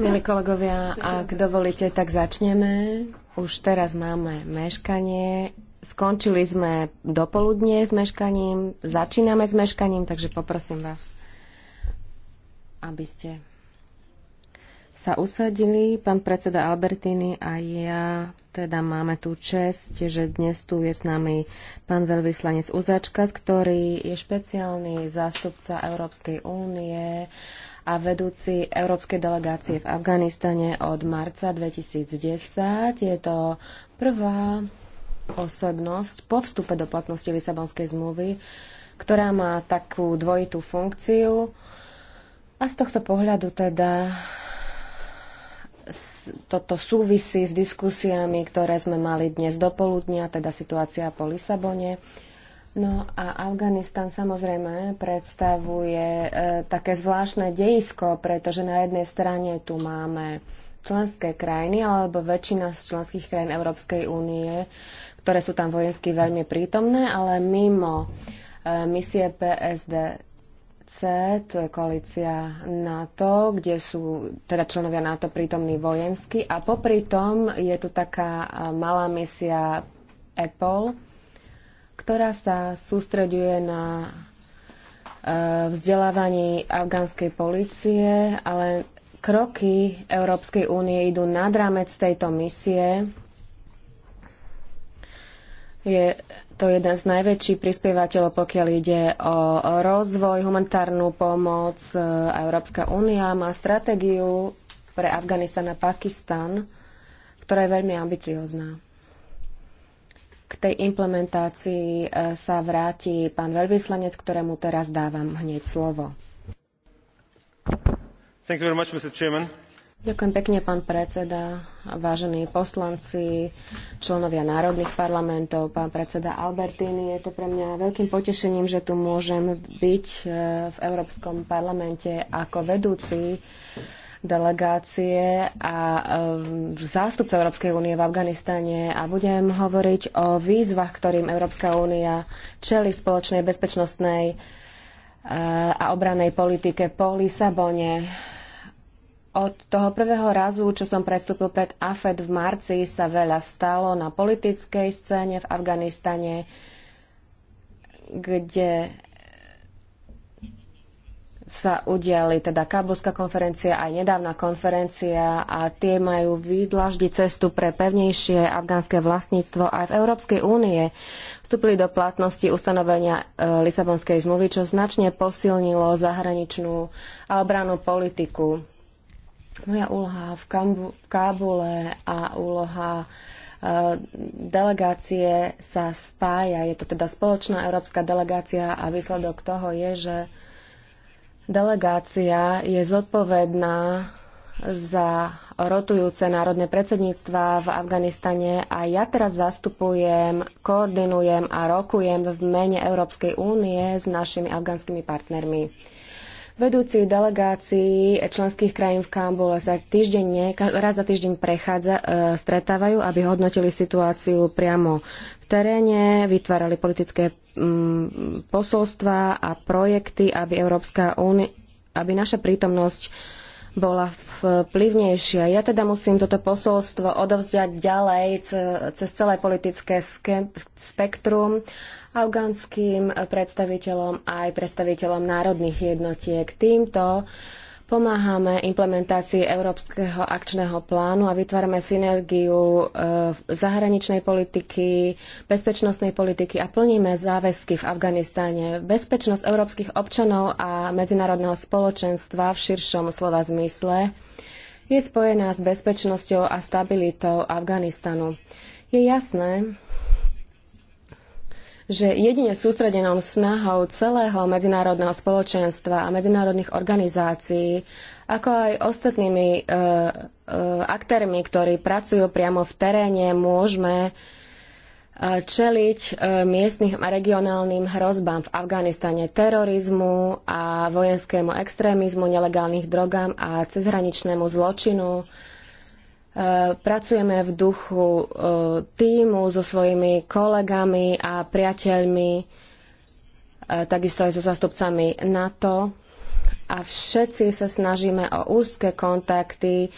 Milí kolegovia, ak dovolíte, tak začneme. Už teraz máme meškanie. Skončili sme dopoludne s meškaním, začíname s meškaním, takže poprosím vás, aby ste sa usadili. Pán predseda Albertini a ja teda máme tú čest, že dnes tu je s nami pán veľvyslanec Uzačka, ktorý je špeciálny zástupca Európskej únie a vedúci európskej delegácie v Afganistane od marca 2010. Je to prvá osobnosť po vstupe do platnosti Lisabonskej zmluvy, ktorá má takú dvojitú funkciu. A z tohto pohľadu teda toto súvisí s diskusiami, ktoré sme mali dnes do poludnia, teda situácia po Lisabone. No a Afganistan samozrejme predstavuje e, také zvláštne dejisko, pretože na jednej strane tu máme členské krajiny alebo väčšina z členských krajín Európskej únie, ktoré sú tam vojensky veľmi prítomné, ale mimo e, misie C, to je koalícia NATO, kde sú teda členovia NATO prítomní vojensky a popri tom je tu taká e, malá misia EPOL, ktorá sa sústreďuje na e, vzdelávaní afgánskej policie, ale kroky Európskej únie idú nad rámec tejto misie. Je to jeden z najväčších prispievateľov, pokiaľ ide o rozvoj, humanitárnu pomoc. E, Európska únia má stratégiu pre Afganistan a Pakistan, ktorá je veľmi ambiciozná. K tej implementácii e, sa vráti pán veľvyslanec, ktorému teraz dávam hneď slovo. Much, Ďakujem pekne, pán predseda, vážení poslanci, členovia národných parlamentov, pán predseda Albertini. Je to pre mňa veľkým potešením, že tu môžem byť e, v Európskom parlamente ako vedúci delegácie a e, zástupca Európskej únie v Afganistane a budem hovoriť o výzvach, ktorým Európska únia čeli spoločnej bezpečnostnej e, a obranej politike po Lisabone. Od toho prvého razu, čo som predstúpil pred AFED v marci, sa veľa stalo na politickej scéne v Afganistane, kde sa udiali, teda Kábulská konferencia aj nedávna konferencia a tie majú vydlaždiť cestu pre pevnejšie afgánske vlastníctvo aj v Európskej únie. Vstúpili do platnosti ustanovenia e, Lisabonskej zmluvy, čo značne posilnilo zahraničnú a obranú politiku. Moja úloha v, Kambu, v Kábule a úloha e, delegácie sa spája. Je to teda spoločná európska delegácia a výsledok toho je, že Delegácia je zodpovedná za rotujúce národné predsedníctva v Afganistane a ja teraz zastupujem, koordinujem a rokujem v mene Európskej únie s našimi afganskými partnermi. Vedúci delegácií členských krajín v Kambole sa týždenne, raz za týždeň prechádza, e, stretávajú, aby hodnotili situáciu priamo v teréne, vytvárali politické mm, posolstva a projekty, aby Európska únia, aby naša prítomnosť bola vplyvnejšia. Ja teda musím toto posolstvo odovzdať ďalej cez celé politické spektrum afgánským predstaviteľom aj predstaviteľom národných jednotiek. Týmto pomáhame implementácii Európskeho akčného plánu a vytvárame synergiu e, v zahraničnej politiky, bezpečnostnej politiky a plníme záväzky v Afganistáne. Bezpečnosť európskych občanov a medzinárodného spoločenstva v širšom slova zmysle je spojená s bezpečnosťou a stabilitou Afganistanu. Je jasné, že jedine sústredenou snahou celého medzinárodného spoločenstva a medzinárodných organizácií, ako aj ostatnými e, e, aktérmi, ktorí pracujú priamo v teréne, môžeme e, čeliť e, miestnym a regionálnym hrozbám v Afganistane terorizmu a vojenskému extrémizmu, nelegálnych drogám a cezhraničnému zločinu, Eh, pracujeme v duchu eh, týmu so svojimi kolegami a priateľmi, eh, takisto aj so zástupcami NATO a všetci sa snažíme o úzke kontakty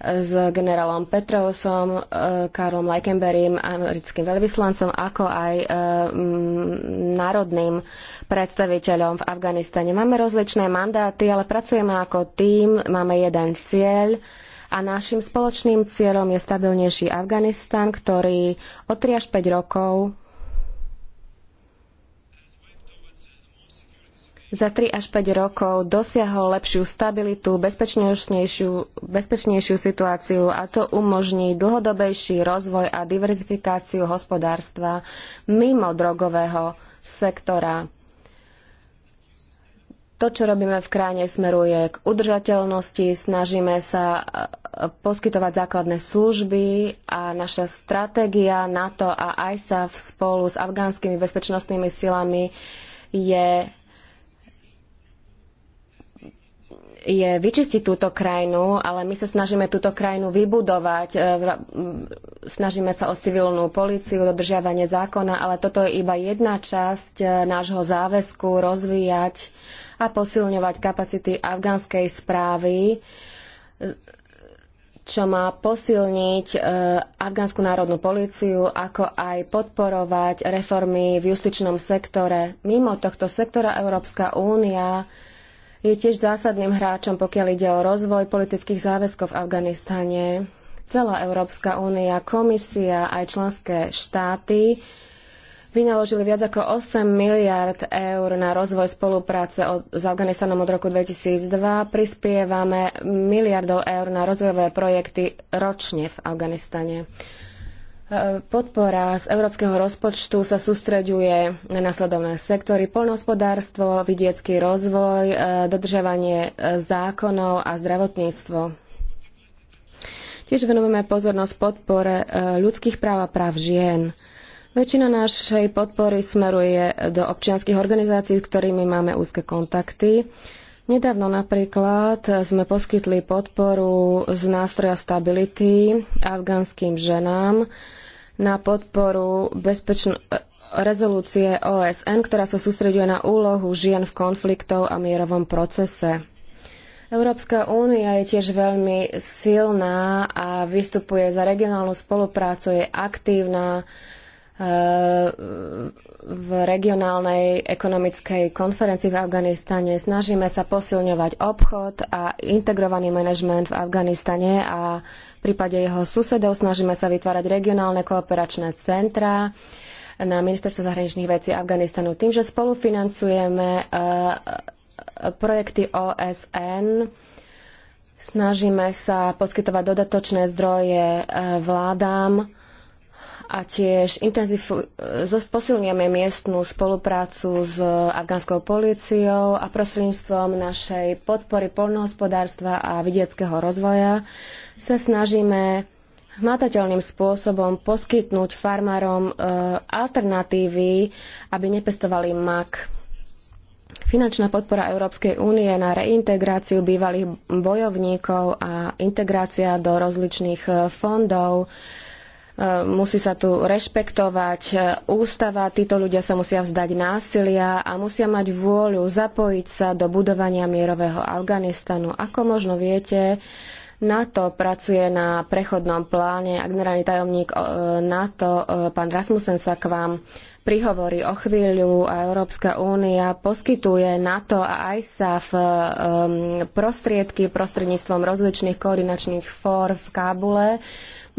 s generálom Petrovsom, Karlom Leikenberrym, americkým veľvyslancom, ako aj národným predstaviteľom v Afganistane. Máme rozličné mandáty, ale pracujeme ako tým, máme jeden cieľ, a našim spoločným cieľom je stabilnejší Afganistan, ktorý o 3 až 5 rokov za 3 až 5 rokov dosiahol lepšiu stabilitu, bezpečnejšiu, bezpečnejšiu situáciu a to umožní dlhodobejší rozvoj a diverzifikáciu hospodárstva mimo drogového sektora to, čo robíme v kráne, smeruje k udržateľnosti, snažíme sa e, e, poskytovať základné služby a naša stratégia NATO a ISAF spolu s afgánskymi bezpečnostnými silami je je vyčistiť túto krajinu, ale my sa snažíme túto krajinu vybudovať, e, snažíme sa o civilnú políciu, dodržiavanie zákona, ale toto je iba jedna časť e, nášho záväzku rozvíjať a posilňovať kapacity afgánskej správy, čo má posilniť e, afgánsku národnú políciu, ako aj podporovať reformy v justičnom sektore. Mimo tohto sektora Európska únia je tiež zásadným hráčom, pokiaľ ide o rozvoj politických záväzkov v Afganistane. Celá Európska únia, komisia aj členské štáty vynaložili viac ako 8 miliard eur na rozvoj spolupráce od, s Afganistanom od roku 2002. Prispievame miliardov eur na rozvojové projekty ročne v Afganistane. E, podpora z európskeho rozpočtu sa sústreďuje na nasledovné sektory poľnohospodárstvo, vidiecký rozvoj, e, dodržiavanie e, zákonov a zdravotníctvo. Tiež venujeme pozornosť podpore ľudských práv a práv žien. Väčšina našej podpory smeruje do občianskych organizácií, s ktorými máme úzke kontakty. Nedávno napríklad sme poskytli podporu z nástroja stability afganským ženám, na podporu bezpečno- rezolúcie OSN, ktorá sa sústreďuje na úlohu žien v konfliktov a mierovom procese. Európska únia je tiež veľmi silná a vystupuje za regionálnu spoluprácu, je aktívna e, v regionálnej ekonomickej konferencii v Afganistane. Snažíme sa posilňovať obchod a integrovaný manažment v Afganistane a v prípade jeho susedov. Snažíme sa vytvárať regionálne kooperačné centra na ministerstvo zahraničných vecí Afganistanu tým, že spolufinancujeme e, e, projekty OSN. Snažíme sa poskytovať dodatočné zdroje e, vládám a tiež intenzív, posilňujeme miestnú spoluprácu s afgánskou políciou a prostredníctvom našej podpory poľnohospodárstva a vidieckého rozvoja sa snažíme hmatateľným spôsobom poskytnúť farmárom e, alternatívy, aby nepestovali mak. Finančná podpora Európskej únie na reintegráciu bývalých bojovníkov a integrácia do rozličných e, fondov E, musí sa tu rešpektovať e, ústava, títo ľudia sa musia vzdať násilia a musia mať vôľu zapojiť sa do budovania mierového Afganistanu. Ako možno viete, NATO pracuje na prechodnom pláne a generálny tajomník e, NATO, pán Rasmussen, sa k vám prihovorí o chvíľu a Európska únia poskytuje NATO a ISAF prostriedky prostredníctvom rozličných koordinačných fór v Kábule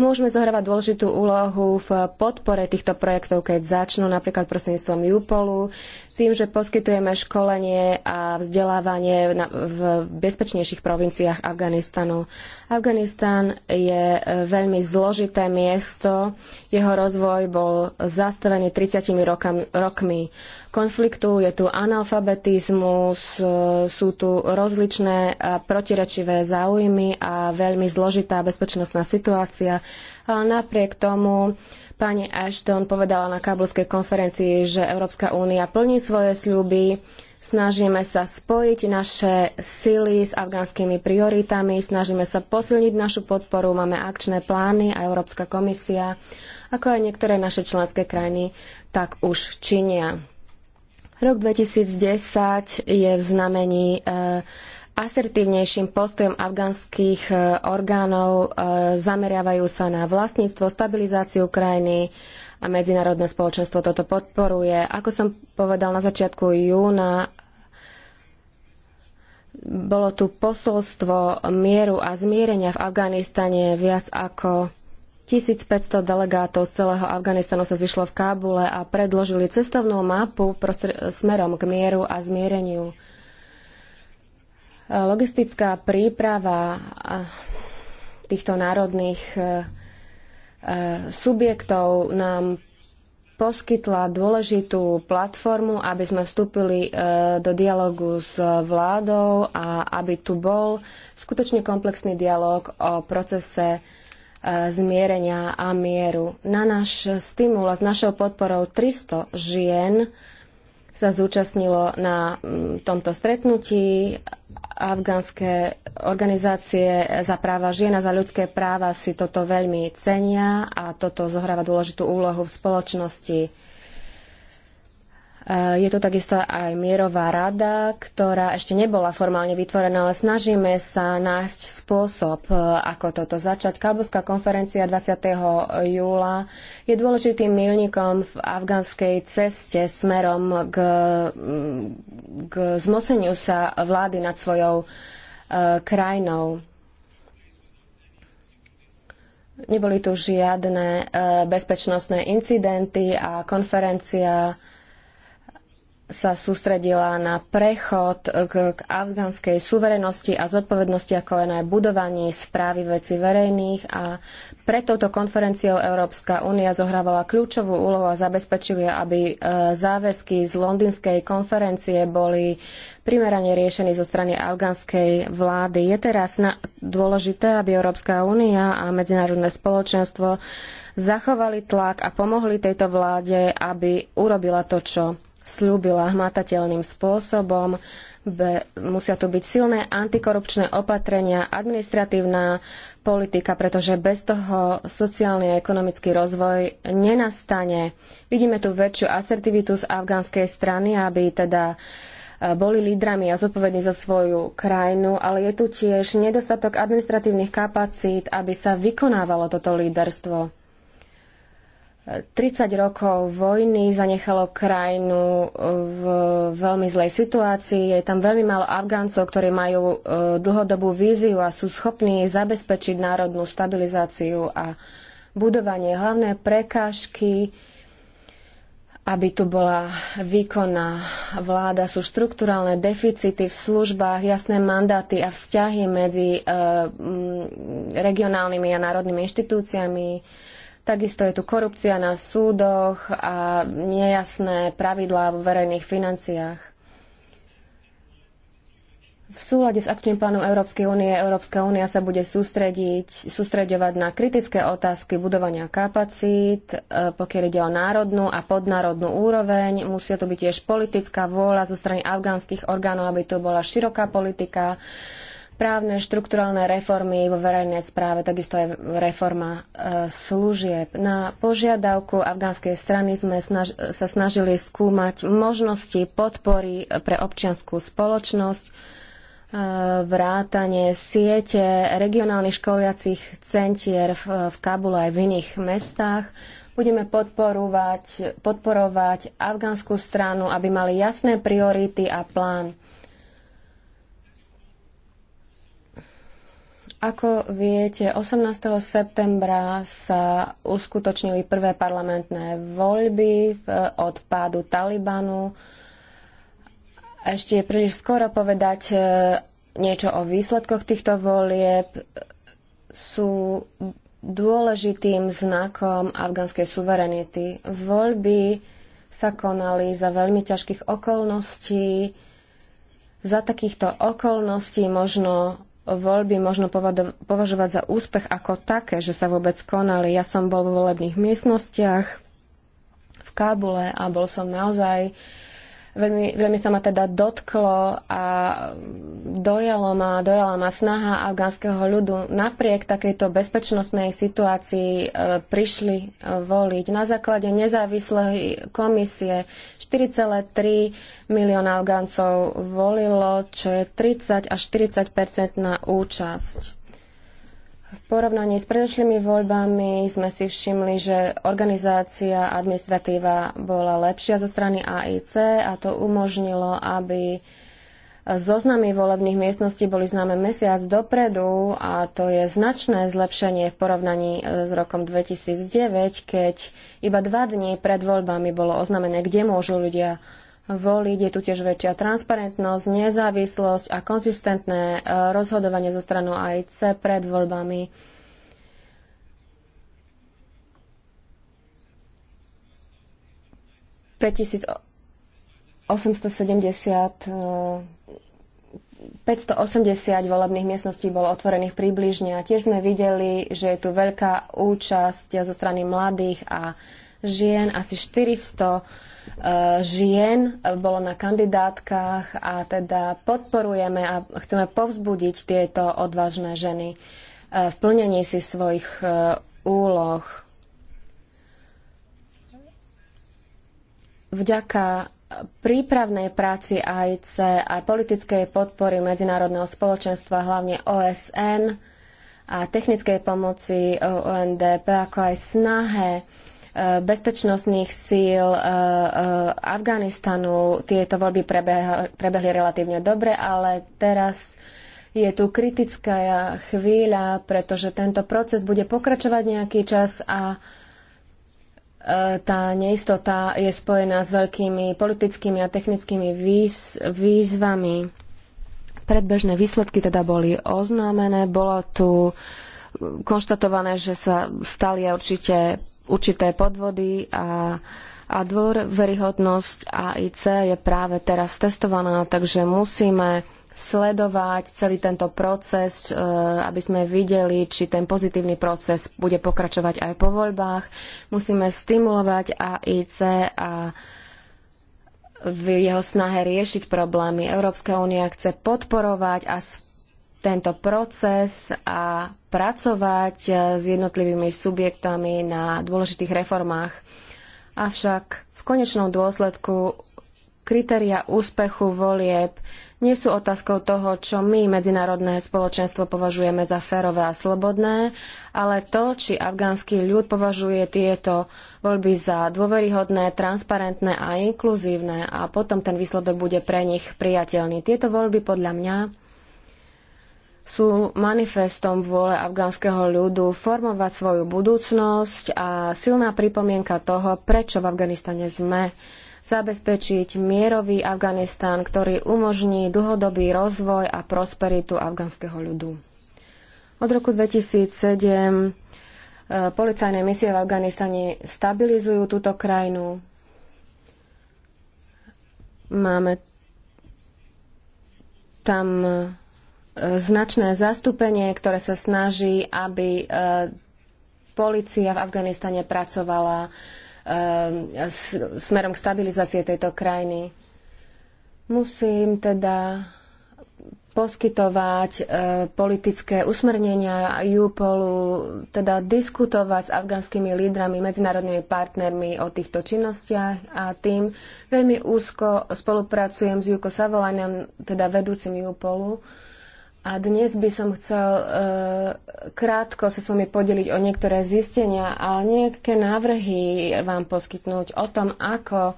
môžeme zohrávať dôležitú úlohu v podpore týchto projektov, keď začnú napríklad prostredníctvom Jupolu, tým, že poskytujeme školenie a vzdelávanie v bezpečnejších provinciách Afganistanu. Afganistán je e, veľmi zložité miesto. Jeho rozvoj bol zastavený 30 rokmi konfliktu. Je tu analfabetizmus, e, sú tu rozličné a protirečivé záujmy a veľmi zložitá bezpečnostná situácia. Ale napriek tomu pani Ashton povedala na kábulskej konferencii, že Európska únia plní svoje sľuby Snažíme sa spojiť naše sily s afgánskymi prioritami, snažíme sa posilniť našu podporu, máme akčné plány a Európska komisia, ako aj niektoré naše členské krajiny, tak už činia. Rok 2010 je v znamení e, asertívnejším postojom afgánskych e, orgánov. E, zameriavajú sa na vlastníctvo, stabilizáciu krajiny, a medzinárodné spoločenstvo toto podporuje. Ako som povedal na začiatku júna, bolo tu posolstvo mieru a zmierenia v Afganistane viac ako 1500 delegátov z celého Afganistanu sa zišlo v Kábule a predložili cestovnú mapu smerom k mieru a zmiereniu. Logistická príprava týchto národných eh, E, subjektov nám poskytla dôležitú platformu, aby sme vstúpili e, do dialogu s vládou a aby tu bol skutočne komplexný dialog o procese e, zmierenia a mieru. Na náš stimul a s našou podporou 300 žien sa zúčastnilo na mm, tomto stretnutí. Afgánske organizácie za práva žien a za ľudské práva si toto veľmi cenia a toto zohráva dôležitú úlohu v spoločnosti. Eh, je to takisto aj mierová rada, ktorá ešte nebola formálne vytvorená, ale snažíme sa nájsť spôsob, eh, ako toto začať. Kabulská konferencia 20. júla je dôležitým milníkom v afgánskej ceste smerom k, mm, k zmoceniu sa vlády nad svojou eh, krajinou. Neboli tu žiadne bezpečnostné incidenty a konferencia sa sústredila na prechod k, k afgánskej suverenosti a zodpovednosti, ako aj na budovanie správy veci verejných a pred touto konferenciou Európska únia zohrávala kľúčovú úlohu a zabezpečila, aby e, záväzky z londýnskej konferencie boli primerane riešení zo strany afgánskej vlády. Je teraz dôležité, aby Európska únia a medzinárodné spoločenstvo zachovali tlak a pomohli tejto vláde, aby urobila to, čo slúbila hmatateľným spôsobom. Be, musia tu byť silné antikorupčné opatrenia, administratívna politika, pretože bez toho sociálny a ekonomický rozvoj nenastane. Vidíme tu väčšiu asertivitu z afgánskej strany, aby teda e, boli lídrami a zodpovední za svoju krajinu, ale je tu tiež nedostatok administratívnych kapacít, aby sa vykonávalo toto líderstvo. 30 rokov vojny zanechalo krajinu e, v veľmi zlej situácii. Je tam veľmi málo Afgáncov, ktorí majú e, dlhodobú víziu a sú schopní zabezpečiť národnú stabilizáciu a budovanie. Hlavné prekážky, aby tu bola výkonná vláda, sú štrukturálne deficity v službách, jasné mandáty a vzťahy medzi e, regionálnymi a národnými inštitúciami Takisto je tu korupcia na súdoch a nejasné pravidlá vo verejných financiách. V súlade s akčným plánom Európskej únie Európska únia sa bude sústrediť, sústreďovať na kritické otázky budovania kapacít, e, pokiaľ ide o národnú a podnárodnú úroveň. Musia to byť tiež politická vôľa zo strany afgánskych orgánov, aby to bola široká politika právne štrukturálne reformy vo verejnej správe, takisto aj reforma e, služieb. Na požiadavku afgánskej strany sme snaž sa snažili skúmať možnosti podpory pre občianskú spoločnosť, e, vrátanie siete regionálnych školiacich centier v, v Kabule aj v iných mestách. Budeme podporovať, afganskú afgánsku stranu, aby mali jasné priority a plán Ako viete, 18. septembra sa uskutočnili prvé parlamentné voľby od pádu Talibanu. Ešte je príliš skoro povedať e, niečo o výsledkoch týchto volieb. Sú dôležitým znakom afgánskej suverenity. Voľby sa konali za veľmi ťažkých okolností. Za takýchto okolností možno voľby možno považovať za úspech ako také, že sa vôbec konali. Ja som bol vo volebných miestnostiach v Kábule a bol som naozaj uh, Veľmi, veľmi sa ma teda dotklo a dojalo ma, dojala ma snaha afgánskeho ľudu napriek takejto bezpečnostnej situácii e, prišli e, voliť. Na základe nezávislej komisie 4,3 milióna Afgáncov volilo, čo je 30 až 40 na účasť. V porovnaní s predošlými voľbami sme si všimli, že organizácia administratíva bola lepšia zo strany AIC a to umožnilo, aby zoznamy volebných miestností boli známe mesiac dopredu a to je značné zlepšenie v porovnaní e, s rokom 2009, keď iba dva dní pred voľbami bolo oznamené, kde môžu ľudia voliť. Je tu tiež väčšia transparentnosť, nezávislosť a konzistentné e, rozhodovanie zo stranu AIC pred voľbami. 580 e, volebných miestností bolo otvorených približne a tiež sme videli, že je tu veľká účasť zo strany mladých a žien, asi 400 Eh, žien eh, bolo na kandidátkach a teda podporujeme a chceme povzbudiť tieto odvážne ženy eh, v plnení si svojich úloh. Vďaka prípravnej práci AIC a politickej podpory medzinárodného spoločenstva, hlavne OSN a technickej pomoci UNDP, ako aj snahe Eh, bezpečnostných síl eh, eh, Afganistanu. Tieto voľby prebehli relatívne dobre, ale teraz je tu kritická chvíľa, pretože tento proces bude pokračovať nejaký čas a tá neistota je spojená s veľkými politickými a technickými výz, výzvami. Predbežné výsledky teda boli oznámené, bolo tu konštatované, že sa stali určite určité podvody a, a dôveryhodnosť AIC je práve teraz testovaná, takže musíme sledovať celý tento proces, e, aby sme videli, či ten pozitívny proces bude pokračovať aj po voľbách. Musíme stimulovať AIC a v jeho snahe riešiť problémy. Európska únia chce podporovať a tento proces a pracovať eh, s jednotlivými subjektami na dôležitých reformách. Avšak v konečnom dôsledku kritéria úspechu volieb nie sú otázkou toho, čo my, medzinárodné spoločenstvo, považujeme za férové a slobodné, ale to, či afgánsky ľud považuje tieto voľby za dôveryhodné, transparentné a inkluzívne a potom ten výsledok bude pre nich priateľný. Tieto voľby podľa mňa sú manifestom vôle afgánskeho ľudu formovať svoju budúcnosť a silná pripomienka toho, prečo v Afganistane sme zabezpečiť mierový Afganistan, ktorý umožní dlhodobý rozvoj a prosperitu afgánskeho ľudu. Od roku 2007 e, policajné misie v Afganistane stabilizujú túto krajinu. Máme tam značné zastúpenie, ktoré sa snaží, aby e, polícia v Afganistane pracovala e, smerom k stabilizácie tejto krajiny. Musím teda poskytovať e, politické usmernenia EUPOLu, teda diskutovať s afganskými lídrami, medzinárodnými partnermi o týchto činnostiach a tým veľmi úzko spolupracujem s Juko Savolanem, teda vedúcim UPOLu, a dnes by som chcel e, krátko sa s vami podeliť o niektoré zistenia a nejaké návrhy vám poskytnúť o tom, ako e,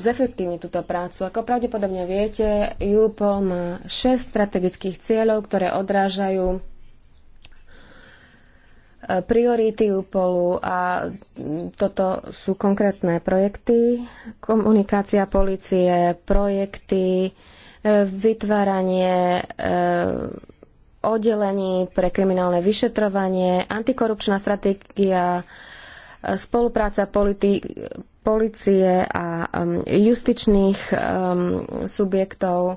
zefektívniť túto prácu. Ako pravdepodobne viete, UPOL má 6 strategických cieľov, ktoré odrážajú e, priority UPOLu a toto sú konkrétne projekty, komunikácia policie, projekty, vytváranie eh, oddelení pre kriminálne vyšetrovanie, antikorupčná stratégia, eh, spolupráca politi- policie a um, justičných um, subjektov.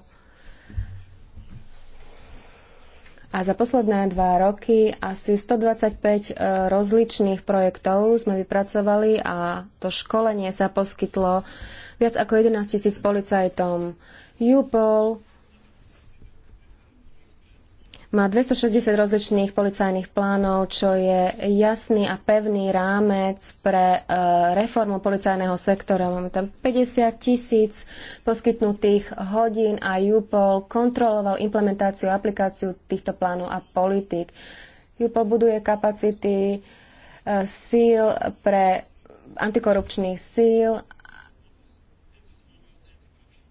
A za posledné dva roky asi 125 uh, eh, rozličných projektov sme vypracovali a to školenie sa poskytlo viac ako 11 tisíc policajtom. Uh, UPOL má 260 rozličných policajných plánov, čo je jasný a pevný rámec pre e, reformu policajného sektora. Máme tam 50 tisíc poskytnutých hodín a UPOL kontroloval implementáciu a aplikáciu týchto plánov a politik. UPOL buduje kapacity e, síl pre antikorupčných síl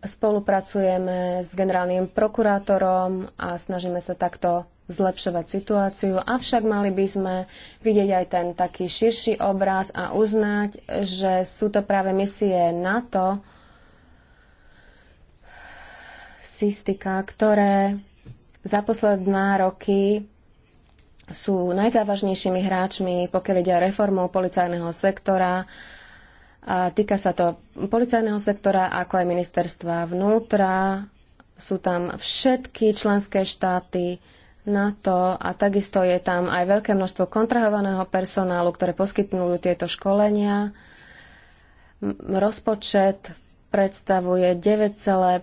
Spolupracujeme s generálnym prokurátorom a snažíme sa takto zlepšovať situáciu, avšak mali by sme vidieť aj ten taký širší obraz a uznať, že sú to práve misie NATO, systika, ktoré za posledné dva roky sú najzávažnejšími hráčmi, pokiaľ ide o reformu policajného sektora, týka sa to policajného sektora, ako aj ministerstva vnútra. Sú tam všetky členské štáty na to a takisto je tam aj veľké množstvo kontrahovaného personálu, ktoré poskytnú tieto školenia. Rozpočet predstavuje 9,5 e,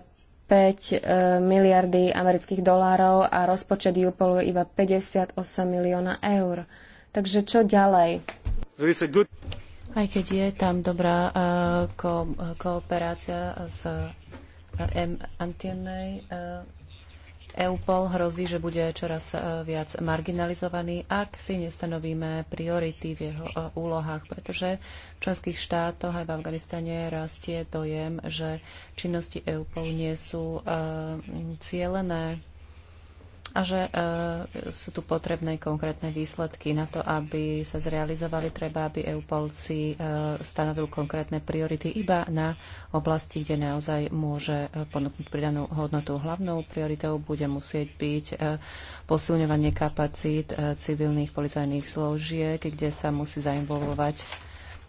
miliardy amerických dolárov a rozpočet Jupolu je iba 58 milióna eur. Takže čo ďalej? Aj keď je tam dobrá eh, ko- kooperácia s eh, M. uh, EUPOL hrozí, že bude čoraz viac marginalizovaný, ak si nestanovíme priority v jeho úlohách, pretože v členských štátoch aj v Afganistane rastie dojem, že činnosti EUPOL nie sú cielené a že e, sú tu potrebné konkrétne výsledky. Na to, aby sa zrealizovali, treba, aby EUPOL si e, stanovil konkrétne priority iba na oblasti, kde naozaj môže e, ponúknuť pridanú hodnotu. Hlavnou prioritou bude musieť byť e, posilňovanie kapacít e, civilných policajných složiek, kde sa musí zainvolvovať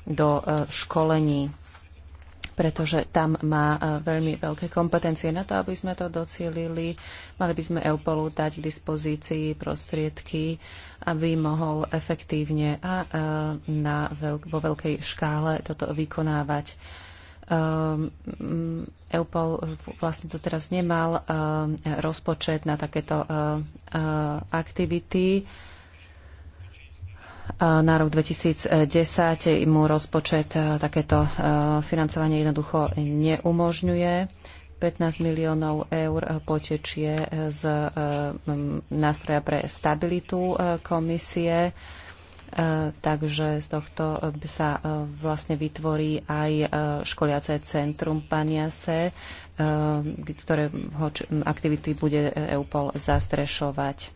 do e, školení pretože tam má e, veľmi veľké kompetencie na to, aby sme to docielili. Mali by sme EUPOLu dať k dispozícii prostriedky, aby mohol efektívne a e, na veľk- vo veľkej škále toto vykonávať. Ehm, mm, EUPOL vlastne teraz nemal ehm, rozpočet na takéto uh, aktivity na rok 2010 mu rozpočet e, takéto e, financovanie jednoducho neumožňuje. 15 miliónov eur potečie z e, nástroja pre stabilitu komisie, takže z tohto sa vlastne vytvorí aj školiace centrum Paniase, ktoré aktivity bude EUPOL zastrešovať.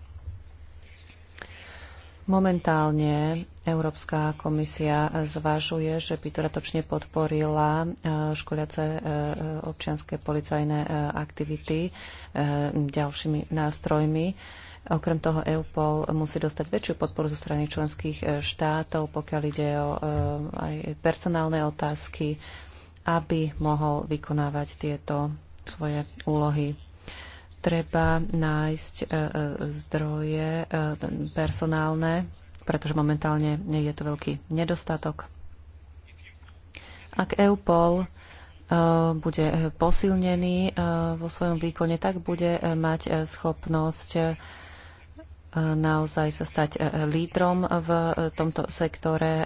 Momentálne Európska komisia zvažuje, že by dodatočne podporila e, školiace e, občianské policajné e, aktivity ďalšími nástrojmi. Okrem toho EUPOL musí dostať väčšiu podporu zo strany členských štátov, pokiaľ ide o aj personálne otázky, aby mohol vykonávať tieto svoje úlohy treba nájsť e, e, zdroje e, personálne, pretože momentálne je to veľký nedostatok. Ak EUPOL bude posilnený vo svojom výkone, tak bude mať schopnosť naozaj sa stať lídrom v tomto sektore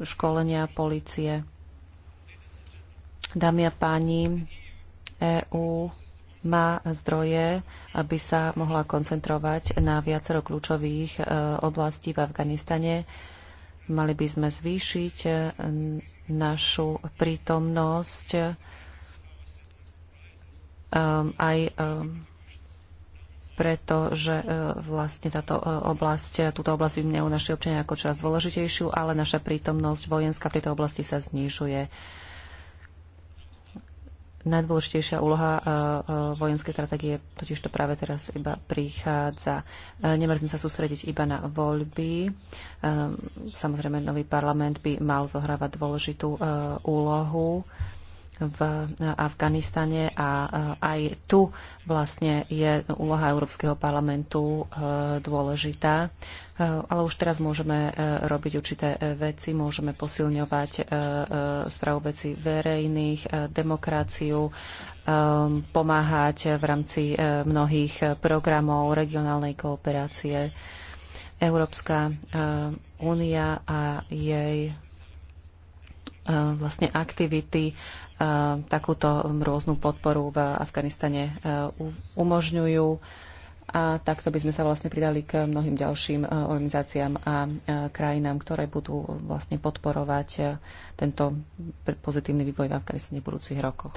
školenia policie. Dámy a páni, EU má zdroje, aby sa mohla koncentrovať na viacero kľúčových e, oblastí v Afganistane. Mali by sme zvýšiť e, našu prítomnosť e, aj preto, že vlastne táto oblasť, túto oblasť vymňajú naši občania ako čas dôležitejšiu, ale naša prítomnosť vojenská v tejto oblasti sa znižuje. Najdôležitejšia úloha e, e, vojenskej stratégie totiž to práve teraz iba prichádza. E, nemali by sa sústrediť iba na voľby. Samozrejme, nový parlament by mal zohrávať dôležitú úlohu v Afganistane a aj tu vlastne je úloha Európskeho parlamentu dôležitá. Eh, ale už teraz môžeme eh, robiť určité eh, veci, môžeme posilňovať správu veci verejných, demokraciu, pomáhať v rámci mnohých programov regionálnej kooperácie. Európska únia a jej vlastne aktivity takúto rôznu podporu v Afganistane umožňujú a takto by sme sa vlastne pridali k mnohým ďalším eh, organizáciám a eh, krajinám, ktoré budú vlastne podporovať eh, tento pozitívny vývoj v Afganistane v budúcich rokoch.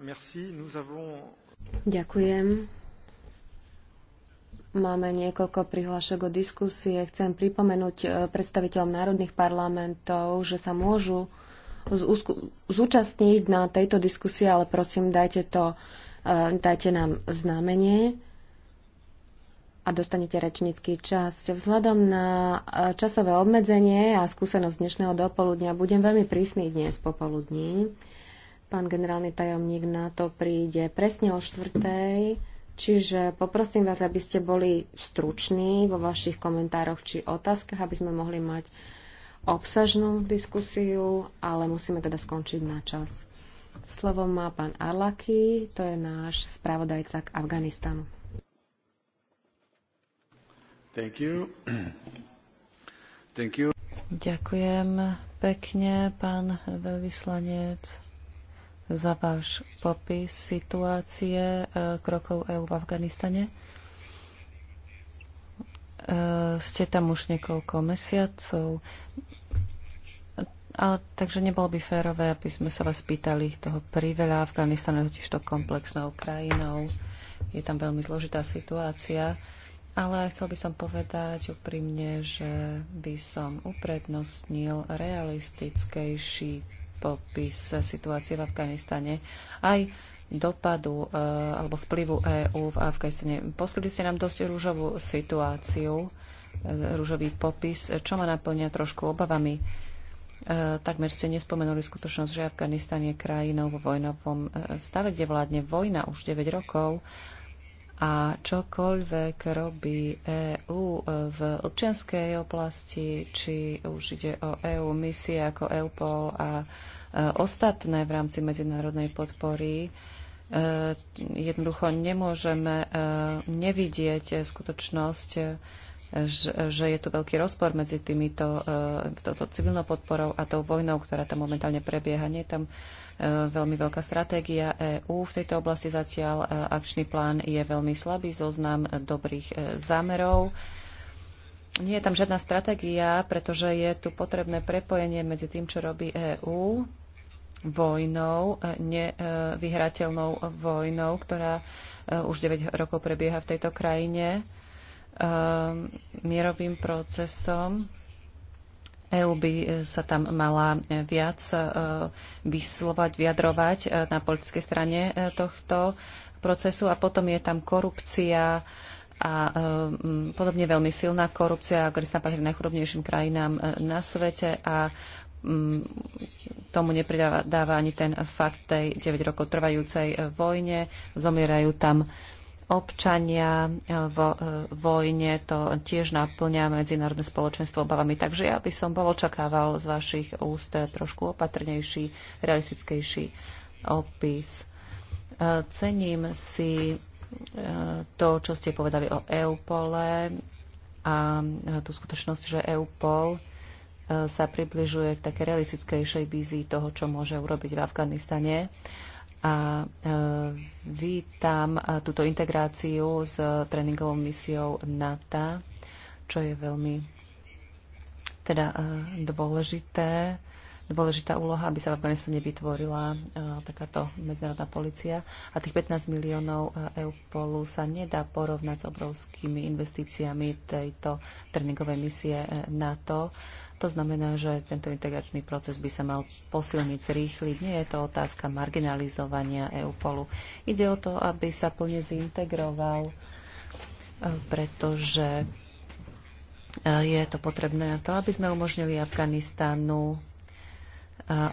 Merci, nous avons... Ďakujem. Máme niekoľko prihlášok o diskusie. Chcem pripomenúť predstaviteľom národných parlamentov, že sa môžu zúčastniť na tejto diskusii, ale prosím, dajte to Ehm, dajte nám znamenie a dostanete rečnícky čas. Vzhľadom na e, časové obmedzenie a skúsenosť dnešného dopoludnia budem veľmi prísny dnes popoludní. Pán generálny tajomník na to príde presne o štvrtej, čiže poprosím vás, aby ste boli struční vo vašich komentároch či otázkach, aby sme mohli mať obsažnú diskusiu, ale musíme teda skončiť na čas. Slovo má pán Arlaki, to je náš spravodajca k Afganistanu. Thank you. Thank you. Ďakujem pekne, pán veľvyslanec, za váš popis situácie e, krokov EÚ v Afganistane. E, ste tam už niekoľko mesiacov. Ale takže nebolo by férové, aby sme sa vás pýtali toho priveľa. Afganistan je totiž to komplexnou krajinou. Je tam veľmi zložitá situácia. Ale chcel by som povedať úprimne, že by som uprednostnil realistickejší popis situácie v Afganistane. Aj dopadu e, alebo vplyvu EÚ v Afganistane. Poskytli ste nám dosť rúžovú situáciu, e, rúžový popis, čo ma naplňa trošku obavami E, takmer ste nespomenuli skutočnosť, že Afganistan je krajinou vo vojnovom e, stave, kde vládne vojna už 9 rokov a čokoľvek robí EÚ e, v občianskej oblasti, či už ide o EÚ misie ako EUPOL a ostatné v rámci medzinárodnej podpory, jednoducho nemôžeme nevidieť skutočnosť, že je tu veľký rozpor medzi týmito, e, to civilnou podporou a tou vojnou, ktorá tam momentálne prebieha. Nie je tam e, veľmi veľká stratégia EÚ v tejto oblasti zatiaľ. E, akčný plán je veľmi slabý, zoznam dobrých zámerov. Nie je tam žiadna stratégia, pretože je tu potrebné prepojenie medzi tým, čo robí EÚ, vojnou, nevyhrateľnou vojnou, ktorá už 9 rokov prebieha v tejto krajine Eh, mierovým procesom. EÚ by eh, sa tam mala eh, viac vyslovať, vyjadrovať na politickej strane tohto procesu a potom je tam korupcia a podobne veľmi silná korupcia, ktorá sa patrí najchudobnejším krajinám na svete a tomu nepridáva ani ten fakt tej 9 rokov trvajúcej vojne. Zomierajú tam občania e, vo e, vojne, to tiež naplňa medzinárodné spoločenstvo obavami. Takže ja by som bol očakával z vašich úst trošku opatrnejší, realistickejší opis. E, cením si to, čo ste povedali o EUPOLE a tú skutočnosť, že EUPOL sa približuje k také realistickejšej vízii toho, čo môže urobiť v Afganistane a e, vítam e, túto integráciu s tréningovou misiou NATO, čo je veľmi teda e, dôležité, dôležitá úloha, aby sa v Afganistane vytvorila takáto medzinárodná policia. A tých 15 miliónov EUPOLu sa nedá porovnať s obrovskými investíciami tejto tréningovej misie NATO to znamená, že tento integračný proces by sa mal posilniť, zrýchliť. Nie je to otázka marginalizovania EUPOLu. Ide o to, aby sa plne zintegroval, e, pretože e, je to potrebné na to, aby sme umožnili Afganistánu e,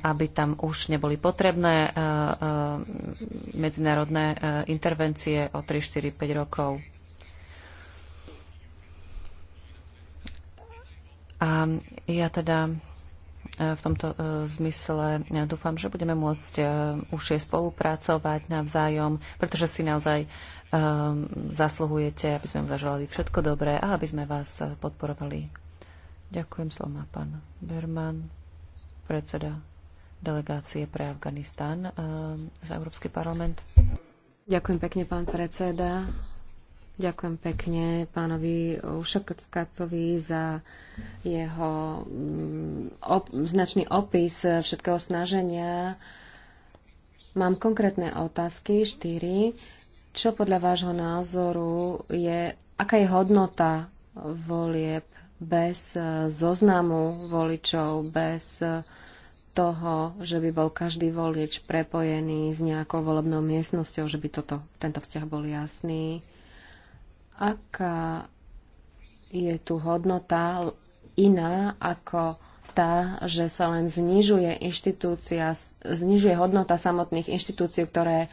aby tam už neboli potrebné medzinárodné intervencie o 3, 4, 5 rokov. A ja teda e, v tomto e, zmysle dúfam, že budeme môcť e, už je spolupracovať navzájom, pretože si naozaj zasluhujete, aby sme vám zaželali všetko dobré a aby sme vás podporovali. Ďakujem, slova pán Berman, predseda delegácie pre Afganistán za Európsky parlament. Ďakujem pekne, pán predseda. Ďakujem pekne pánovi Ušakackácovi za jeho mm, op- značný opis všetkého snaženia. Mám konkrétne otázky, štyri. Čo podľa vášho názoru je, aká je hodnota volieb bez e, zoznamu voličov, bez e, toho, že by bol každý volič prepojený s nejakou volebnou miestnosťou, že by toto, tento vzťah bol jasný aká je tu hodnota iná ako tá, že sa len znižuje, inštitúcia, znižuje hodnota samotných inštitúcií, ktoré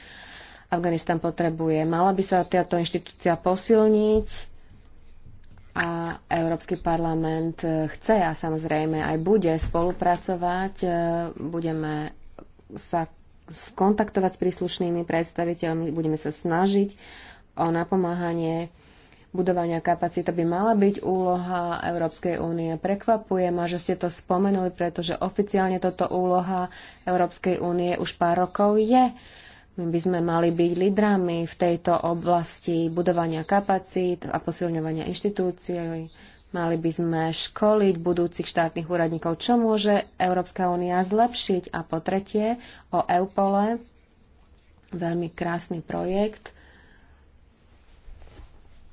Afganistan potrebuje. Mala by sa táto inštitúcia posilniť a Európsky parlament e, chce a samozrejme aj bude spolupracovať. E, budeme sa kontaktovať s príslušnými predstaviteľmi, budeme sa snažiť o napomáhanie budovania kapacít. To by mala byť úloha Európskej únie. Prekvapuje ma, že ste to spomenuli, pretože oficiálne toto úloha Európskej únie už pár rokov je. My by sme mali byť lídrami v tejto oblasti budovania kapacít a posilňovania inštitúcií. Mali by sme školiť budúcich štátnych úradníkov, čo môže Európska únia zlepšiť. A po tretie, o EUPOLE, veľmi krásny projekt,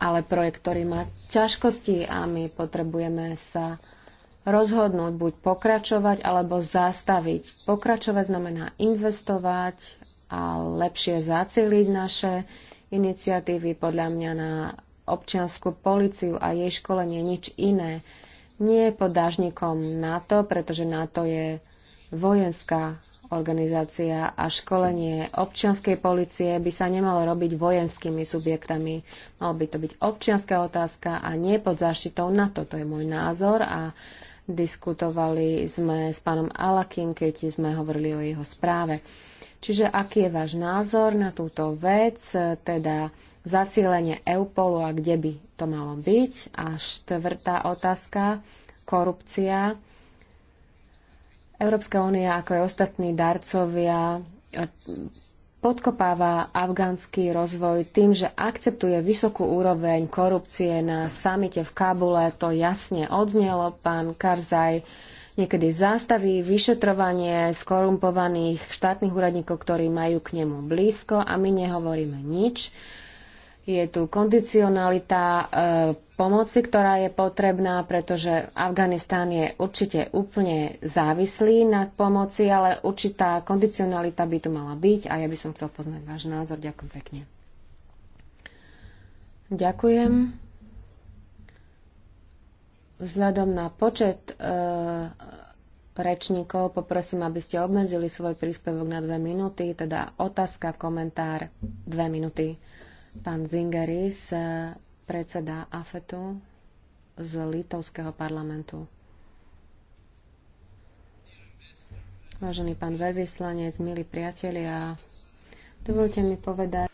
ale projekt, ktorý má ťažkosti a my potrebujeme sa rozhodnúť buď pokračovať alebo zastaviť. Pokračovať znamená investovať a lepšie zaceliť naše iniciatívy podľa mňa na občianskú policiu a jej školenie nič iné. Nie podážnikom NATO, pretože NATO je vojenská organizácia a školenie občianskej policie by sa nemalo robiť vojenskými subjektami. Malo by to byť občianská otázka a nie pod záštitou na To To je môj názor a diskutovali sme s pánom Alakim, keď sme hovorili o jeho správe. Čiže aký je váš názor na túto vec, teda zacílenie EUPOLu a kde by to malo byť? A štvrtá otázka, korupcia Európska únia, ako aj ostatní darcovia, podkopáva afgánsky rozvoj tým, že akceptuje vysokú úroveň korupcie na samite v Kabule. To jasne odznelo. Pán Karzaj niekedy zastaví vyšetrovanie skorumpovaných štátnych úradníkov, ktorí majú k nemu blízko a my nehovoríme nič. Je tu kondicionalita, e, pomoci, ktorá je potrebná, pretože Afganistán je určite úplne závislý na pomoci, ale určitá kondicionalita by tu mala byť a ja by som chcel poznať váš názor. Ďakujem pekne. Ďakujem. Vzhľadom na počet e, rečníkov poprosím, aby ste obmedzili svoj príspevok na dve minúty, teda otázka, komentár, dve minúty. Pán Zingeris, e, predseda AFETu z litovského parlamentu. Vážený pán veľvyslanec, milí priatelia, dovolte mi povedať,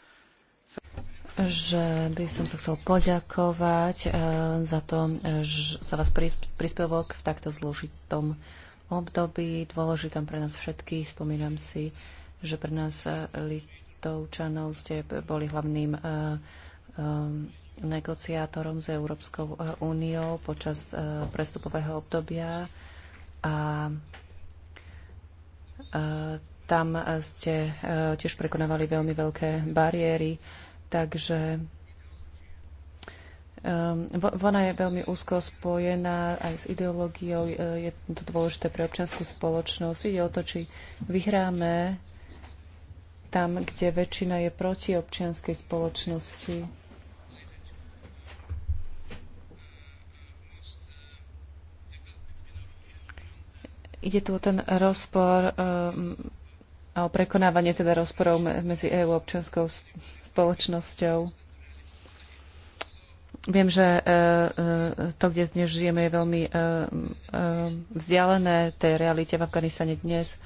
že by som sa chcel poďakovať e, za to, že sa vás príspevok v takto zložitom období, dôležitom pre nás všetkých. Spomínam si, že pre nás e, Litovčanov ste boli hlavným e, negociátorom s Európskou e, úniou počas e, prestupového obdobia a e, tam ste tiež prekonávali veľmi veľké bariéry, takže ona je veľmi úzko spojená aj s ideológiou, je to dôležité pre občianskú spoločnosť. Ide o to, či vyhráme tam, kde väčšina je proti občianskej spoločnosti. Ide tu o ten rozpor eh, a o prekonávanie teda rozporov medzi EU a občianskou spoločnosťou. Viem, že eh, eh, to, kde dnes žijeme, je veľmi vzdialené tej realite v Afganistane dnes.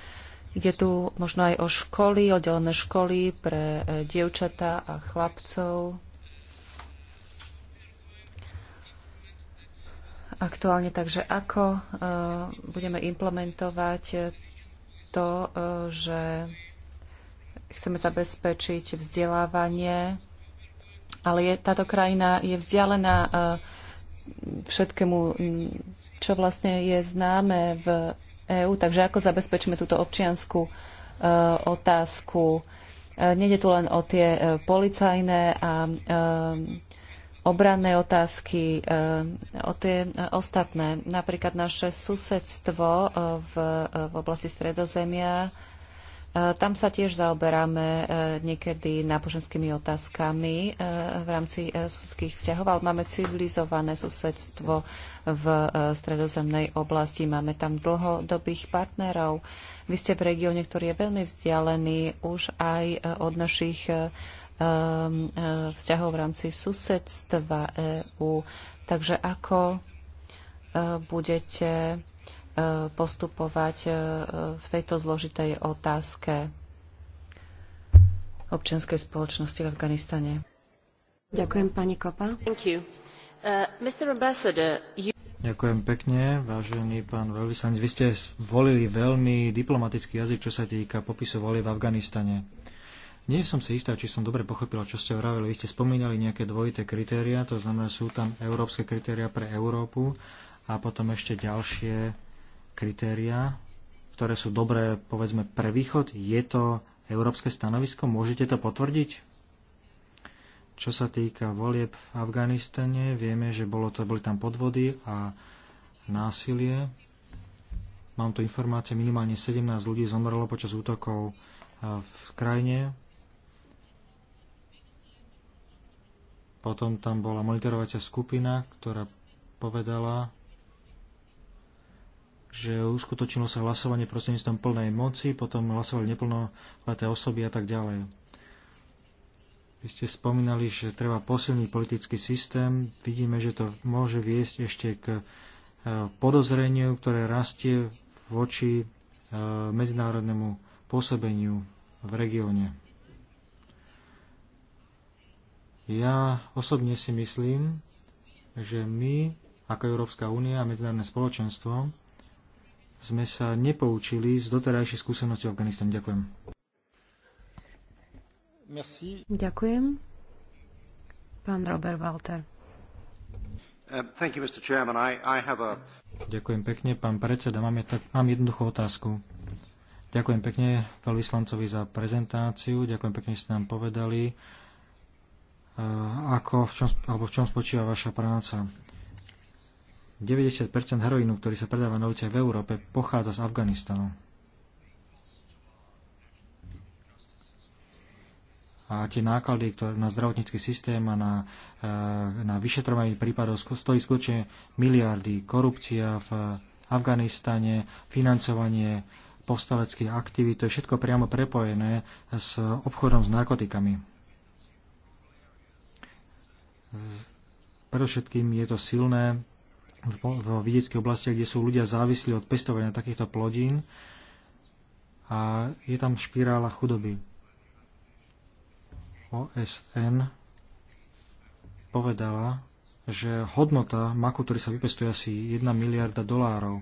Ide tu možno aj o školy, oddelené školy pre dievčatá a chlapcov. aktuálne. Takže ako e, budeme implementovať to, e, že chceme zabezpečiť vzdelávanie, ale je, táto krajina je vzdialená e, všetkému, čo vlastne je známe v EÚ. Takže ako zabezpečíme túto občianskú otázku? Nede tu len o tie policajné a obranné otázky, eh, o tie eh, ostatné. Napríklad naše susedstvo eh, v, v oblasti Stredozemia. Tam sa tiež zaoberáme niekedy náboženskými otázkami v rámci susedských vzťahov, ale máme civilizované susedstvo v stredozemnej oblasti. Máme tam dlhodobých partnerov. Vy ste v regióne, ktorý je veľmi vzdialený už aj od našich Um, uh, vzťahov v rámci susedstva EÚ. Takže ako uh, budete uh, postupovať v tejto zložitej otázke občianskej spoločnosti v Afganistane? Ďakujem, pani Kopa. Ďakujem pekne, vážený pán veľvyslanec. Vy ste volili veľmi diplomatický jazyk, čo sa týka popisu volie v Afganistane. Nie som si istá, či som dobre pochopila, čo ste hovorili. Vy ste spomínali nejaké dvojité kritéria, to znamená, sú tam európske kritéria pre Európu a potom ešte ďalšie kritéria, ktoré sú dobré, povedzme, pre východ. Je to európske stanovisko? Môžete to potvrdiť? Čo sa týka volieb v Afganistane, vieme, že bolo to, boli tam podvody a násilie. Mám tu informácie, minimálne 17 ľudí zomrelo počas útokov eh, v krajine. Potom tam bola monitorovacia skupina, ktorá povedala, že uskutočnilo sa hlasovanie prostredníctvom plnej moci, potom hlasovali neplnoleté osoby a tak ďalej. Vy ste spomínali, že treba posilniť politický systém. Vidíme, že to môže viesť ešte k e, podozreniu, ktoré rastie voči e, medzinárodnému pôsobeniu v regióne. Ja osobne si myslím, že my, ako Európska únia a medzinárodné spoločenstvo, sme sa nepoučili z doterajšej skúsenosti v Afganistane. Ďakujem. Merci. Ďakujem. Pán Robert Walter. Um, you, I, I a... Ďakujem pekne, pán predseda. Mám, je tak, mám jednoduchú otázku. Ďakujem pekne veľvyslancovi za prezentáciu. Ďakujem pekne, že ste nám povedali, ako, v čom, alebo v čom spočíva vaša práca. 90% heroínu, ktorý sa predáva na uliciach v Európe, pochádza z Afganistanu. A tie náklady ktoré na zdravotnícky systém a na, e, na vyšetrovanie prípadov stojí skutočne miliardy. Korupcia v Afganistane, financovanie povstaleckých aktivít, to je všetko priamo prepojené s obchodom s narkotikami. Predovšetkým je to silné v vidieckej oblastiach, kde sú ľudia závislí od pestovania takýchto plodín a je tam špirála chudoby. OSN povedala, že hodnota maku, ktorý sa vypestuje asi 1 miliarda dolárov.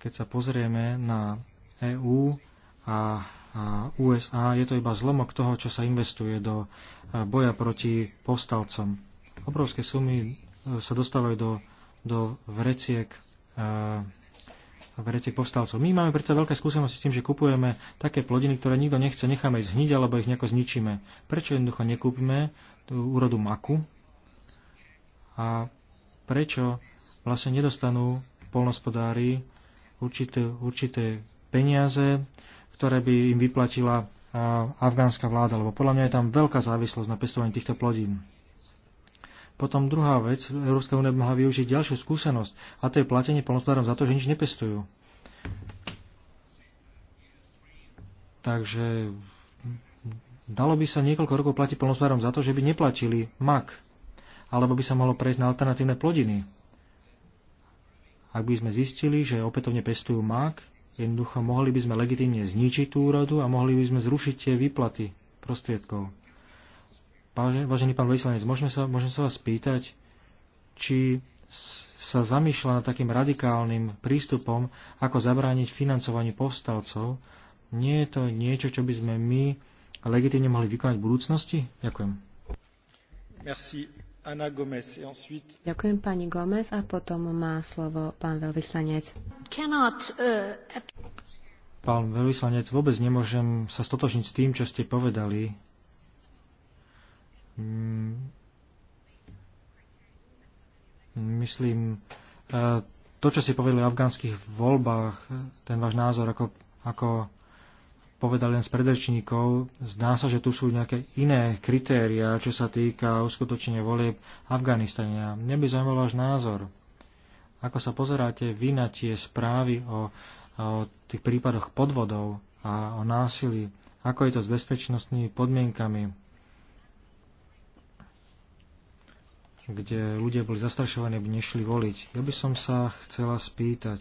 Keď sa pozrieme na EÚ a USA, je to iba zlomok toho, čo sa investuje do e, boja proti povstalcom. Obrovské sumy e, sa dostávajú do, do vreciek e, vreciek povstalcov. My máme predsa veľké skúsenosti s tým, že kupujeme také plodiny, ktoré nikto nechce, necháme ich zhniť alebo ich nejako zničíme. Prečo jednoducho nekúpime tú úrodu maku a prečo vlastne nedostanú polnospodári určité, určité peniaze ktoré by im vyplatila afgánska vláda, lebo podľa mňa je tam veľká závislosť na pestovaní týchto plodín. Potom druhá vec, Európska únia by mohla využiť ďalšiu skúsenosť, a to je platenie polnospodárom za to, že nič nepestujú. Takže dalo by sa niekoľko rokov platiť polnospodárom za to, že by neplatili mak, alebo by sa mohlo prejsť na alternatívne plodiny. Ak by sme zistili, že opätovne pestujú mak, Jednoducho mohli by sme legitimne zničiť tú úrodu a mohli by sme zrušiť tie výplaty prostriedkov. Vážený pán vyslanec, môžeme sa, môžeme sa vás spýtať, či sa zamýšľa nad takým radikálnym prístupom, ako zabrániť financovaní povstalcov. Nie je to niečo, čo by sme my legitimne mohli vykonať v budúcnosti? Ďakujem. Merci. Gomez. Et ensuite... Ďakujem pani Gomez a potom má slovo pán veľvyslanec. Cannot, uh, at... Pán veľvyslanec, vôbec nemôžem sa stotožniť s tým, čo ste povedali. Mm. myslím, eh, to, čo ste povedali o afgánskych voľbách, ten váš názor ako, ako povedal len z predrečníkov, zdá sa, že tu sú nejaké iné kritéria, čo sa týka uskutočenia volieb Afganistania. Mne by zaujímal váš názor. Ako sa pozeráte vy na tie správy o, o tých prípadoch podvodov a o násilí? Ako je to s bezpečnostnými podmienkami, kde ľudia boli zastrašovaní, aby nešli voliť? Ja by som sa chcela spýtať,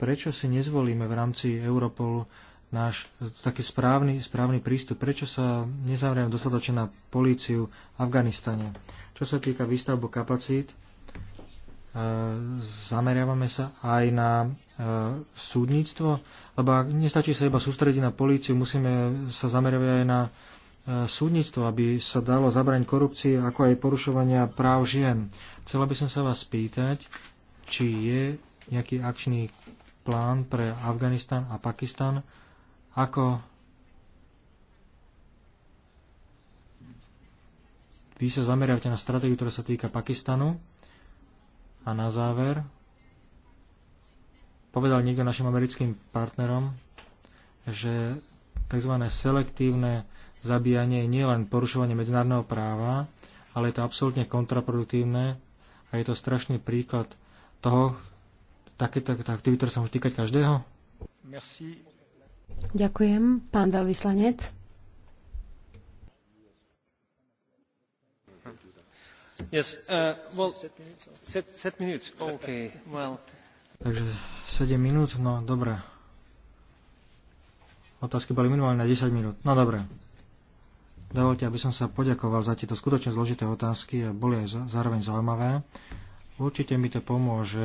Prečo si nezvolíme v rámci Europolu náš taký správny, správny prístup? Prečo sa nezavrieme dostatočne na políciu v Afganistane? Čo sa týka výstavbu kapacít, e, zameriavame sa aj na e, súdnictvo, lebo ak nestačí sa iba sústrediť na políciu, musíme sa zameriavať aj na e, súdnictvo, aby sa dalo zabrať korupcii, ako aj porušovania práv žien. Chcela by som sa vás spýtať, či je nejaký akčný plán pre Afganistan a Pakistan, ako vy sa zameriavate na stratégiu, ktorá sa týka Pakistanu. A na záver, povedal niekto našim americkým partnerom, že tzv. selektívne zabíjanie je nielen porušovanie medzinárodného práva, ale je to absolútne kontraproduktívne a je to strašný príklad toho, takéto aktivity, ktoré sa môžu týkať každého? Merci. Ďakujem. Pán veľvyslanec. Yes, uh, well, set, set minutes. Okay, well. Takže 7 minút, no dobré. Otázky boli minimálne na 10 minút. No dobré. Dovolte, aby som sa poďakoval za tieto skutočne zložité otázky a boli aj zároveň zaujímavé. Určite mi to pomôže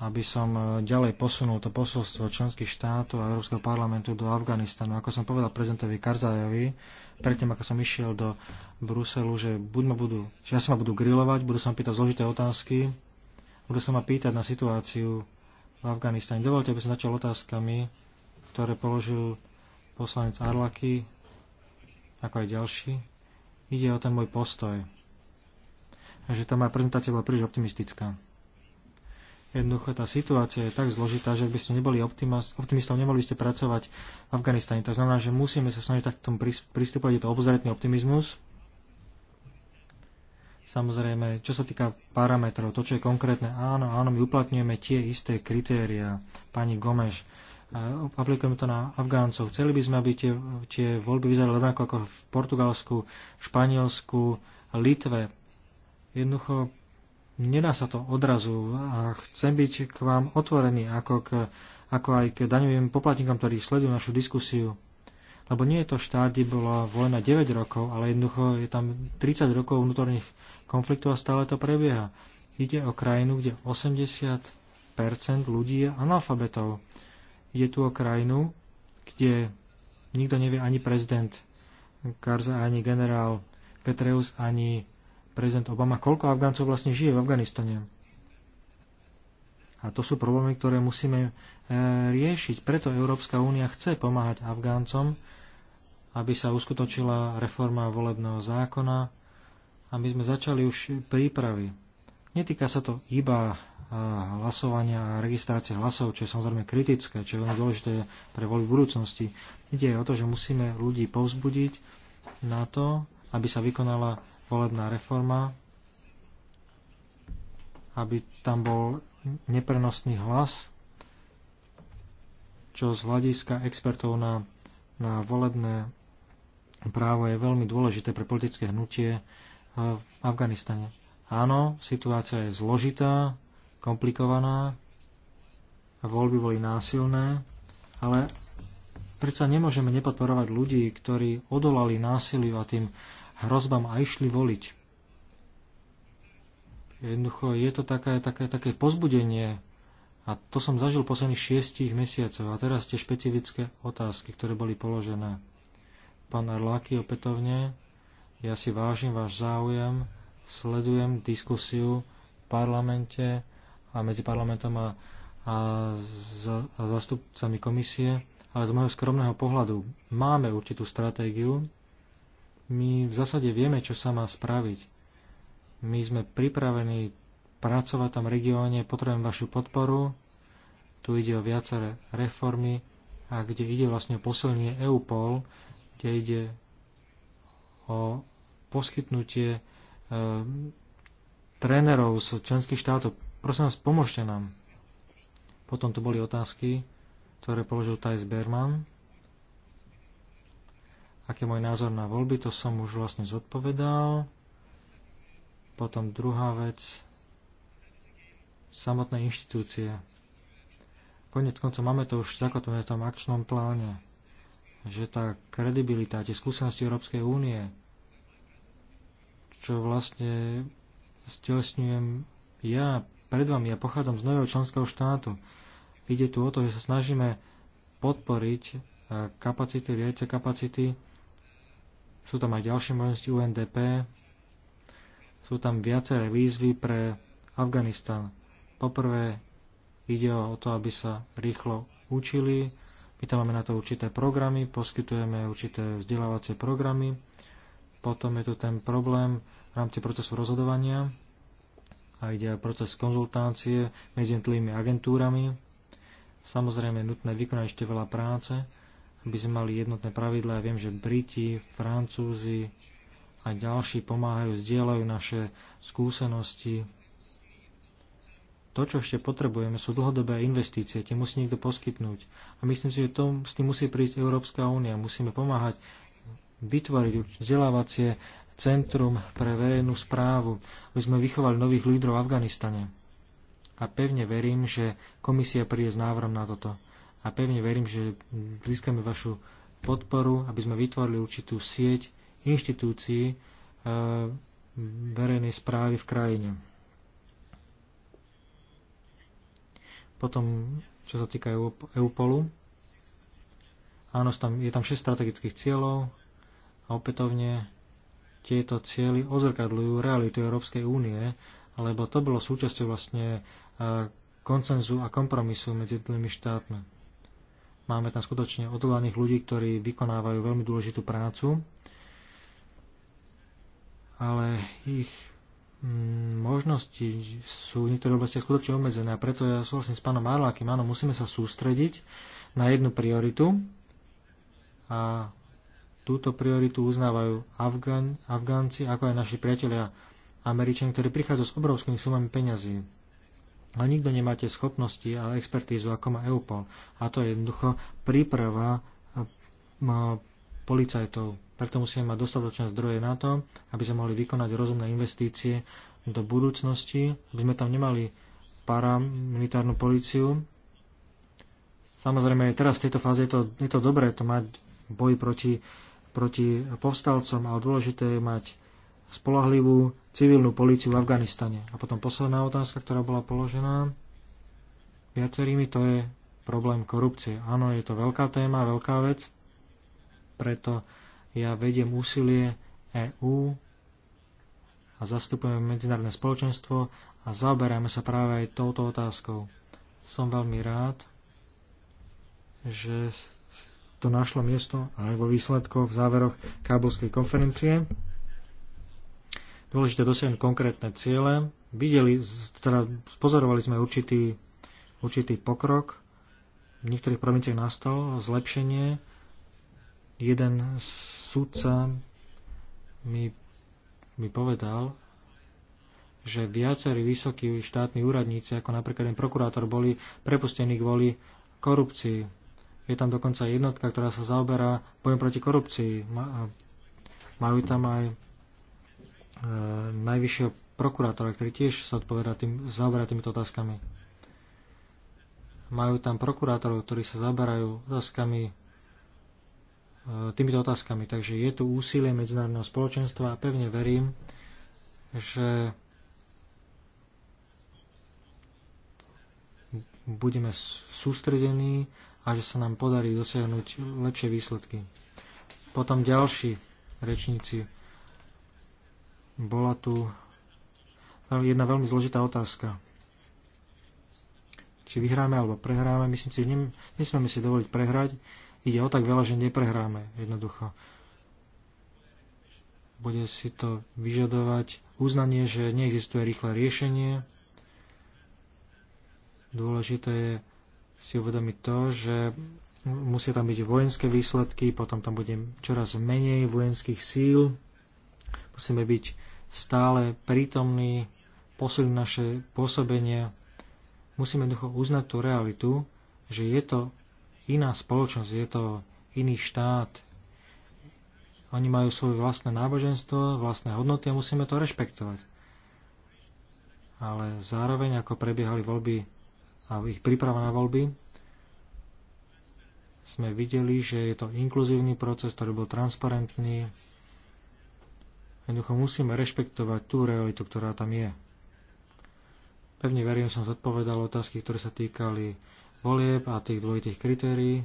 aby som e, ďalej posunul to posolstvo členských štátov a Európskeho parlamentu do Afganistanu. Ako som povedal prezidentovi Karzajovi, predtým ako som išiel do Bruselu, že, buď ma budú, že ja sa ma budú grilovať, budú sa ma pýtať zložité otázky, budú sa ma pýtať na situáciu v Afganistane. Dovolte, aby som začal otázkami, ktoré položil poslanec Arlaky, ako aj ďalší. Ide o ten môj postoj. Takže tá moja prezentácia bola príliš optimistická. Jednoducho tá situácia je tak zložitá, že ak by ste neboli optimistom, nemohli by ste pracovať v Afganistane. To znamená, že musíme sa snažiť tak k tomu Je to obozretný optimizmus. Samozrejme, čo sa týka parametrov, to, čo je konkrétne, áno, áno, my uplatňujeme tie isté kritéria, pani Gomeš. Aplikujeme to na Afgáncov. Chceli by sme, aby tie, tie voľby vyzerali rovnako ako v Portugalsku, Španielsku, Litve. Jednoducho nedá sa to odrazu a chcem byť k vám otvorený ako, k, ako aj k daňovým poplatníkom, ktorí sledujú našu diskusiu. Lebo nie je to štát, kde bola vojna 9 rokov, ale jednoducho je tam 30 rokov vnútorných konfliktov a stále to prebieha. Ide o krajinu, kde 80% ľudí je analfabetov. Je tu o krajinu, kde nikto nevie ani prezident Karza, ani generál Petreus, ani prezident Obama, koľko Afgáncov vlastne žije v Afganistane. A to sú problémy, ktoré musíme e, riešiť. Preto Európska únia chce pomáhať Afgáncom, aby sa uskutočila reforma volebného zákona, aby sme začali už prípravy. Netýka sa to iba e, hlasovania a registrácie hlasov, čo je samozrejme kritické, čo je veľmi dôležité pre voľby budúcnosti. Ide aj o to, že musíme ľudí povzbudiť na to, aby sa vykonala volebná reforma, aby tam bol neprenosný hlas, čo z hľadiska expertov na, na volebné právo je veľmi dôležité pre politické hnutie v Afganistane. Áno, situácia je zložitá, komplikovaná, voľby boli násilné, ale predsa nemôžeme nepodporovať ľudí, ktorí odolali násiliu a tým hrozbám a išli voliť. Jednoducho je to také, také, také pozbudenie a to som zažil posledných šiestich mesiacov. A teraz tie špecifické otázky, ktoré boli položené. Pán Arláky opätovne, ja si vážim váš záujem, sledujem diskusiu v parlamente a medzi parlamentom a, a, za, a zastupcami komisie, ale z môjho skromného pohľadu máme určitú stratégiu, my v zásade vieme, čo sa má spraviť. My sme pripravení pracovať v tom regióne, potrebujem vašu podporu. Tu ide o viaceré reformy a kde ide vlastne o posilnenie EUPOL, kde ide o poskytnutie e, trénerov z členských štátov. Prosím vás, pomôžte nám. Potom tu boli otázky, ktoré položil Thijs Berman aký je môj názor na voľby, to som už vlastne zodpovedal. Potom druhá vec, samotné inštitúcie. Konec koncov máme to už zakotvené v tom akčnom pláne, že tá kredibilita, tie skúsenosti Európskej únie, čo vlastne stelesňujem ja pred vami, ja pochádzam z nového členského štátu. Ide tu o to, že sa snažíme podporiť eh, kapacity, riadce kapacity sú tam aj ďalšie možnosti UNDP. Sú tam viaceré výzvy pre Afganistan. Poprvé ide o to, aby sa rýchlo učili. My tam máme na to určité programy, poskytujeme určité vzdelávacie programy. Potom je tu ten problém v rámci procesu rozhodovania a ide aj proces konzultácie medzi jednotlivými agentúrami. Samozrejme je nutné vykonať ešte veľa práce, aby sme mali jednotné pravidla. Ja viem, že Briti, Francúzi a ďalší pomáhajú, zdieľajú naše skúsenosti. To, čo ešte potrebujeme, sú dlhodobé investície, tie musí niekto poskytnúť. A myslím si, že to, s tým musí prísť Európska únia. Musíme pomáhať vytvoriť vzdelávacie centrum pre verejnú správu, aby sme vychovali nových lídrov v Afganistane. A pevne verím, že komisia príde s návrhom na toto a pevne verím, že získame vašu podporu, aby sme vytvorili určitú sieť inštitúcií e, verejnej správy v krajine. Potom, čo sa týka EUPOLu, e áno, je tam 6 strategických cieľov a opätovne tieto cieľy ozrkadľujú realitu Európskej únie, lebo to bolo súčasťou vlastne e, koncenzu a kompromisu medzi tými štátmi. Máme tam skutočne odhodlaných ľudí, ktorí vykonávajú veľmi dôležitú prácu, ale ich mm, možnosti sú v niektorých oblastiach skutočne obmedzené a preto ja súhlasím s pánom Arlákim, áno, musíme sa sústrediť na jednu prioritu a túto prioritu uznávajú Afgán, Afgánci, ako aj naši priatelia Američania, ktorí prichádzajú s obrovskými sumami peňazí ale nikto nemáte schopnosti a expertízu, ako má EUPOL. A to je jednoducho príprava e, policajtov. Preto musíme mať dostatočné zdroje na to, aby sme mohli vykonať rozumné investície do budúcnosti, aby sme tam nemali paramilitárnu policiu. Samozrejme, aj teraz v tejto fáze je to, je to dobré to mať boj proti, proti povstalcom, ale dôležité je mať spolahlivú civilnú políciu v Afganistane. A potom posledná otázka, ktorá bola položená viacerými, to je problém korupcie. Áno, je to veľká téma, veľká vec, preto ja vediem úsilie EÚ a zastupujeme medzinárodné spoločenstvo a zaoberáme sa práve aj touto otázkou. Som veľmi rád, že to našlo miesto aj vo výsledkoch v záveroch kábulskej konferencie dôležité dosiahnuť konkrétne ciele. Videli, teda spozorovali sme určitý, určitý pokrok. V niektorých provinciách nastalo zlepšenie. Jeden súdca mi, mi povedal, že viacerí vysokí štátni úradníci, ako napríklad ten prokurátor, boli prepustení kvôli korupcii. Je tam dokonca jednotka, ktorá sa zaoberá bojom proti korupcii. Majú tam aj E, najvyššieho prokurátora, ktorý tiež sa odpovedá tým, zaoberá týmito otázkami. Majú tam prokurátorov, ktorí sa zaberajú otázkami, e, týmito otázkami. Takže je tu úsilie medzinárodného spoločenstva a pevne verím, že budeme sústredení a že sa nám podarí dosiahnuť lepšie výsledky. Potom ďalší rečníci bola tu jedna veľmi zložitá otázka. Či vyhráme alebo prehráme, myslím si, že nesmieme si dovoliť prehrať. Ide o tak veľa, že neprehráme jednoducho. Bude si to vyžadovať uznanie, že neexistuje rýchle riešenie. Dôležité je si uvedomiť to, že musia tam byť vojenské výsledky, potom tam bude čoraz menej vojenských síl, musíme byť stále prítomní, posilniť naše pôsobenie. Musíme jednoducho uznať tú realitu, že je to iná spoločnosť, je to iný štát. Oni majú svoje vlastné náboženstvo, vlastné hodnoty a musíme to rešpektovať. Ale zároveň, ako prebiehali voľby a ich príprava na voľby, sme videli, že je to inkluzívny proces, ktorý bol transparentný, Jednoducho musíme rešpektovať tú realitu, ktorá tam je. Pevne verím, som zodpovedal otázky, ktoré sa týkali volieb a tých dvojitých kritérií.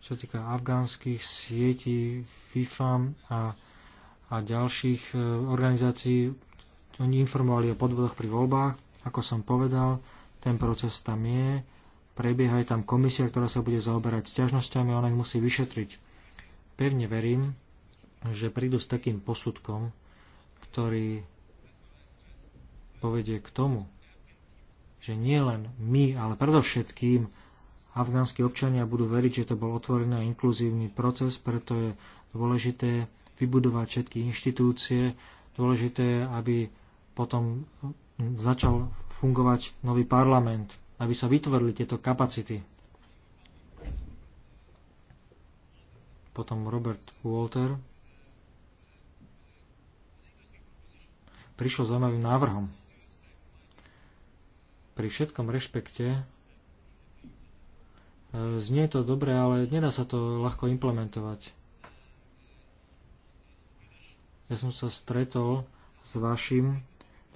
Čo sa týka afgánskych sietí, FIFA a, a ďalších e, organizácií, oni informovali o podvodoch pri voľbách. Ako som povedal, ten proces tam je. Prebieha aj tam komisia, ktorá sa bude zaoberať sťažnosťami a ona ich musí vyšetriť. Pevne verím, že prídu s takým posudkom, ktorý povedie k tomu, že nielen my, ale predovšetkým afgánsky občania budú veriť, že to bol otvorený a inkluzívny proces, preto je dôležité vybudovať všetky inštitúcie, dôležité, aby potom začal fungovať nový parlament, aby sa vytvorili tieto kapacity. Potom Robert Walter prišlo zaujímavým návrhom. Pri všetkom rešpekte e, znie to dobre, ale nedá sa to ľahko implementovať. Ja som sa stretol s vašim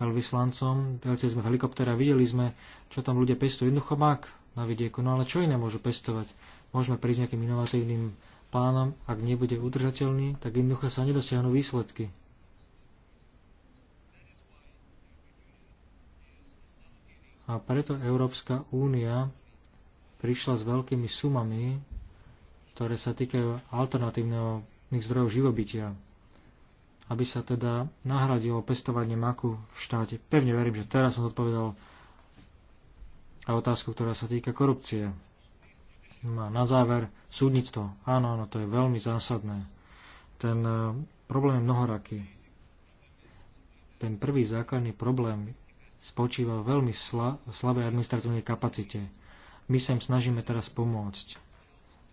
veľvyslancom, veľte sme v a videli sme, čo tam ľudia pestujú. jednoducho mák na vidieku, no ale čo iné môžu pestovať? Môžeme prísť nejakým inovatívnym plánom, ak nebude udržateľný, tak jednoducho sa nedosiahnu výsledky. A preto Európska únia prišla s veľkými sumami, ktoré sa týkajú alternatívneho zdrojov živobytia, aby sa teda nahradilo pestovanie maku v štáte. Pevne verím, že teraz som odpovedal a otázku, ktorá sa týka korupcie. No a na záver, súdnictvo. Áno, áno, to je veľmi zásadné. Ten eh, problém je mnohoraký. Ten prvý základný problém spočíva v veľmi sla, slabej administratívnej kapacite. My sem snažíme teraz pomôcť.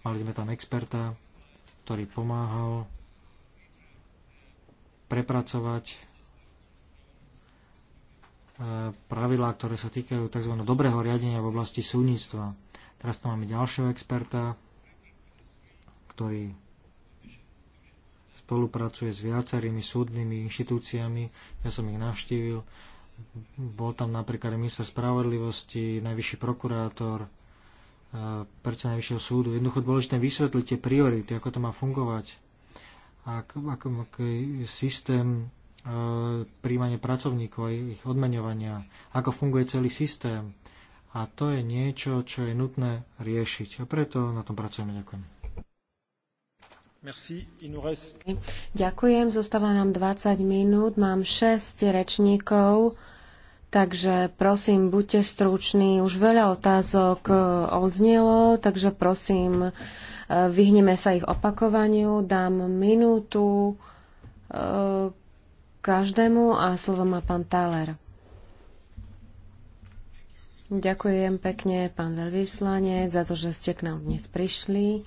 Mali sme tam experta, ktorý pomáhal prepracovať e, pravidlá, ktoré sa týkajú tzv. dobrého riadenia v oblasti súdnictva. Teraz tam máme ďalšieho experta, ktorý spolupracuje s viacerými súdnymi inštitúciami. Ja som ich navštívil. Bol tam napríklad minister spravodlivosti, najvyšší prokurátor, e, predseda najvyššieho súdu. Jednoducho dôležité vysvetliť tie priority, ako to má fungovať, ako, systém e, príjmanie pracovníkov a ich odmeňovania, ako funguje celý systém. A to je niečo, čo je nutné riešiť. A preto na tom pracujeme. Ďakujem. Ďakujem, zostáva nám 20 minút, mám 6 rečníkov, takže prosím, buďte struční, už veľa otázok e, odznelo, takže prosím, e, vyhneme sa ich opakovaniu, dám minútu e, každému a slovo má pán Thaler. Ďakujem pekne, pán veľvyslanec, za to, že ste k nám dnes prišli.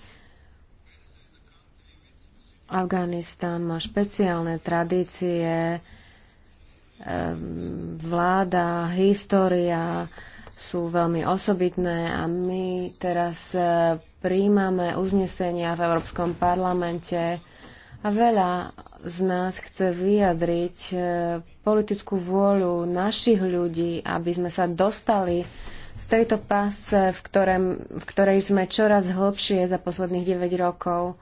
Afganistan má špeciálne tradície, ehm, vláda, história sú veľmi osobitné a my teraz e, príjmame uznesenia v Európskom parlamente a veľa z nás chce vyjadriť e, politickú vôľu našich ľudí, aby sme sa dostali z tejto pásce, v, ktorém, v ktorej sme čoraz hlbšie za posledných 9 rokov.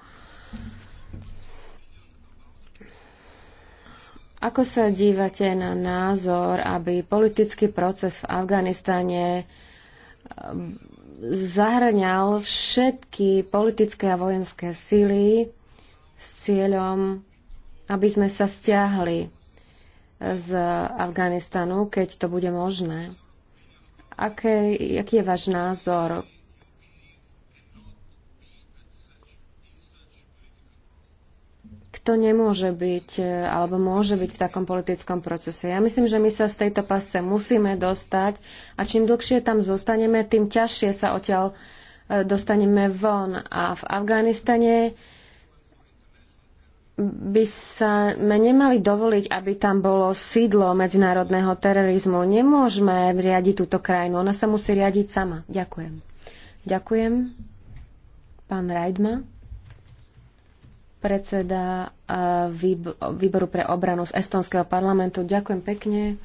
Ako sa dívate na názor, aby politický proces v Afganistane um, zahrňal všetky politické a vojenské síly s cieľom, aby sme sa stiahli z Afganistanu, keď to bude možné? Aké, aký je váš názor? to nemôže byť, e, alebo môže byť v takom politickom procese. Ja myslím, že my sa z tejto pasce musíme dostať a čím dlhšie tam zostaneme, tým ťažšie sa odtiaľ e, dostaneme von. A v Afganistane by sa nemali dovoliť, aby tam bolo sídlo medzinárodného terorizmu. Nemôžeme riadiť túto krajinu. Ona sa musí riadiť sama. Ďakujem. Ďakujem. Pán Rajdma predseda eh, výboru pre obranu z Estonského parlamentu. Ďakujem pekne.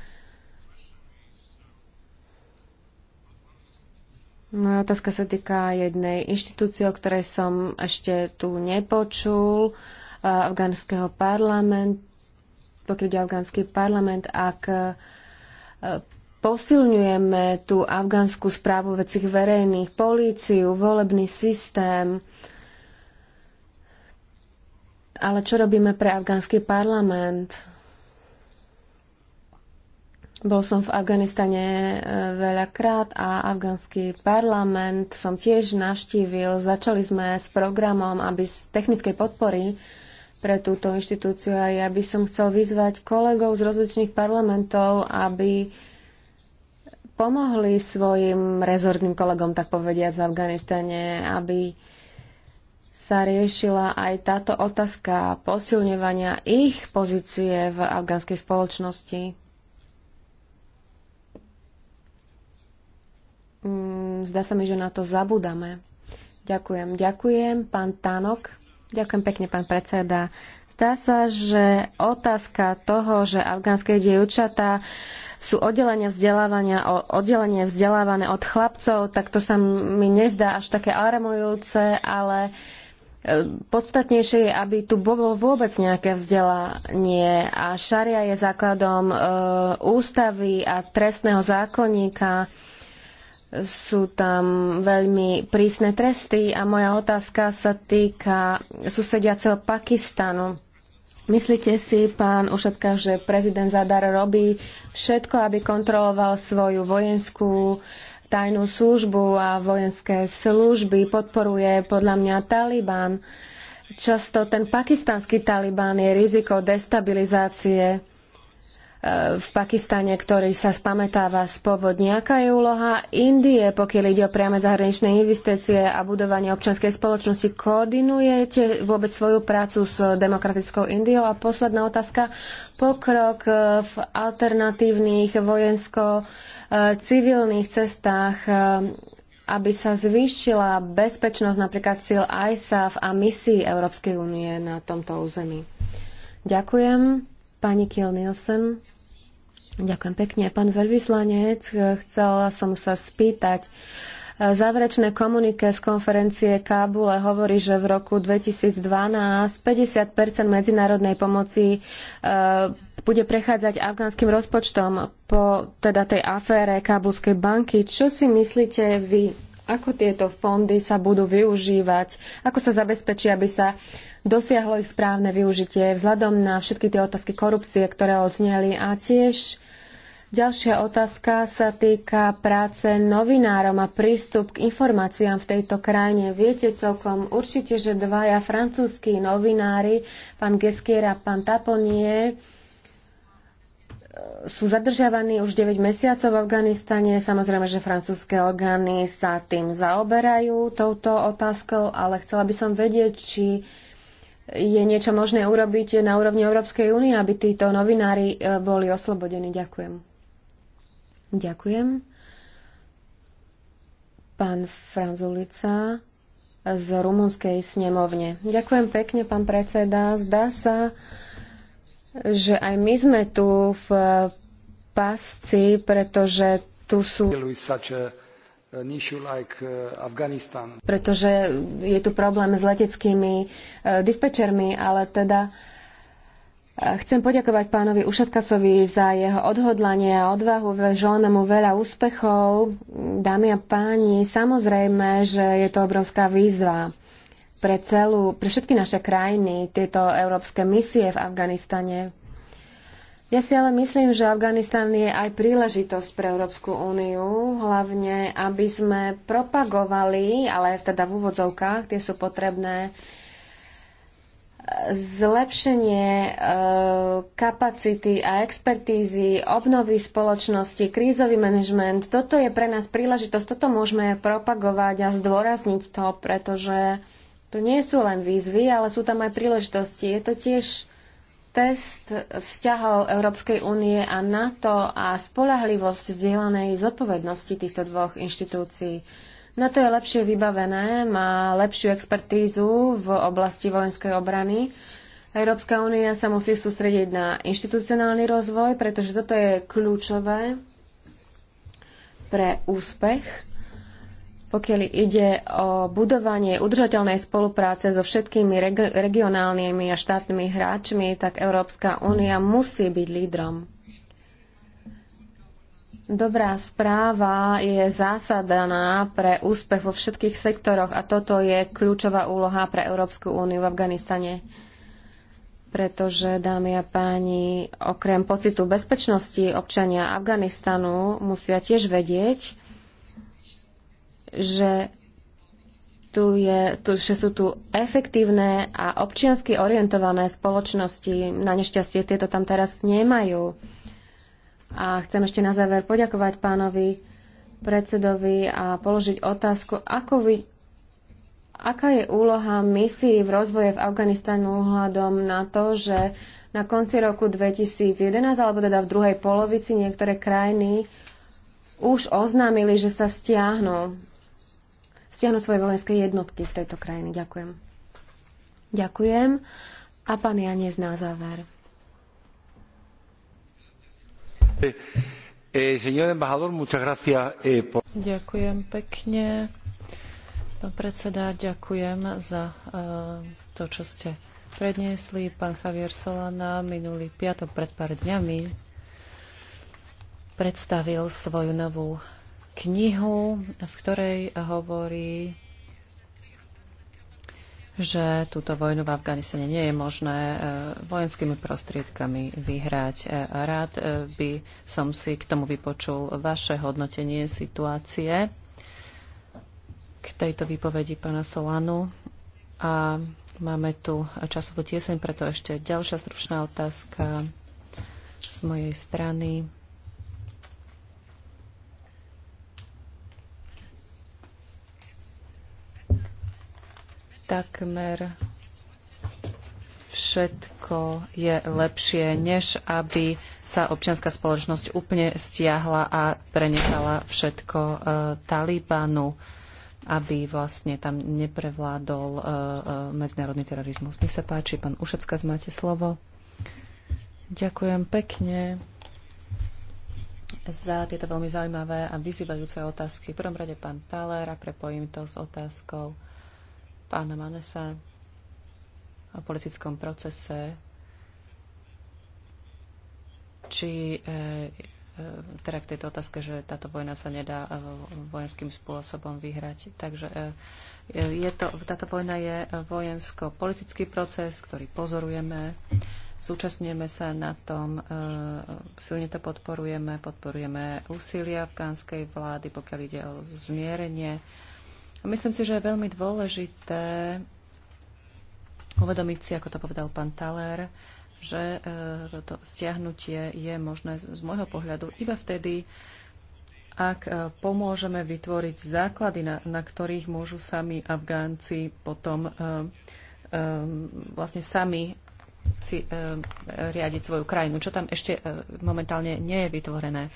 Moja otázka sa týka jednej inštitúcie, o ktorej som ešte tu nepočul, eh, afgánskeho parlamentu, pokiaľ afgánsky parlament, ak eh, posilňujeme tú afgánsku správu vecich verejných, políciu, volebný systém, ale čo robíme pre afgánsky parlament? Bol som v Afganistane e, veľakrát a afgánsky parlament som tiež navštívil. Začali sme s programom aby z technickej podpory pre túto inštitúciu a ja by som chcel vyzvať kolegov z rozličných parlamentov, aby pomohli svojim rezortným kolegom, tak povediať, v Afganistane, aby sa riešila aj táto otázka posilňovania ich pozície v afgánskej spoločnosti. Mm, zdá sa mi, že na to zabudame. Ďakujem, ďakujem, pán tánok, Ďakujem pekne, pán predseda. Zdá sa, že otázka toho, že afgánske dievčatá sú oddelenia vzdelávania, oddelenie vzdelávané od chlapcov, tak to sa mi nezdá až také alarmujúce, ale Podstatnejšie je, aby tu bolo vôbec nejaké vzdelanie a šaria je základom e, ústavy a trestného zákonníka. Sú tam veľmi prísne tresty a moja otázka sa týka susediaceho Pakistanu. Myslíte si, pán Ušetka, že prezident Zadar robí všetko, aby kontroloval svoju vojenskú tajnú službu a vojenské služby podporuje podľa mňa Taliban. Často ten pakistanský Taliban je riziko destabilizácie v Pakistane, ktorý sa spametáva z povodní. Aká je úloha Indie, pokiaľ ide o priame zahraničné investície a budovanie občianskej spoločnosti? Koordinujete vôbec svoju prácu s demokratickou Indiou? A posledná otázka. Pokrok eh, v alternatívnych vojensko-civilných cestách eh, aby sa zvýšila bezpečnosť napríklad síl ISAF a misií Európskej únie na tomto území. Ďakujem. Pani Kiel Nielsen. Ďakujem pekne. Pán veľvyslanec, chcela som sa spýtať. Záverečné komunike z konferencie Kábule hovorí, že v roku 2012 50 medzinárodnej pomoci e, bude prechádzať afgánskym rozpočtom po teda tej afére Kábulskej banky. Čo si myslíte vy, ako tieto fondy sa budú využívať? Ako sa zabezpečí, aby sa dosiahlo ich správne využitie vzhľadom na všetky tie otázky korupcie, ktoré odzneli a tiež Ďalšia otázka sa týka práce novinárom a prístup k informáciám v tejto krajine. Viete celkom určite, že dvaja francúzskí novinári, pán Geskier a pán Taponie, sú zadržiavaní už 9 mesiacov v Afganistane. Samozrejme, že francúzske orgány sa tým zaoberajú touto otázkou, ale chcela by som vedieť, či je niečo možné urobiť na úrovni Európskej únie, aby títo novinári e, boli oslobodení. Ďakujem. Ďakujem. Pán Franzulica z rumunskej snemovne. Ďakujem pekne, pán predseda. Zdá sa, že aj my sme tu v pasci, pretože tu sú... Uh, Pretože je tu problém s leteckými uh, dispečermi, ale teda uh, chcem poďakovať pánovi Ušatkacovi za jeho odhodlanie a odvahu. Želáme mu veľa úspechov. Dámy a páni, samozrejme, že je to obrovská výzva pre celú, pre všetky naše krajiny, tieto európske misie v Afganistane. Ja si ale myslím, že Afganistan je aj príležitosť pre Európsku úniu, hlavne aby sme propagovali, ale teda v úvodzovkách, tie sú potrebné, e, zlepšenie e, kapacity a expertízy, obnovy spoločnosti, krízový manažment. Toto je pre nás príležitosť, toto môžeme propagovať a zdôrazniť to, pretože to nie sú len výzvy, ale sú tam aj príležitosti. Je to tiež test vzťahov Európskej únie a NATO a spolahlivosť zdieľanej zodpovednosti týchto dvoch inštitúcií. NATO je lepšie vybavené, má lepšiu expertízu v oblasti vojenskej obrany. Európska únia sa musí sústrediť na inštitucionálny rozvoj, pretože toto je kľúčové pre úspech pokiaľ ide o budovanie udržateľnej spolupráce so všetkými reg- regionálnymi a štátnymi hráčmi, tak Európska únia musí byť lídrom. Dobrá správa je zásadaná pre úspech vo všetkých sektoroch a toto je kľúčová úloha pre Európsku úniu v Afganistane. Pretože, dámy a páni, okrem pocitu bezpečnosti občania Afganistanu musia tiež vedieť, že tu je, tu, že sú tu efektívne a občiansky orientované spoločnosti. Na nešťastie tieto tam teraz nemajú. A chcem ešte na záver poďakovať pánovi predsedovi a položiť otázku, ako vy, aká je úloha misií v rozvoje v Afganistanu ohľadom na to, že na konci roku 2011, alebo teda v druhej polovici, niektoré krajiny už oznámili, že sa stiahnu stiahnuť svoje vojenské jednotky z tejto krajiny. Ďakujem. Ďakujem. A pán Janez na záver. Eh, eh, eh, ďakujem pekne. Pán predseda, ďakujem za to, čo ste predniesli. Pán Javier Solana minulý piatok pred pár dňami predstavil svoju novú knihu, v ktorej hovorí, že túto vojnu v Afganistane nie je možné e, vojenskými prostriedkami vyhrať. E, rád e, by som si k tomu vypočul vaše hodnotenie situácie k tejto výpovedi pána Solanu. A máme tu časovú tieseň, preto ešte ďalšia stručná otázka z mojej strany. takmer všetko je lepšie, než aby sa občianská spoločnosť úplne stiahla a prenechala všetko e, Talibanu, aby vlastne tam neprevládol e, e, medzinárodný terorizmus. Nech sa páči, pán Ušecka, máte slovo. Ďakujem pekne za tieto veľmi zaujímavé a vyzývajúce otázky. V prvom rade pán Taler a prepojím to s otázkou pána Manesa o politickom procese, či e, e, teda k tejto otázke, že táto vojna sa nedá e, vojenským spôsobom vyhrať. Takže je to, táto vojna je vojensko-politický proces, ktorý pozorujeme, zúčastňujeme sa na tom, silne to podporujeme, podporujeme úsilia afgánskej vlády, pokiaľ ide o zmierenie a myslím si, že je veľmi dôležité uvedomiť si, ako to povedal pán Taler, že e, to stiahnutie je možné z môjho pohľadu iba vtedy, ak e, pomôžeme vytvoriť základy, na, na ktorých môžu sami Afgánci potom um, um, vlastne sami si, um, riadiť svoju krajinu, čo tam ešte momentálne nie je vytvorené. Uh,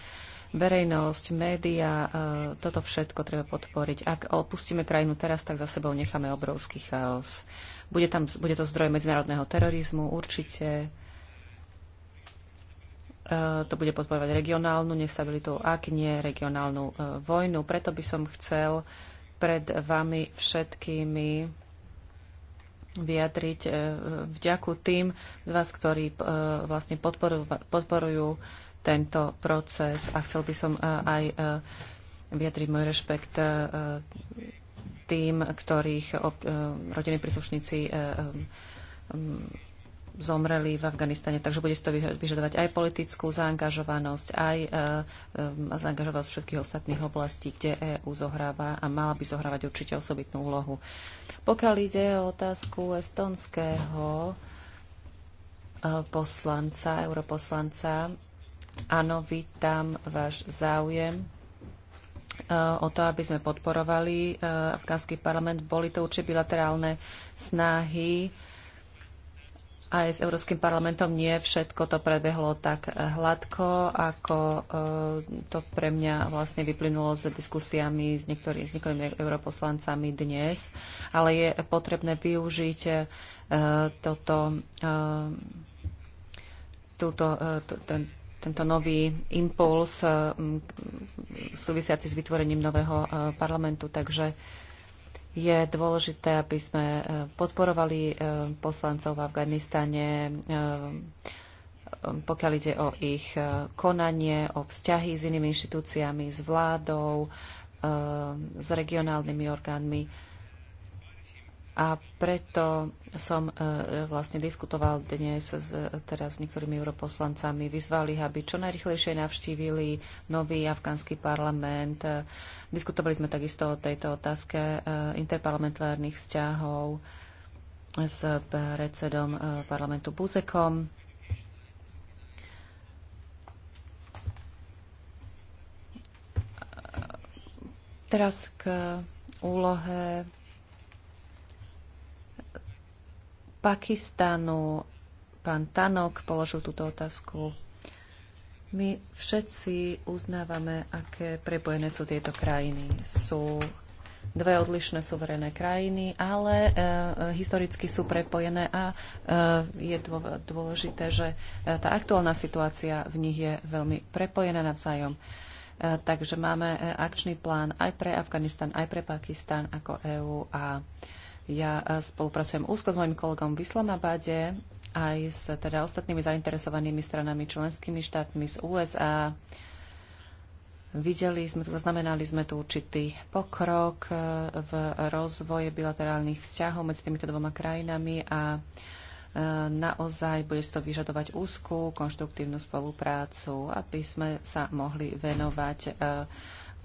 verejnosť, média, e, toto všetko treba podporiť. Ak opustíme krajinu teraz, tak za sebou necháme obrovský chaos. Bude, tam, bude to zdroj medzinárodného terorizmu, určite. E, to bude podporovať regionálnu nestabilitu, ak nie regionálnu e, vojnu. Preto by som chcel pred vami všetkými vyjadriť vďaku tým z vás, ktorí vlastne podporujú, podporujú tento proces a chcel by som eh, aj eh, vyjadriť môj rešpekt eh, tým, ktorých rodiny príslušníci mm, zomreli v Afganistane. Takže bude si to vyžadovať aj politickú zaangažovanosť, aj zaangažovanosť všetkých ostatných oblastí, kde EU zohráva a mala by zohrávať určite osobitnú úlohu. Pokiaľ ide o otázku estonského poslanca, europoslanca, Áno, vítam váš záujem eh, o to, aby sme podporovali eh, afgánsky parlament. Boli to určite bilaterálne snahy aj s Európskym parlamentom nie všetko to prebehlo tak eh, hladko, ako to pre mňa vlastne vyplynulo s diskusiami s, niektorý, s niektorými europoslancami dnes. Ale je potrebné využiť toto, túto, ten, tento nový impuls eh, súvisiaci s vytvorením nového eh, parlamentu. Takže je dôležité, aby sme eh, podporovali poslancov v Afganistane, pokiaľ ide o ich konanie, o vzťahy s inými inštitúciami, s vládou, s regionálnymi orgánmi a preto som e, e, vlastne diskutoval dnes s, teraz s niektorými europoslancami, vyzvali, aby čo najrychlejšie navštívili nový afgánsky parlament. E, diskutovali sme takisto o tejto otázke interparlamentárnych vzťahov s predsedom parlamentu Buzekom. Teraz k úlohe Pakistanu. Pán Tanok položil túto otázku. My všetci uznávame, aké prepojené sú tieto krajiny. Sú dve odlišné suverené krajiny, ale e, e, historicky sú prepojené a e, je dôležité, že e, tá aktuálna situácia v nich je veľmi prepojená navzájom. E, takže máme e, akčný plán aj pre Afganistan, aj pre Pakistan ako EÚ a e, ja e, spolupracujem úzko s mojim kolegom v Islamabade aj s teda ostatnými zainteresovanými stranami, členskými štátmi z USA. Videli sme tu, zaznamenali sme tu určitý pokrok e, v rozvoje bilaterálnych vzťahov medzi týmito dvoma krajinami a e, naozaj bude to vyžadovať úzkú, konštruktívnu spoluprácu, aby sme sa mohli venovať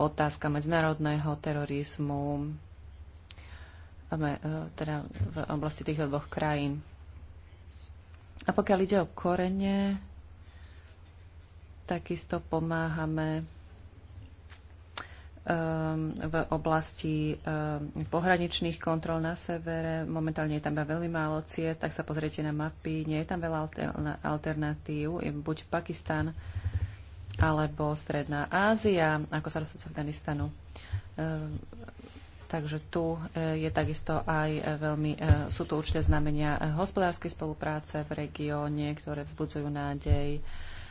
otázka medzinárodného terorizmu, E, teda v oblasti týchto dvoch krajín. A pokiaľ ide o korene, takisto pomáhame ehm, v oblasti ehm, pohraničných kontrol na severe. Momentálne je tam veľmi málo ciest, tak sa pozriete na mapy. Nie je tam veľa alternatív. Je buď Pakistan, alebo Stredná Ázia, ako sa dostať z Afganistanu. Ehm, Takže tu e, je takisto aj e, veľmi, e, sú tu určité znamenia hospodárskej spolupráce v regióne, ktoré vzbudzujú nádej.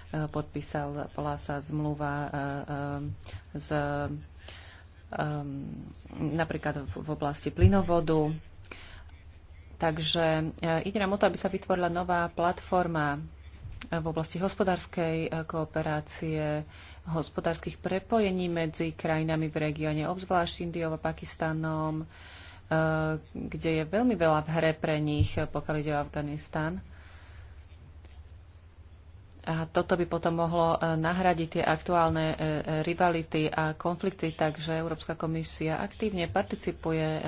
Podpísal sa zmluva z, napríklad v oblasti plynovodu. Takže ide nám o to, aby sa vytvorila nová platforma v oblasti hospodárskej eh, kooperácie, hospodárskych prepojení medzi krajinami v regióne, obzvlášť Indiou a Pakistanom, eh, kde je veľmi veľa v hre pre nich, eh, pokiaľ ide o Afganistan. A toto by potom mohlo nahradiť tie aktuálne rivality a konflikty, takže Európska komisia aktívne participuje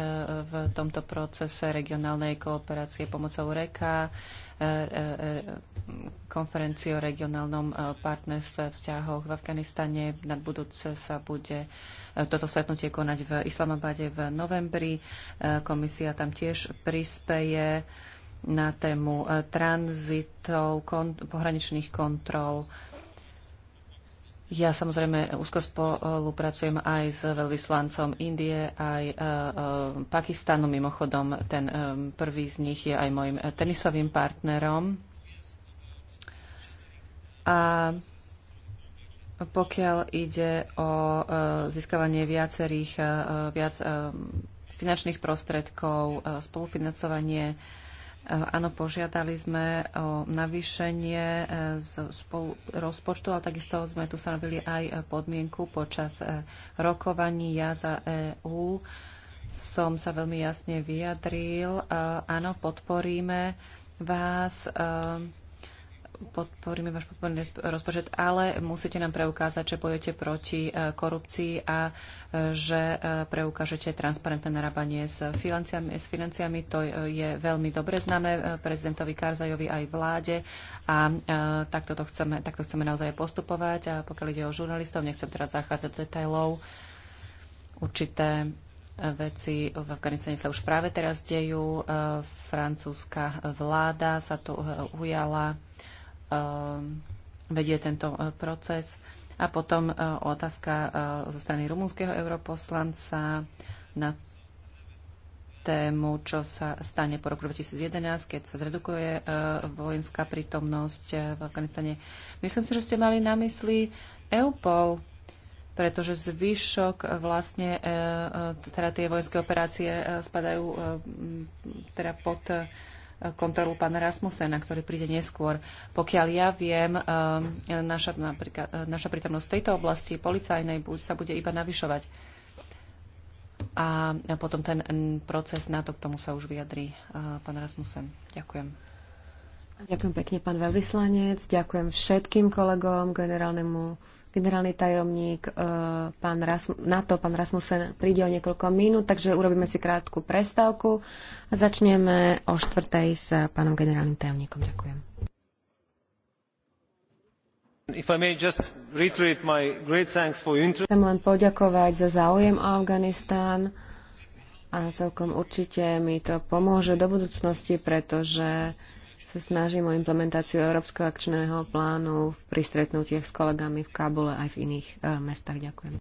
v tomto procese regionálnej kooperácie pomocou REKA, E, e, konferencii o regionálnom e, partnerstve vzťahoch v Afganistane. Na budúce sa bude toto stretnutie konať v Islamabade v novembri. Komisia tam tiež prispeje na tému tranzitov, kon, pohraničných kontrol ja samozrejme úzko spolupracujem aj s veľvyslancom Indie, aj e, e, Pakistanu. Mimochodom, ten e, prvý z nich je aj môjim tenisovým partnerom. A pokiaľ ide o získavanie viacerých viac finančných prostredkov, spolufinancovanie Áno, požiadali sme o navýšenie e, z rozpočtu, ale takisto sme tu stanovili aj podmienku počas e, rokovaní ja za EÚ. Som sa veľmi jasne vyjadril. E, áno, podporíme vás podporíme váš podporný rozpočet, ale musíte nám preukázať, že bojujete proti e, korupcii a e, že e, preukážete transparentné narábanie s financiami. S financiami to je veľmi dobre známe prezidentovi Karzajovi aj vláde a takto, to chceme, takto chceme naozaj postupovať. A pokiaľ ide o žurnalistov, nechcem teraz zachádzať do detajlov. Určité veci v Afganistane sa už práve teraz dejú. Francúzska vláda sa tu ujala Um, vedie tento uh, proces. A potom uh, otázka uh, zo strany rumúnskeho europoslanca na tému, čo sa stane po roku 2011, keď sa zredukuje vojenská prítomnosť v Afganistane. Myslím si, že ste mali na mysli EUPOL, pretože zvyšok vlastne, teda tie vojenské operácie spadajú teda pod kontrolu pána Rasmusena, ktorý príde neskôr. Pokiaľ ja viem, eh, naša, eh, naša prítomnosť v tejto oblasti policajnej sa bude iba navyšovať. A potom ten mm, proces na to, k tomu sa už vyjadrí eh, pán Rasmusen. Ďakujem. Ďakujem pekne, pán veľvyslanec. Ďakujem všetkým kolegom, generálnemu generálny tajomník e, pán Rasm- NATO, pán Rasmussen, príde o niekoľko minút, takže urobíme si krátku prestávku a začneme o štvrtej s pánom generálnym tajomníkom. Ďakujem. Chcem len poďakovať za záujem o Afganistán a celkom určite mi to pomôže do budúcnosti, pretože sa snažím o implementáciu Európskeho akčného plánu pri stretnutiach s kolegami v Kábule aj v iných e, mestách. Ďakujem.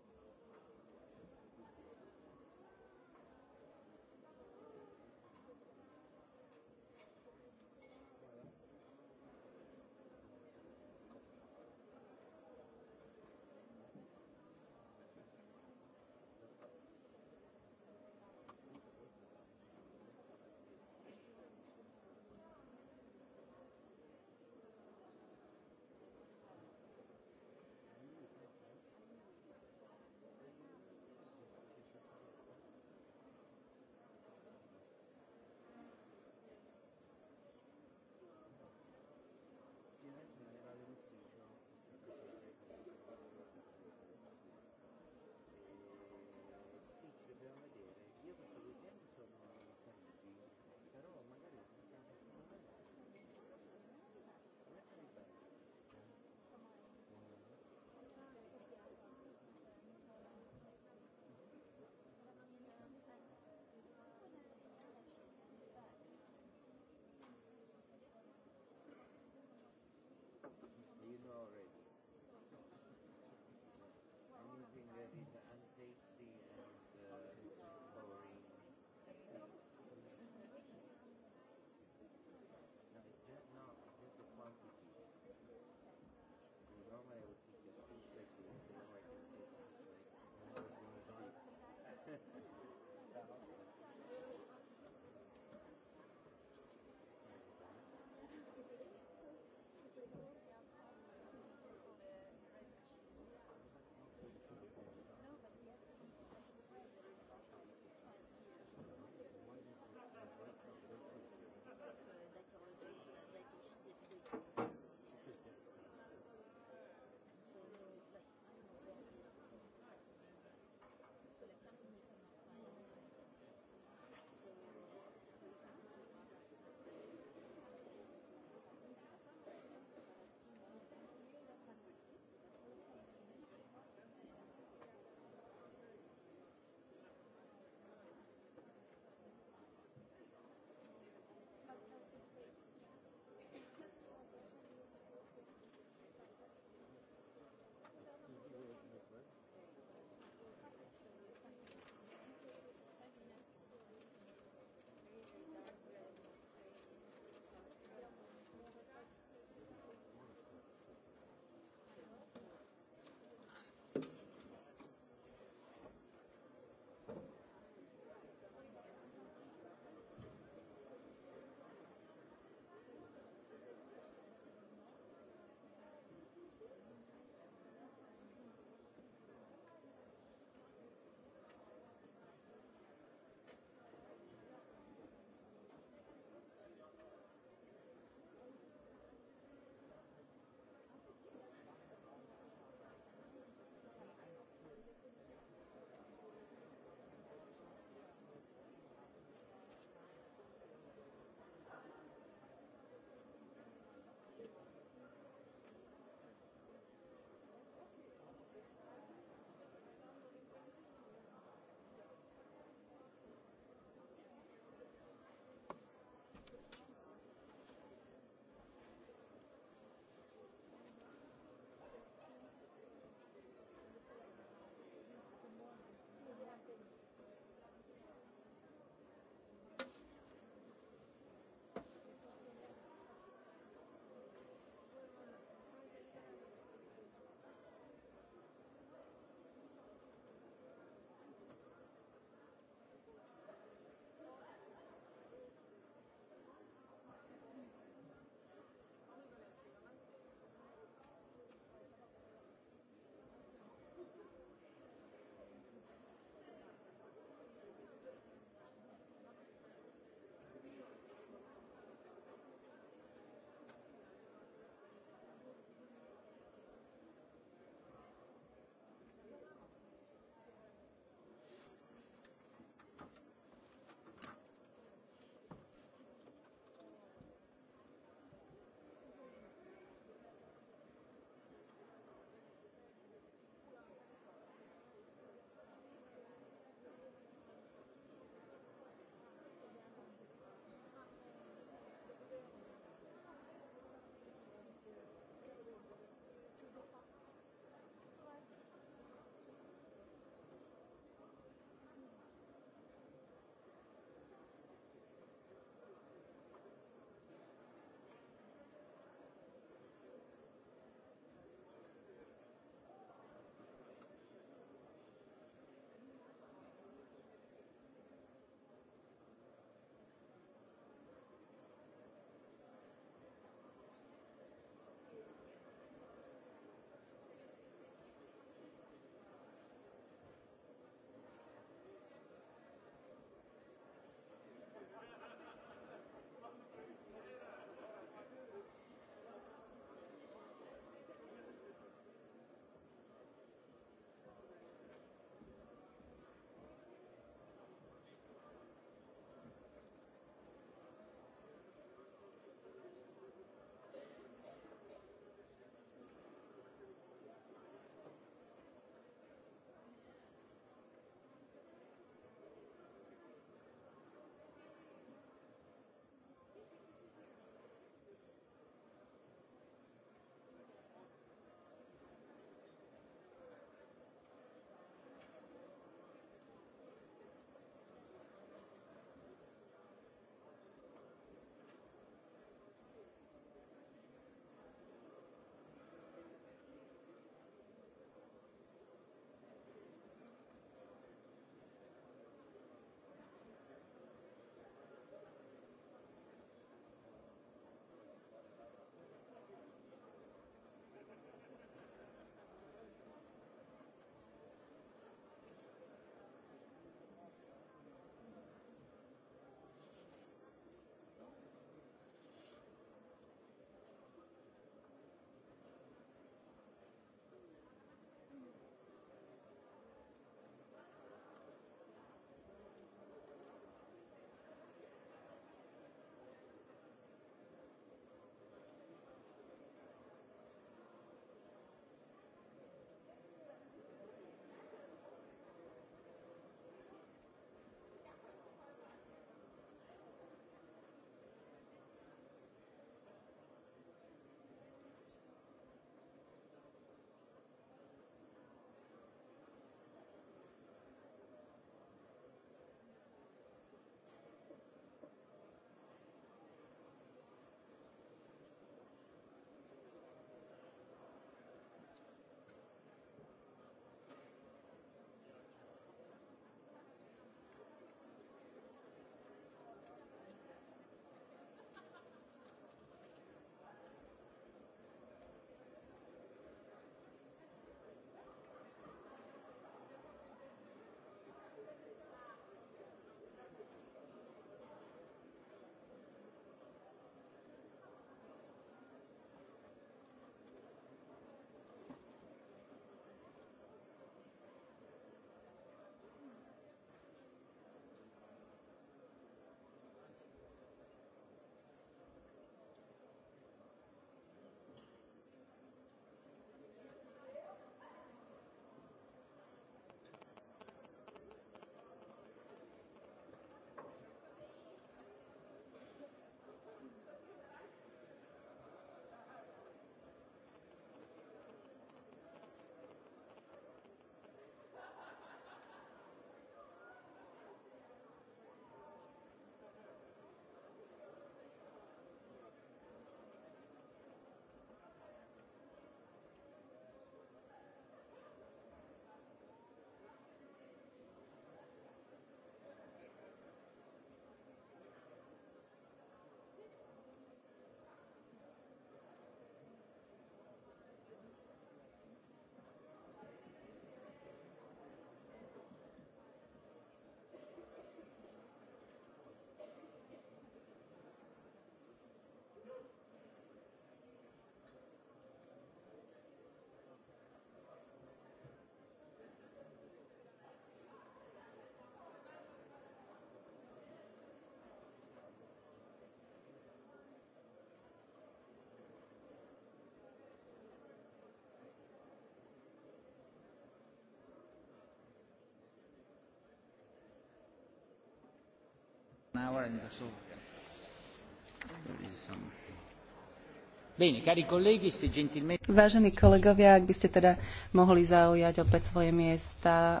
Vážení kolegovia, ak by ste teda mohli zaujať opäť svoje miesta, eh,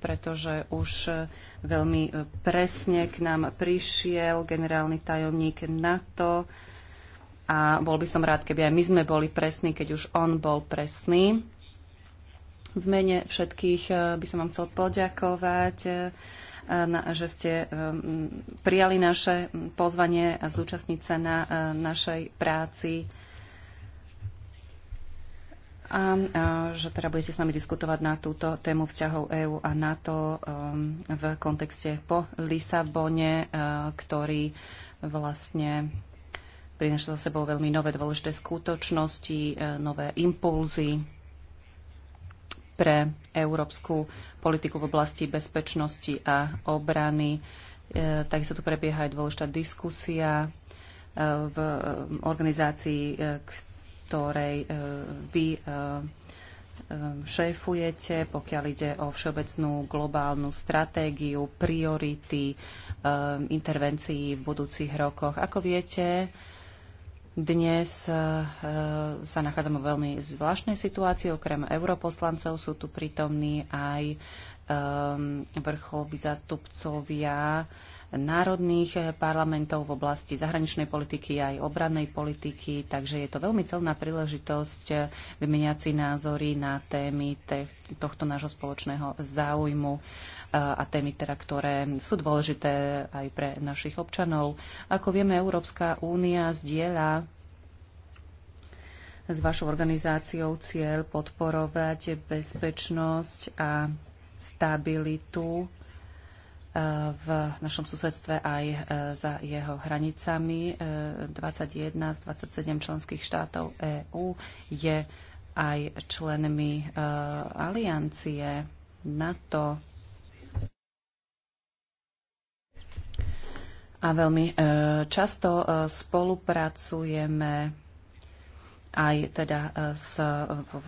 pretože už eh, veľmi eh, presne k nám prišiel generálny tajomník NATO a bol by som rád, keby aj my sme boli presní, keď už on bol presný. V mene všetkých by som vám chcel poďakovať E, že ste e, prijali naše pozvanie a zúčastniť sa na e, našej práci a že teda budete s nami diskutovať na túto tému vzťahov EÚ a NATO v kontexte po Lisabone, ktorý vlastne prináša so sebou veľmi nové dôležité skutočnosti, nové impulzy pre európsku politiku v oblasti bezpečnosti a obrany. E, takisto tu prebieha aj dôležitá diskusia e, v organizácii, e, ktorej vy šéfujete, pokiaľ ide o všeobecnú globálnu stratégiu, priority intervencií v budúcich rokoch. Ako viete, dnes eh, sa nachádzame v veľmi zvláštnej situácii. Okrem europoslancov sú tu prítomní aj ehm, vrcholoví zástupcovia národných parlamentov v oblasti zahraničnej politiky aj obrannej politiky, takže je to veľmi celná príležitosť eh, vymeniať si názory na témy tohto nášho spoločného záujmu a témy, teda, ktoré sú dôležité aj pre našich občanov. Ako vieme, Európska únia zdieľa s vašou organizáciou cieľ podporovať bezpečnosť a stabilitu e, v našom susedstve aj e, za jeho hranicami. 21 e, z 27 členských štátov EÚ je aj členmi aliancie NATO. a veľmi e, často e, spolupracujeme aj teda e, s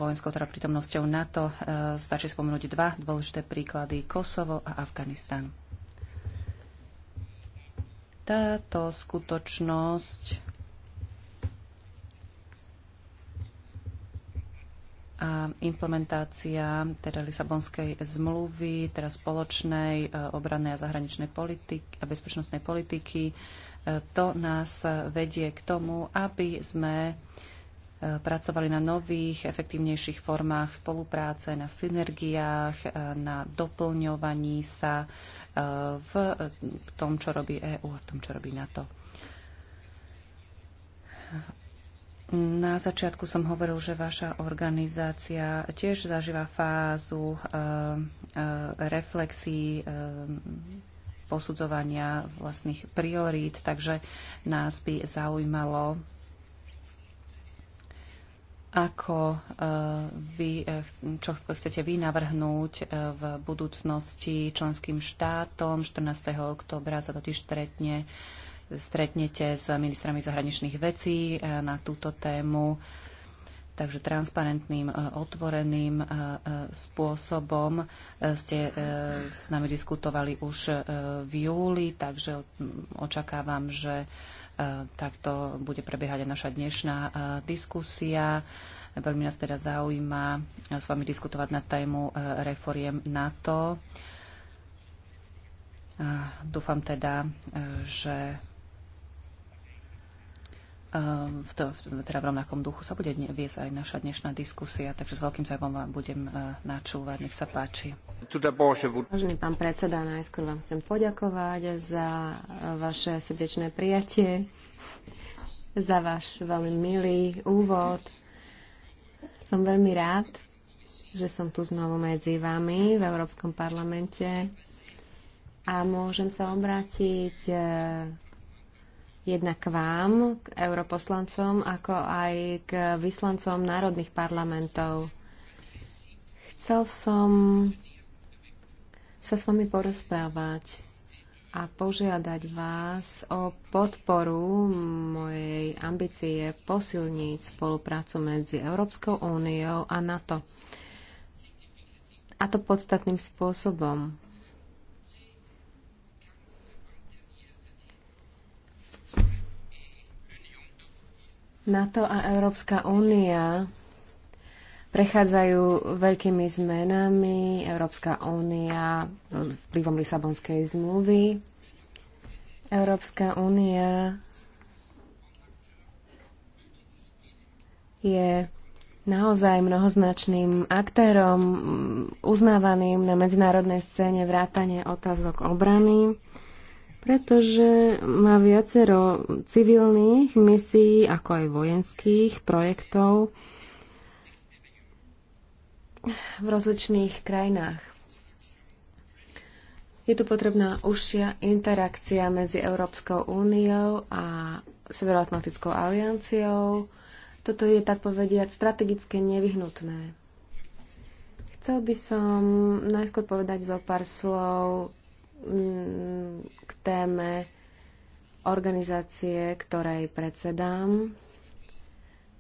vojenskou teda prítomnosťou NATO. Stačí spomenúť dva dôležité príklady, Kosovo a Afganistan. Táto skutočnosť a implementácia teda Lisabonskej zmluvy, teda spoločnej e, obrannej a zahraničnej politiky a bezpečnostnej politiky. E, to nás vedie k tomu, aby sme e, pracovali na nových, efektívnejších formách spolupráce, na synergiách, na doplňovaní sa v tom, čo robí EÚ a v tom, čo robí NATO na začiatku som hovoril, že vaša organizácia tiež zažíva fázu e, e, reflexí, e, posudzovania vlastných priorít, takže nás by zaujímalo, ako vy, čo chcete vy navrhnúť v budúcnosti členským štátom. 14. oktobra sa totiž stretne stretnete s ministrami zahraničných vecí eh, na túto tému. Takže transparentným, eh, otvoreným eh, spôsobom ste s nami diskutovali už v júli, takže očakávam, že takto bude prebiehať aj naša dnešná diskusia. Veľmi nás teda zaujíma s vami diskutovať na tému reforiem NATO. Dúfam teda, že Ehm, v, to, v, teda v rovnakom duchu sa bude viesť aj naša dnešná diskusia, takže s veľkým zájmom vám budem eh, načúvať. Nech sa páči. Vážený pán predseda, najskôr vám chcem poďakovať za eh, vaše srdečné prijatie, za váš veľmi milý úvod. Som veľmi rád, že som tu znovu medzi vami v Európskom parlamente a môžem sa obrátiť eh, jednak k vám, k europoslancom, ako aj k vyslancom národných parlamentov. Chcel som sa s vami porozprávať a požiadať vás o podporu mojej ambície posilniť spoluprácu medzi Európskou úniou a NATO. A to podstatným spôsobom. NATO a Európska únia prechádzajú veľkými zmenami. Európska únia vplyvom Lisabonskej zmluvy. Európska únia je naozaj mnohoznačným aktérom uznávaným na medzinárodnej scéne vrátane otázok obrany pretože má viacero civilných misií, ako aj vojenských projektov v rozličných krajinách. Je tu potrebná užšia interakcia medzi Európskou úniou a Severoatlantickou alianciou. Toto je, tak povediať, strategicky nevyhnutné. Chcel by som najskôr povedať zo pár slov k téme organizácie, ktorej predsedám.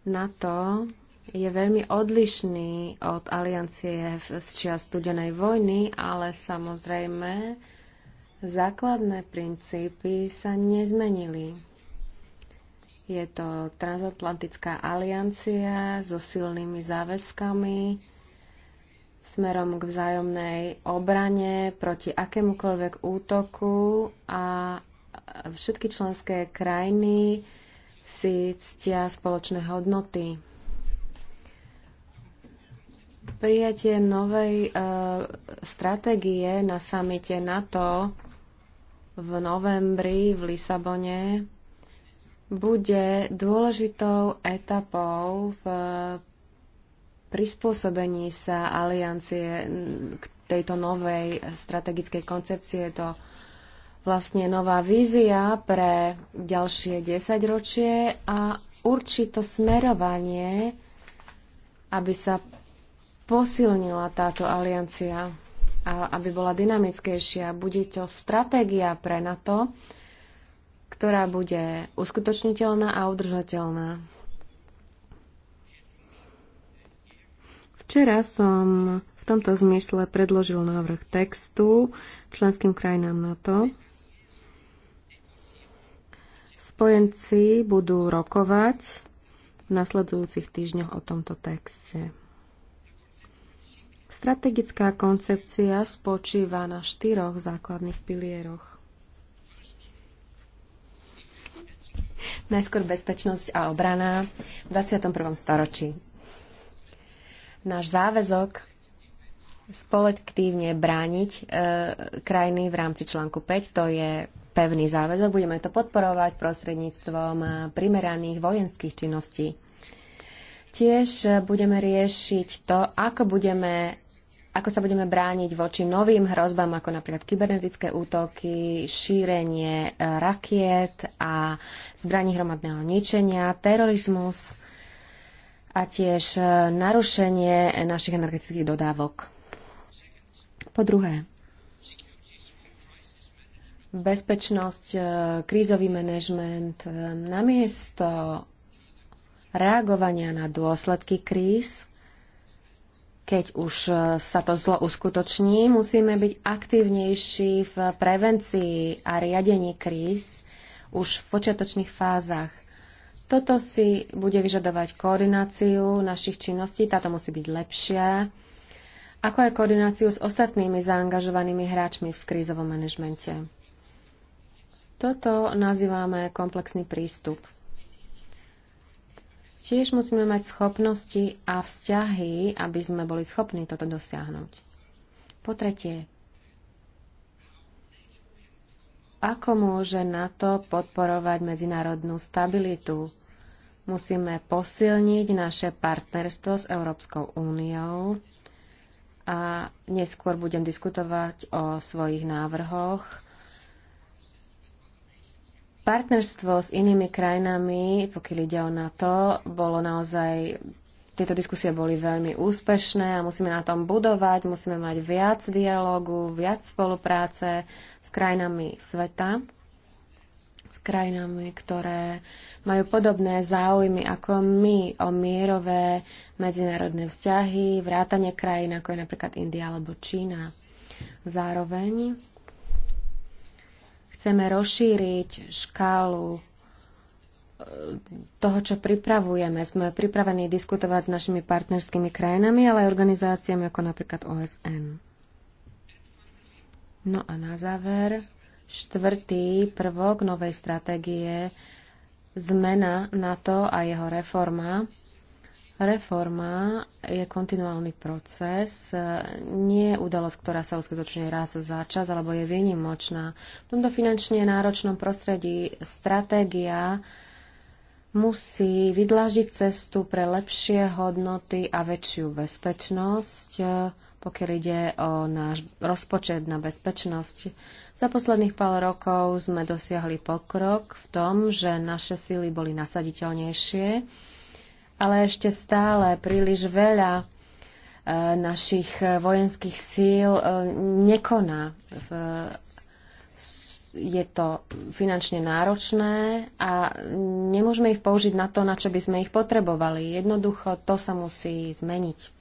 NATO je veľmi odlišný od aliancie z čia studenej vojny, ale samozrejme základné princípy sa nezmenili. Je to transatlantická aliancia so silnými záväzkami, smerom k vzájomnej obrane proti akémukoľvek útoku a všetky členské krajiny si ctia spoločné hodnoty. Prijatie novej e, stratégie na samite NATO v novembri v Lisabone bude dôležitou etapou v prispôsobení sa aliancie k tejto novej strategickej koncepcie. Je to vlastne nová vízia pre ďalšie desaťročie a určito smerovanie, aby sa posilnila táto aliancia a aby bola dynamickejšia. Bude to stratégia pre NATO, ktorá bude uskutočniteľná a udržateľná. Včera som v tomto zmysle predložil návrh textu členským krajinám NATO. Spojenci budú rokovať v nasledujúcich týždňoch o tomto texte. Strategická koncepcia spočíva na štyroch základných pilieroch. Najskôr bezpečnosť a obrana v 21. storočí náš záväzok spolektívne brániť e, krajiny v rámci článku 5. To je pevný záväzok. Budeme to podporovať prostredníctvom e, primeraných vojenských činností. Tiež e, budeme riešiť to, ako, budeme, ako sa budeme brániť voči novým hrozbám, ako napríklad kybernetické útoky, šírenie e, rakiet a zbraní hromadného ničenia, terorizmus, a tiež e, narušenie našich energetických dodávok. Po druhé, bezpečnosť, e, krízový manažment, e, namiesto reagovania na dôsledky kríz, keď už sa to zlo uskutoční, musíme byť aktívnejší v prevencii a riadení kríz už v počiatočných fázach toto si bude vyžadovať koordináciu našich činností, táto musí byť lepšia, ako aj koordináciu s ostatnými zaangažovanými hráčmi v krízovom manažmente. Toto nazývame komplexný prístup. Tiež musíme mať schopnosti a vzťahy, aby sme boli schopní toto dosiahnuť. Po tretie, ako môže NATO podporovať medzinárodnú stabilitu? Musíme posilniť naše partnerstvo s Európskou úniou a neskôr budem diskutovať o svojich návrhoch. Partnerstvo s inými krajinami, pokiaľ ide o NATO, bolo naozaj tieto diskusie boli veľmi úspešné a musíme na tom budovať, musíme mať viac dialogu, viac spolupráce s krajinami sveta s krajinami, ktoré majú podobné záujmy ako my o mierové medzinárodné vzťahy, vrátanie krajín ako je napríklad India alebo Čína. Zároveň chceme rozšíriť škálu eh, toho, čo pripravujeme. Sme pripravení diskutovať s našimi partnerskými krajinami, ale aj organizáciami ako napríklad OSN. No a na záver Štvrtý prvok novej stratégie zmena NATO a jeho reforma. Reforma je kontinuálny proces, nie je udalosť, ktorá sa uskutočňuje raz za čas, alebo je výnimočná. V tomto finančne náročnom prostredí stratégia musí vydlažiť cestu pre lepšie hodnoty a väčšiu bezpečnosť pokiaľ ide o náš rozpočet na bezpečnosť. Za posledných pár rokov sme dosiahli pokrok v tom, že naše sily boli nasaditeľnejšie, ale ešte stále príliš veľa e, našich vojenských síl e, nekoná. Je to finančne náročné a nemôžeme ich použiť na to, na čo by sme ich potrebovali. Jednoducho to sa musí zmeniť.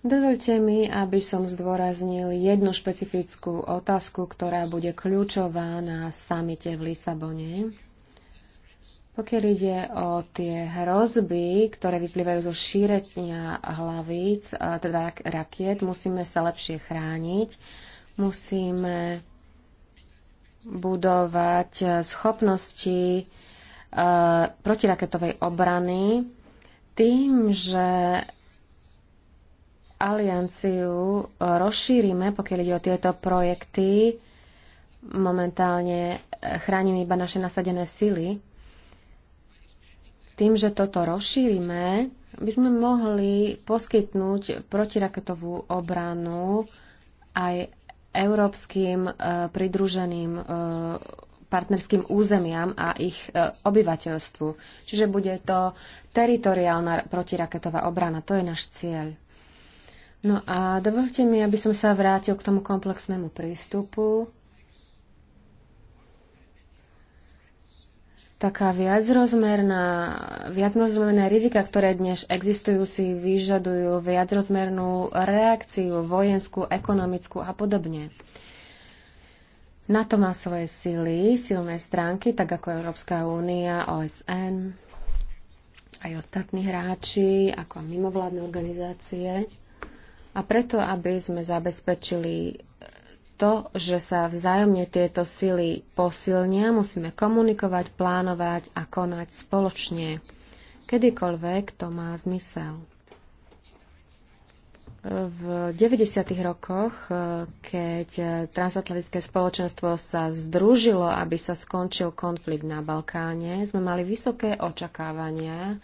Dovolte mi, aby som zdôraznil jednu špecifickú otázku, ktorá bude kľúčová na samite v Lisabone. Pokiaľ ide o tie hrozby, ktoré vyplývajú zo šírenia hlavíc, teda rakiet, musíme sa lepšie chrániť, musíme budovať e, schopnosti e, protiraketovej obrany tým, že alianciu rozšírime, pokiaľ ide o tieto projekty. Momentálne eh, chránime iba naše nasadené sily. Tým, že toto rozšírime, by sme mohli poskytnúť protiraketovú obranu aj európskym eh, pridruženým eh, partnerským územiam a ich obyvateľstvu. Čiže bude to teritoriálna protiraketová obrana. To je náš cieľ. No a dovolte mi, aby som sa vrátil k tomu komplexnému prístupu. Taká viacrozmerná, viacrozmerné rizika, ktoré dnes existujú, si vyžadujú viacrozmernú reakciu vojenskú, ekonomickú a podobne. Na to má svoje sily, silné stránky, tak ako Európska únia, OSN, aj ostatní hráči, ako mimovládne organizácie. A preto, aby sme zabezpečili to, že sa vzájomne tieto sily posilnia, musíme komunikovať, plánovať a konať spoločne. Kedykoľvek to má zmysel. V 90. rokoch, eh, keď eh, transatlantické spoločenstvo sa združilo, aby sa skončil konflikt na Balkáne, sme mali vysoké očakávania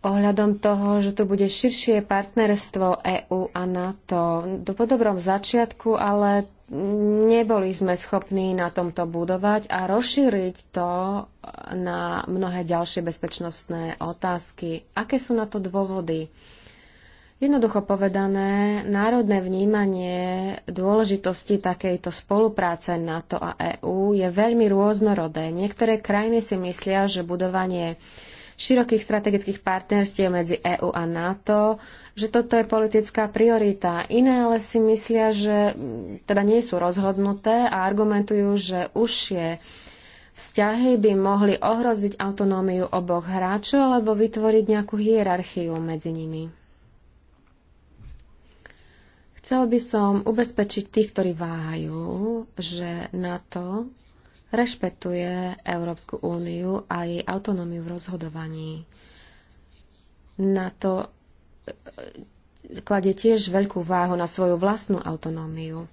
ohľadom toho, že tu bude širšie partnerstvo EÚ a NATO. Do podobrom začiatku, ale neboli sme schopní na tomto budovať a rozšíriť to na mnohé ďalšie bezpečnostné otázky. Aké sú na to dôvody? Jednoducho povedané, národné vnímanie dôležitosti takejto spolupráce NATO a EÚ je veľmi rôznorodé. Niektoré krajiny si myslia, že budovanie širokých strategických partnerstiev medzi EÚ a NATO, že toto je politická priorita. Iné ale si myslia, že mm, teda nie sú rozhodnuté a argumentujú, že užšie vzťahy by mohli ohroziť autonómiu oboch hráčov alebo vytvoriť nejakú hierarchiu medzi nimi. Chcel by som ubezpečiť tých, ktorí váhajú, že NATO rešpektuje Európsku úniu a jej autonómiu v rozhodovaní. Na to e, kladie tiež veľkú váhu na svoju vlastnú autonómiu.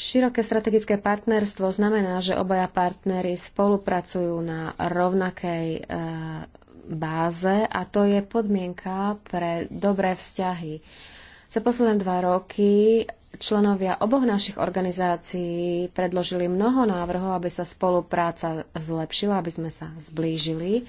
Široké strategické partnerstvo znamená, že obaja partnery spolupracujú na rovnakej e, báze a to je podmienka pre dobré vzťahy. E, za posledné dva roky členovia oboch našich organizácií predložili mnoho návrhov, aby sa spolupráca zlepšila, aby sme sa zblížili.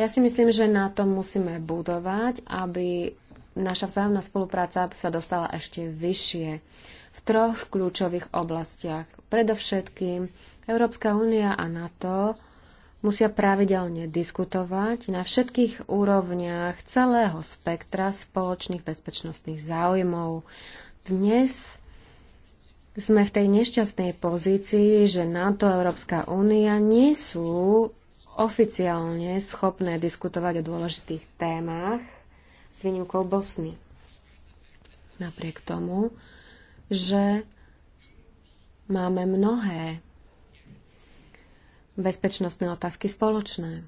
Ja si myslím, že na tom musíme budovať, aby naša vzájomná spolupráca sa dostala ešte vyššie v troch kľúčových oblastiach. Predovšetkým Európska únia a NATO musia pravidelne diskutovať na všetkých úrovniach celého spektra spoločných bezpečnostných záujmov. Dnes sme v tej nešťastnej pozícii, že NATO a Európska únia nie sú oficiálne schopné diskutovať o dôležitých témach s výnimkou Bosny. Napriek tomu, že máme mnohé bezpečnostné otázky spoločné.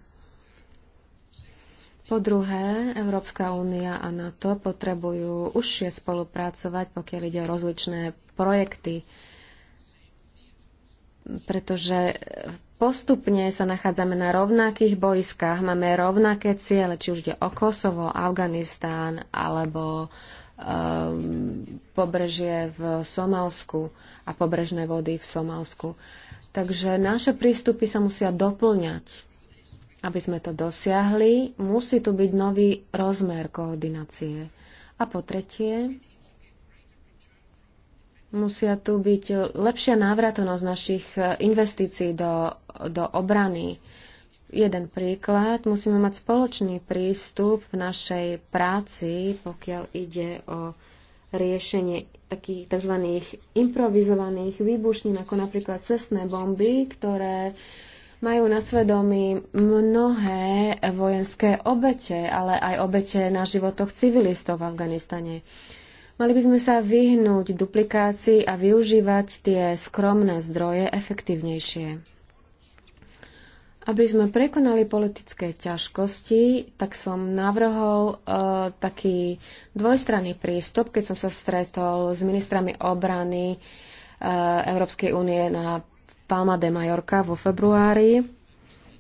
Po druhé, Európska únia a NATO potrebujú užšie spolupracovať, pokiaľ ide o rozličné projekty, pretože postupne sa nachádzame na rovnakých bojskách, máme rovnaké ciele, či už ide o Kosovo, Afganistán alebo um, pobrežie v Somalsku a pobrežné vody v Uh, Takže naše prístupy sa musia doplňať. Aby sme to dosiahli, musí tu byť nový rozmer koordinácie. A po tretie, musia tu byť lepšia návratnosť našich investícií do, do obrany. Jeden príklad, musíme mať spoločný prístup v našej práci, pokiaľ ide o riešenie takých tzv. improvizovaných výbušnín, ako napríklad cestné bomby, ktoré majú na svedomí mnohé vojenské obete, ale aj obete na životoch civilistov v Afganistane. Mali by sme sa vyhnúť duplikácii a využívať tie skromné zdroje efektívnejšie. Aby sme prekonali politické ťažkosti, tak som navrhol e, taký dvojstranný prístup, keď som sa stretol s ministrami obrany e, Európskej únie na Palma de Mallorca vo februári.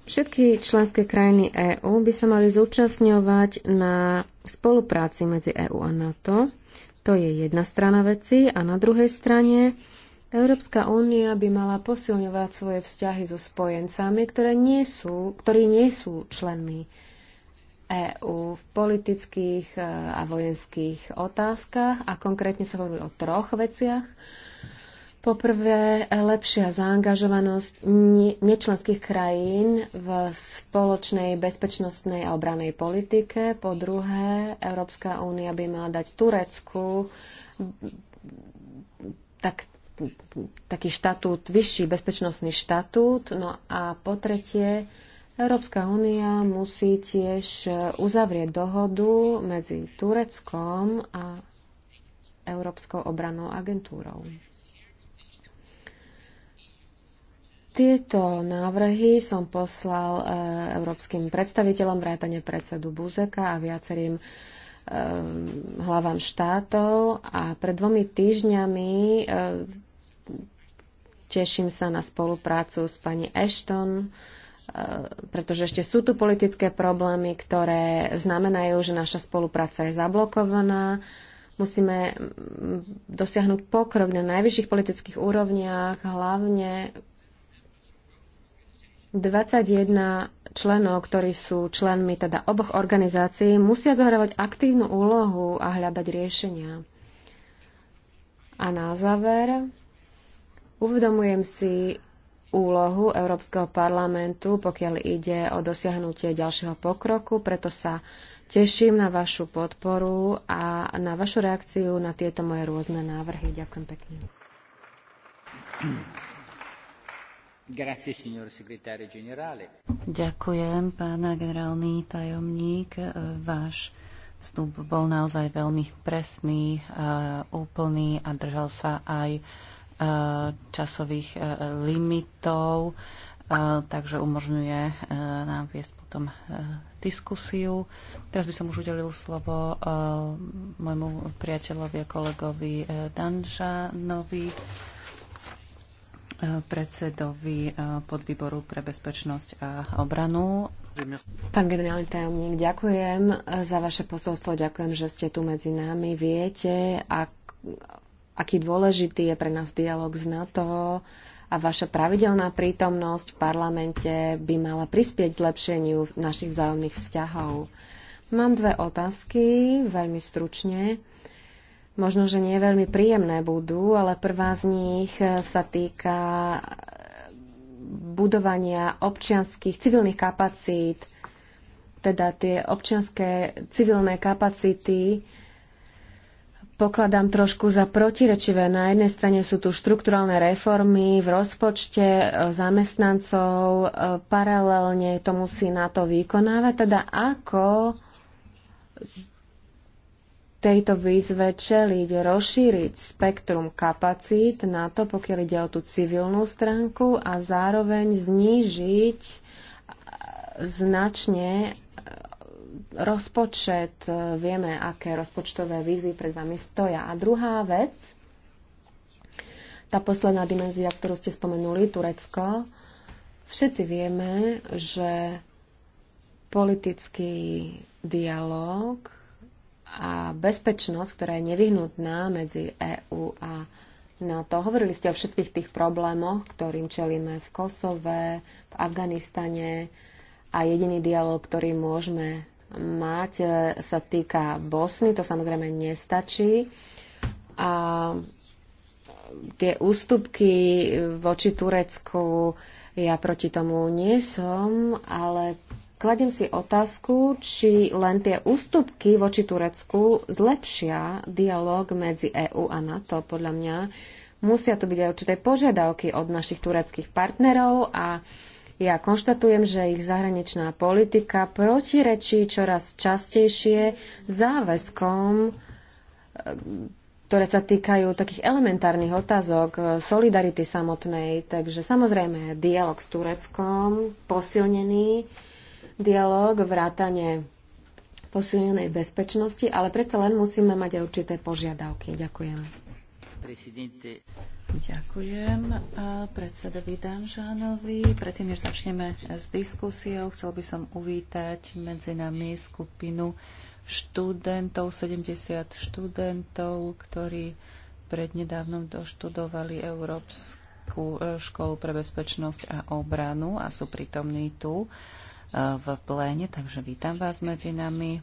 Všetky členské krajiny EÚ by sa mali zúčastňovať na spolupráci medzi EÚ a NATO. To je jedna strana veci a na druhej strane Európska únia by mala posilňovať svoje vzťahy so spojencami, ktoré nie sú, ktorí nie sú členmi EÚ v politických e, a vojenských otázkach a konkrétne sa hovorí o troch veciach. Poprvé, lepšia zaangažovanosť nečlenských krajín v spoločnej bezpečnostnej a obranej politike. Po druhé, Európska únia by mala dať Turecku tak taký štatút, vyšší bezpečnostný štatút. No a po tretie, Európska únia musí tiež uzavrieť dohodu medzi Tureckom a Európskou obranou agentúrou. Tieto návrhy som poslal e, európskym predstaviteľom vrátane predsedu Buzeka a viacerým e, hlavám štátov a pred dvomi týždňami e, Teším sa na spoluprácu s pani Ashton, e, pretože ešte sú tu politické problémy, ktoré znamenajú, že naša spolupráca je zablokovaná. Musíme dosiahnuť pokrok na najvyšších politických úrovniach, hlavne 21 členov, ktorí sú členmi teda oboch organizácií, musia zohrávať aktívnu úlohu a hľadať riešenia. A na záver Uvedomujem si úlohu Európskeho parlamentu, pokiaľ ide o dosiahnutie ďalšieho pokroku, preto sa teším na vašu podporu a na vašu reakciu na tieto moje rôzne návrhy. Ďakujem pekne. Ďakujem, pán generálny tajomník. Váš vstup bol naozaj veľmi presný, úplný a držal sa aj Eh, časových eh, limitov, eh, takže umožňuje nám viesť potom diskusiu. Teraz by som už udelil slovo môjmu priateľovi a kolegovi Danžanovi, predsedovi podvýboru pre bezpečnosť a obranu. Pán generálny tajomník, ďakujem za vaše posolstvo, ďakujem, že ste tu medzi nami. Viete, ak aký dôležitý je pre nás dialog z NATO a vaša pravidelná prítomnosť v parlamente by mala prispieť zlepšeniu našich vzájomných vzťahov. Mám dve otázky, veľmi stručne. Možno, že nie veľmi príjemné budú, ale prvá z nich sa týka budovania občianských civilných kapacít, teda tie občianské civilné kapacity pokladám trošku za protirečivé. Na jednej strane sú tu štrukturálne reformy v rozpočte e, zamestnancov, e, paralelne to musí na to vykonávať. Teda ako tejto výzve čeliť, rozšíriť spektrum kapacít na to, pokiaľ ide o tú civilnú stránku a zároveň znížiť e, značne rozpočet, e, vieme, aké rozpočtové výzvy pred vami stoja. A druhá vec, tá posledná dimenzia, ktorú ste spomenuli, Turecko. Všetci vieme, že politický dialog a bezpečnosť, ktorá je nevyhnutná medzi EÚ a NATO. Hovorili ste o všetkých tých problémoch, ktorým čelíme v Kosove, v Afganistane a jediný dialog, ktorý môžeme mať, e, sa týka Bosny. To samozrejme nestačí. A tie ústupky voči Turecku, ja proti tomu nie som, ale kladím si otázku, či len tie ústupky voči Turecku zlepšia dialog medzi EÚ a NATO. Podľa mňa musia tu byť aj určité požiadavky od našich tureckých partnerov a uh, ja konštatujem, že ich zahraničná politika protirečí čoraz častejšie záväzkom, e, ktoré sa týkajú takých elementárnych otázok e, solidarity samotnej. Takže samozrejme dialog s Tureckom, posilnený dialog, vrátanie posilnenej bezpečnosti, ale predsa len musíme mať aj určité požiadavky. Ďakujem. Presidente. Ďakujem predsedovi Danžánovi. Predtým, než začneme s diskusiou, chcel by som uvítať medzi nami skupinu študentov, 70 študentov, ktorí prednedávnom doštudovali Európsku e, školu pre bezpečnosť a obranu a sú prítomní tu e, v pléne, takže vítam vás medzi nami.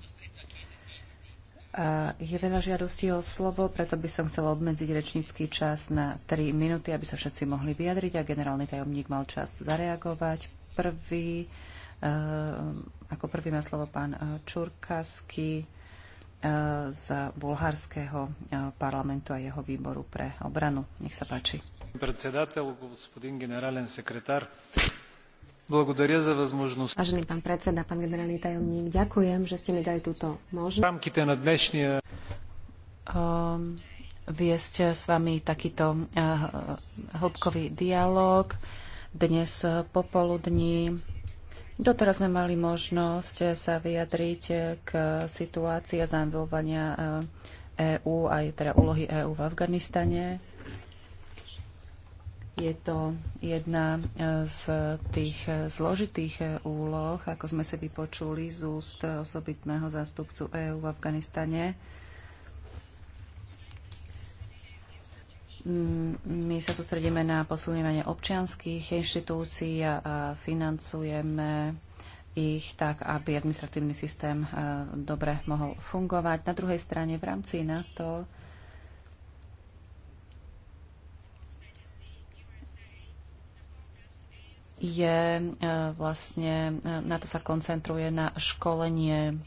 Je veľa žiadostí o slovo, preto by som chcela obmedziť rečnícky čas na 3 minúty, aby sa všetci mohli vyjadriť a generálny tajomník mal čas zareagovať. Prvý, eh, ako prvý má slovo pán eh, Čurkasky eh, z bulharského parlamentu a jeho výboru pre obranu. Nech sa páči. Predsedateľ, gospodín generálny sekretár, Vážený pán predseda, pán generálny tajomník, ďakujem, že ste mi dali túto možnosť. Ehm, viesť s vami takýto eh, hĺbkový dialog dnes eh, popoludní. Doteraz sme mali možnosť eh, sa vyjadriť k situácii a zanvilovania EÚ, e aj teda úlohy EÚ v Afganistane. Je to jedna e, z tých e, zložitých e, úloh, ako sme si vypočuli z úst osobitného zástupcu EÚ v Afganistane. Mm, my sa sústredíme na posilňovanie občianských inštitúcií a financujeme ich tak, aby administratívny systém dobre mohol fungovať. Na druhej strane v rámci NATO je e, vlastne, e, na to sa koncentruje na školenie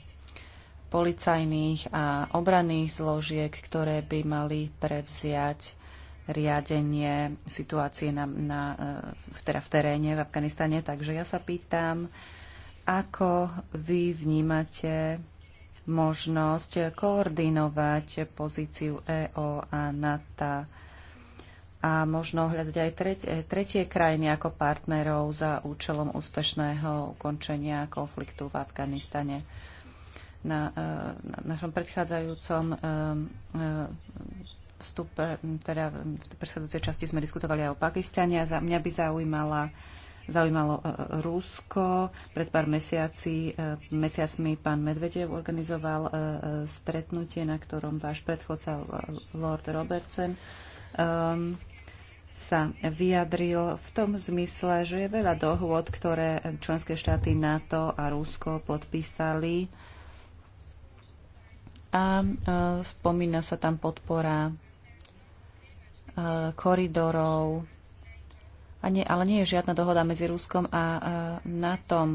policajných a obranných zložiek, ktoré by mali prevziať riadenie situácie na, na, e, teda v teréne v Afganistane. Takže ja sa pýtam, ako vy vnímate možnosť koordinovať pozíciu EO a NATO a možno hľadať aj tretie, eh, tretie krajiny ako partnerov za účelom úspešného ukončenia konfliktu v Afganistane. Na, eh, na našom predchádzajúcom eh, vstupe, teda v predchádzajúcej časti sme diskutovali aj o Pakistane a za, mňa by zaujímala zaujímalo Rusko. Pred pár mesiaci, mesiacmi pán Medvedev organizoval stretnutie, na ktorom váš predchodca Lord Robertson um, sa vyjadril v tom zmysle, že je veľa dohôd, ktoré členské štáty NATO a Rusko podpísali a e, spomína sa tam podpora e, koridorov, a nie, ale nie je žiadna dohoda medzi Ruskom a e, NATO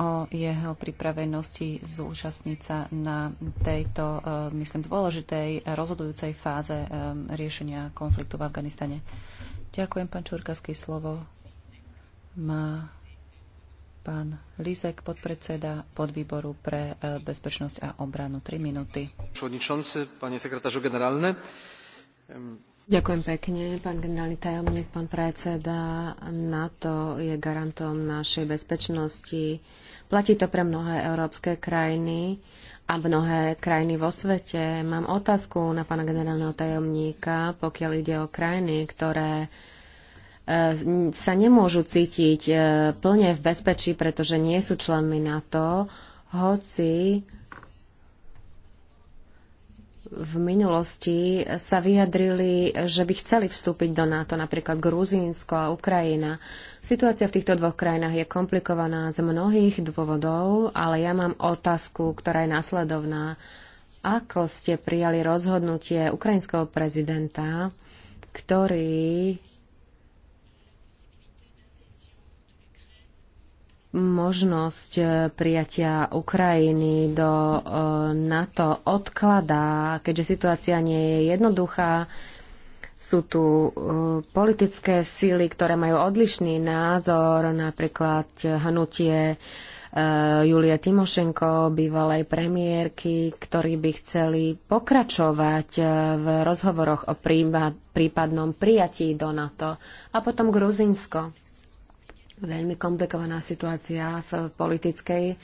o jeho pripravenosti zúčastniť sa na tejto, e, myslím, dôležitej, rozhodujúcej fáze e, riešenia konfliktu v Afganistane. Ďakujem, pán Čurkasky. Slovo má pán Lizek, podpredseda podvýboru pre e, bezpečnosť a obranu. 3 minúty. generálne, Ďakujem pekne, pán generálny tajomník, pán predseda. NATO je garantom našej bezpečnosti Platí to pre mnohé európske krajiny a mnohé krajiny vo svete. Mám otázku na pána generálneho tajomníka, pokiaľ ide o krajiny, ktoré e, sa nemôžu cítiť e, plne v bezpečí, pretože nie sú členmi NATO, hoci v minulosti sa vyjadrili, že by chceli vstúpiť do NATO, napríklad Gruzínsko a Ukrajina. Situácia v týchto dvoch krajinách je komplikovaná z mnohých dôvodov, ale ja mám otázku, ktorá je následovná. Ako ste prijali rozhodnutie ukrajinského prezidenta, ktorý možnosť eh, prijatia Ukrajiny do eh, NATO odkladá, keďže situácia nie je jednoduchá. Sú tu eh, politické síly, ktoré majú odlišný názor, napríklad hnutie Julie Timošenko, bývalej premiérky, ktorí by chceli pokračovať v rozhovoroch o prípadnom prijatí do NATO. A potom Gruzinsko veľmi komplikovaná situácia v politickej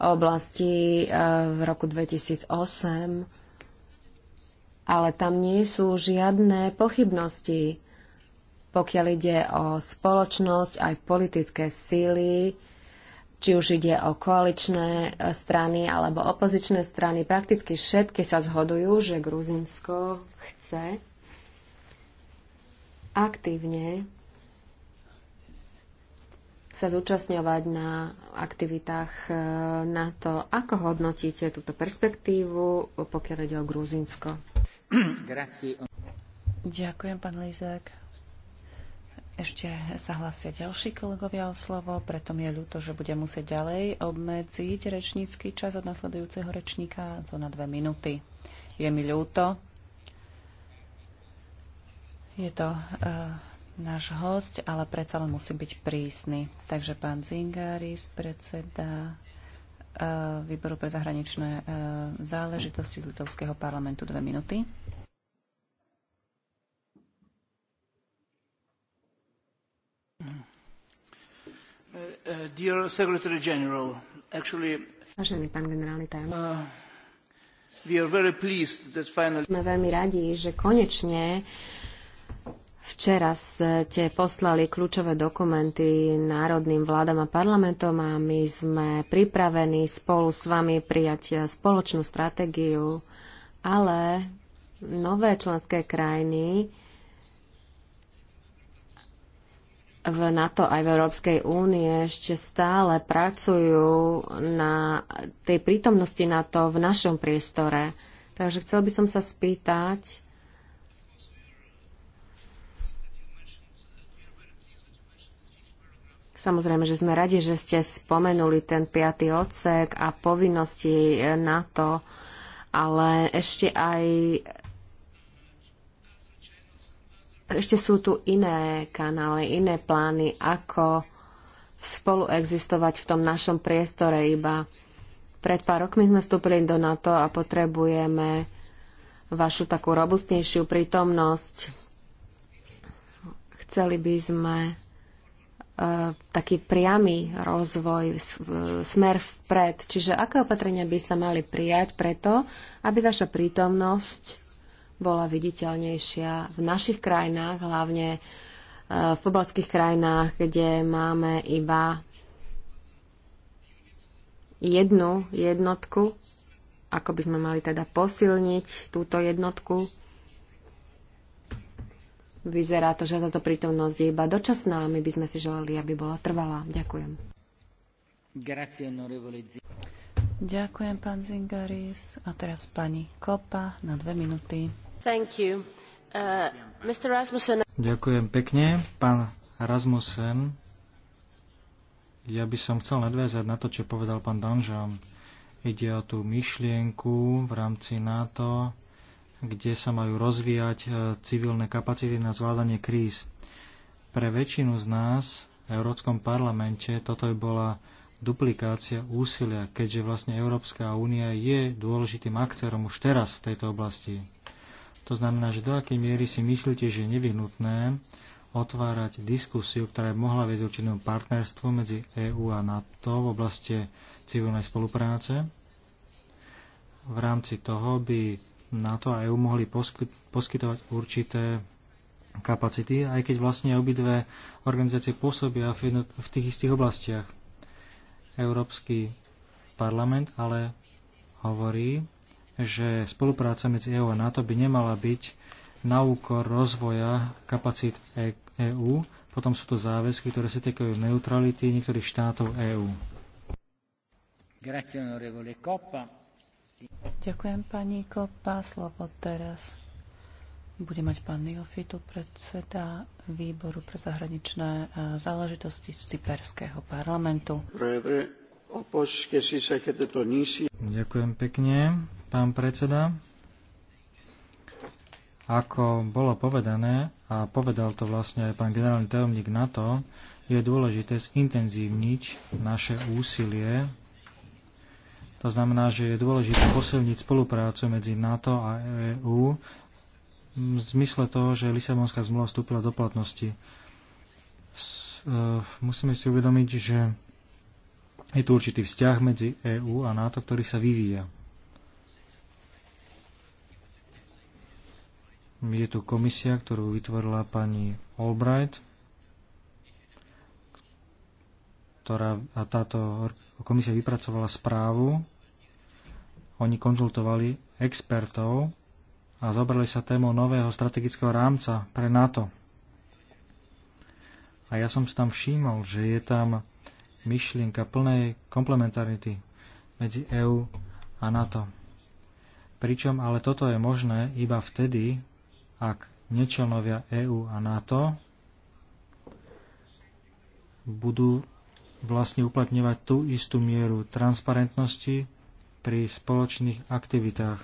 oblasti eh, v roku 2008, ale tam nie sú žiadne pochybnosti, pokiaľ ide o spoločnosť, aj politické síly, či už ide o koaličné eh, strany alebo opozičné strany. Prakticky všetky sa zhodujú, že Gruzinsko chce aktívne sa zúčastňovať na aktivitách e, na to, ako hodnotíte túto perspektívu, pokiaľ ide o Gruzinsko. Ďakujem, pán Lízek. Ešte sa hlasia ďalší kolegovia o slovo, preto mi je ľúto, že budem musieť ďalej obmedziť rečnícky čas od nasledujúceho rečníka, to na dve minúty. Je mi ľúto. Je to uh, náš host, ale predsa len musí byť prísny. Takže pán Zingaris, predseda eh, výboru pre zahraničné eh, záležitosti z Litovského parlamentu, dve minúty. Eh, Vážený pán generálny tajomník, sme veľmi radi, že konečne Včera ste poslali kľúčové dokumenty národným vládam a parlamentom a my sme pripravení spolu s vami prijať spoločnú stratégiu, ale nové členské krajiny v NATO aj v Európskej únie ešte stále pracujú na tej prítomnosti NATO v našom priestore. Takže chcel by som sa spýtať, Samozrejme, že sme radi, že ste spomenuli ten piatý odsek a povinnosti na to, ale ešte aj ešte sú tu iné kanály, iné plány, ako spolu existovať v tom našom priestore iba. Pred pár rokmi sme vstúpili do NATO a potrebujeme vašu takú robustnejšiu prítomnosť. Chceli by sme E, taký priamy rozvoj, smer vpred. Čiže aké opatrenia by sa mali prijať preto, aby vaša prítomnosť bola viditeľnejšia v našich krajinách, hlavne e, v pobalských krajinách, kde máme iba jednu jednotku, ako by sme mali teda posilniť túto jednotku Vyzerá to, že táto prítomnosť je iba dočasná. a My by sme si želali, aby bola trvalá. Ďakujem. Ďakujem, pán Zingaris. A teraz pani Kopa na dve minúty. Uh, Rasmussen... Ďakujem pekne. Pán Rasmussen, ja by som chcel nadviazať na to, čo povedal pán Danžan. Ide o tú myšlienku v rámci NATO, kde sa majú rozvíjať e, civilné kapacity na zvládanie kríz. Pre väčšinu z nás v Európskom parlamente toto by bola duplikácia úsilia, keďže vlastne Európska únia je dôležitým aktérom už teraz v tejto oblasti. To znamená, že do akej miery si myslíte, že je nevyhnutné otvárať diskusiu, ktorá by mohla viesť určitému partnerstvu medzi EÚ a NATO v oblasti civilnej spolupráce. V rámci toho by na to a EU mohli poskytovať určité kapacity, aj keď vlastne obidve organizácie pôsobia v, v tých istých oblastiach. Európsky parlament ale hovorí, že spolupráca medzi EÚ a NATO by nemala byť na úkor rozvoja kapacít EÚ, e potom sú to záväzky, ktoré sa týkajú neutrality niektorých štátov EÚ. Grazie, onorevole Coppa. Ďakujem pani Kopa. Slovo teraz bude mať pán Neofitu, predseda výboru pre zahraničné e, záležitosti z Cyperského parlamentu. Ďakujem pekne, pán predseda. Ako bolo povedané, a povedal to vlastne aj pán generálny tajomník NATO, je dôležité zintenzívniť naše úsilie to znamená, že je dôležité posilniť spoluprácu medzi NATO a EÚ v zmysle toho, že Lisabonská zmluva vstúpila do platnosti. E, musíme si uvedomiť, že je tu určitý vzťah medzi EÚ a NATO, ktorý sa vyvíja. Je tu komisia, ktorú vytvorila pani Albright ktorá a táto komisia vypracovala správu. Oni konzultovali expertov a zobrali sa tému nového strategického rámca pre NATO. A ja som si tam všímal, že je tam myšlienka plnej komplementarity medzi EÚ a NATO. Pričom ale toto je možné iba vtedy, ak nečelnovia EÚ a NATO budú vlastne uplatňovať tú istú mieru transparentnosti pri spoločných aktivitách.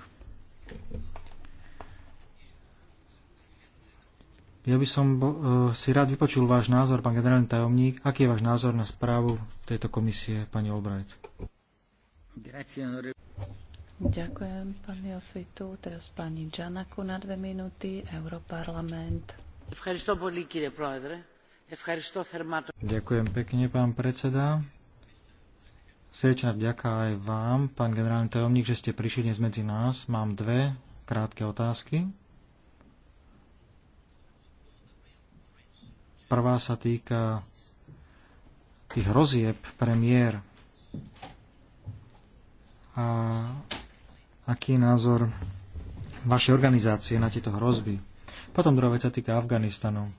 Ja by som bol, e, si rád vypočul váš názor, pán generálny tajomník. Aký je váš názor na správu tejto komisie, pani Albright? Ďakujem, pán Jofitu. Teraz pani Džanaku na dve minúty, Europarlament. Ďakujem pekne, pán predseda. Srdečná vďaka aj vám, pán generálny tajomník, že ste prišli dnes medzi nás. Mám dve krátke otázky. Prvá sa týka tých hrozieb premiér. A aký je názor vašej organizácie na tieto hrozby? Potom druhá vec sa týka Afganistanu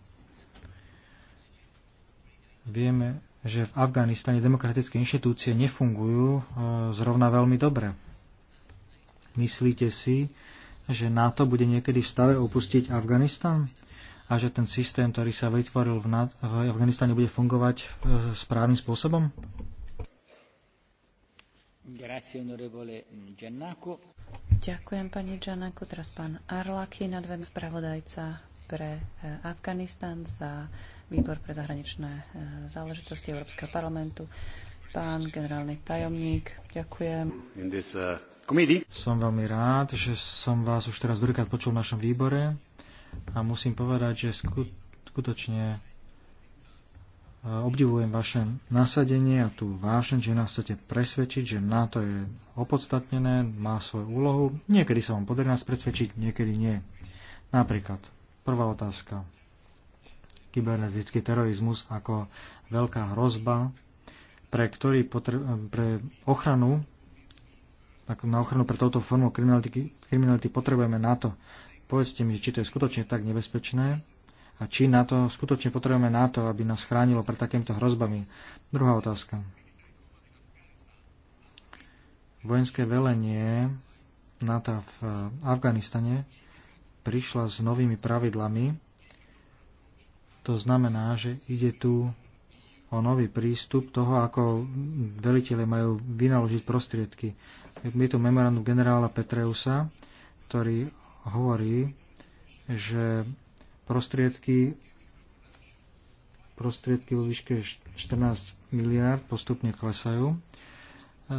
Vieme, že v Afganistane demokratické inštitúcie nefungujú e, zrovna veľmi dobre. Myslíte si, že NATO bude niekedy v stave opustiť Afganistan? A že ten systém, ktorý sa vytvoril v, Afganistane, bude fungovať e, správnym spôsobom? Ďakujem pani Džanáku, Teraz pán Arlaki, nadvem spravodajca pre e, Afganistan za výbor pre zahraničné e, záležitosti Európskeho parlamentu. Pán generálny tajomník, ďakujem. This, uh, som veľmi rád, že som vás už teraz druhýkrát počul v našom výbore a musím povedať, že skutočne e, obdivujem vaše nasadenie a tú vášeň, že nás chcete presvedčiť, že NATO je opodstatnené, má svoju úlohu. Niekedy sa vám podarí nás presvedčiť, niekedy nie. Napríklad, prvá otázka kybernetický terorizmus ako veľká hrozba, pre, ktorý pre ochranu na ochranu pre touto formou kriminality, kriminality potrebujeme NATO. Povedzte mi, či to je skutočne tak nebezpečné a či na to skutočne potrebujeme NATO, aby nás chránilo pred takýmito hrozbami. Druhá otázka. Vojenské velenie NATO v Afganistane prišla s novými pravidlami, to znamená, že ide tu o nový prístup toho, ako veliteľe majú vynaložiť prostriedky. Je tu memorandum generála Petreusa, ktorý hovorí, že prostriedky, prostriedky vo výške 14 miliárd postupne klesajú.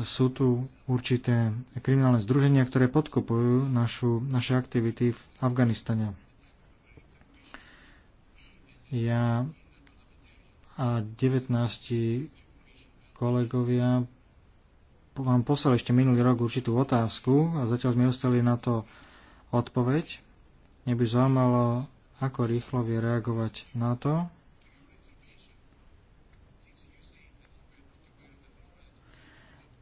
Sú tu určité kriminálne združenia, ktoré podkopujú našu, naše aktivity v Afganistane. Ja a 19 kolegovia vám poslali ešte minulý rok určitú otázku a zatiaľ sme ostali na to odpoveď. Mne by zaujímalo, ako rýchlo vie reagovať na to.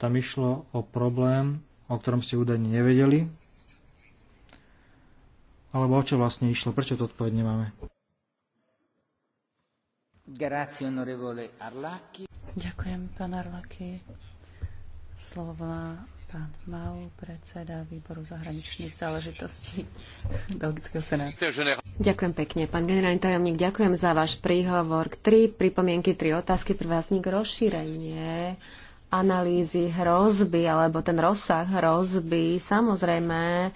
Tam išlo o problém, o ktorom ste údajne nevedeli, alebo o čo vlastne išlo, prečo to odpoveď nemáme. Ďakujem, pán Arlaki. Slovo má pán Mau, predseda výboru zahraničných záležitostí Belgického senátu. Ďakujem pekne. Pán generálny tajomník, ďakujem za váš príhovor. Tri pripomienky, tri otázky. Prvá z nich rozšírenie analýzy hrozby, alebo ten rozsah hrozby. Samozrejme,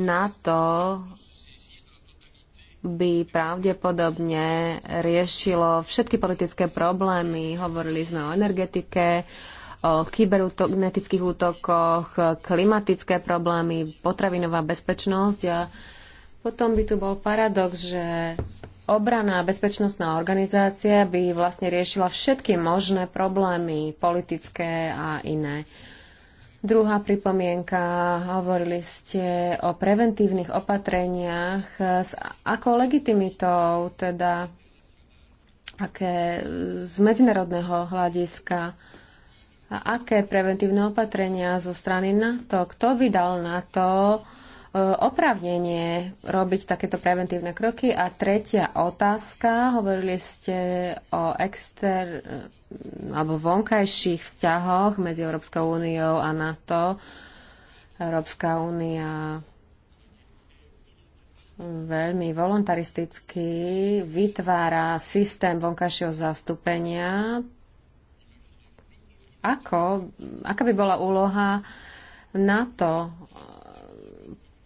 na to by pravdepodobne riešilo všetky politické problémy. Hovorili sme o energetike, o kybernetických útokoch, klimatické problémy, potravinová bezpečnosť a potom by tu bol paradox, že obraná a bezpečnostná organizácia by vlastne riešila všetky možné problémy politické a iné. Druhá pripomienka, hovorili ste o preventívnych opatreniach. S akou legitimitou, teda aké z medzinárodného hľadiska a aké preventívne opatrenia zo strany NATO? Kto vydal NATO? oprávnenie robiť takéto preventívne kroky? A tretia otázka, hovorili ste o exter alebo vonkajších vzťahoch medzi Európskou úniou a NATO. Európska únia veľmi voluntaristicky vytvára systém vonkajšieho zastúpenia. Ako, aká by bola úloha NATO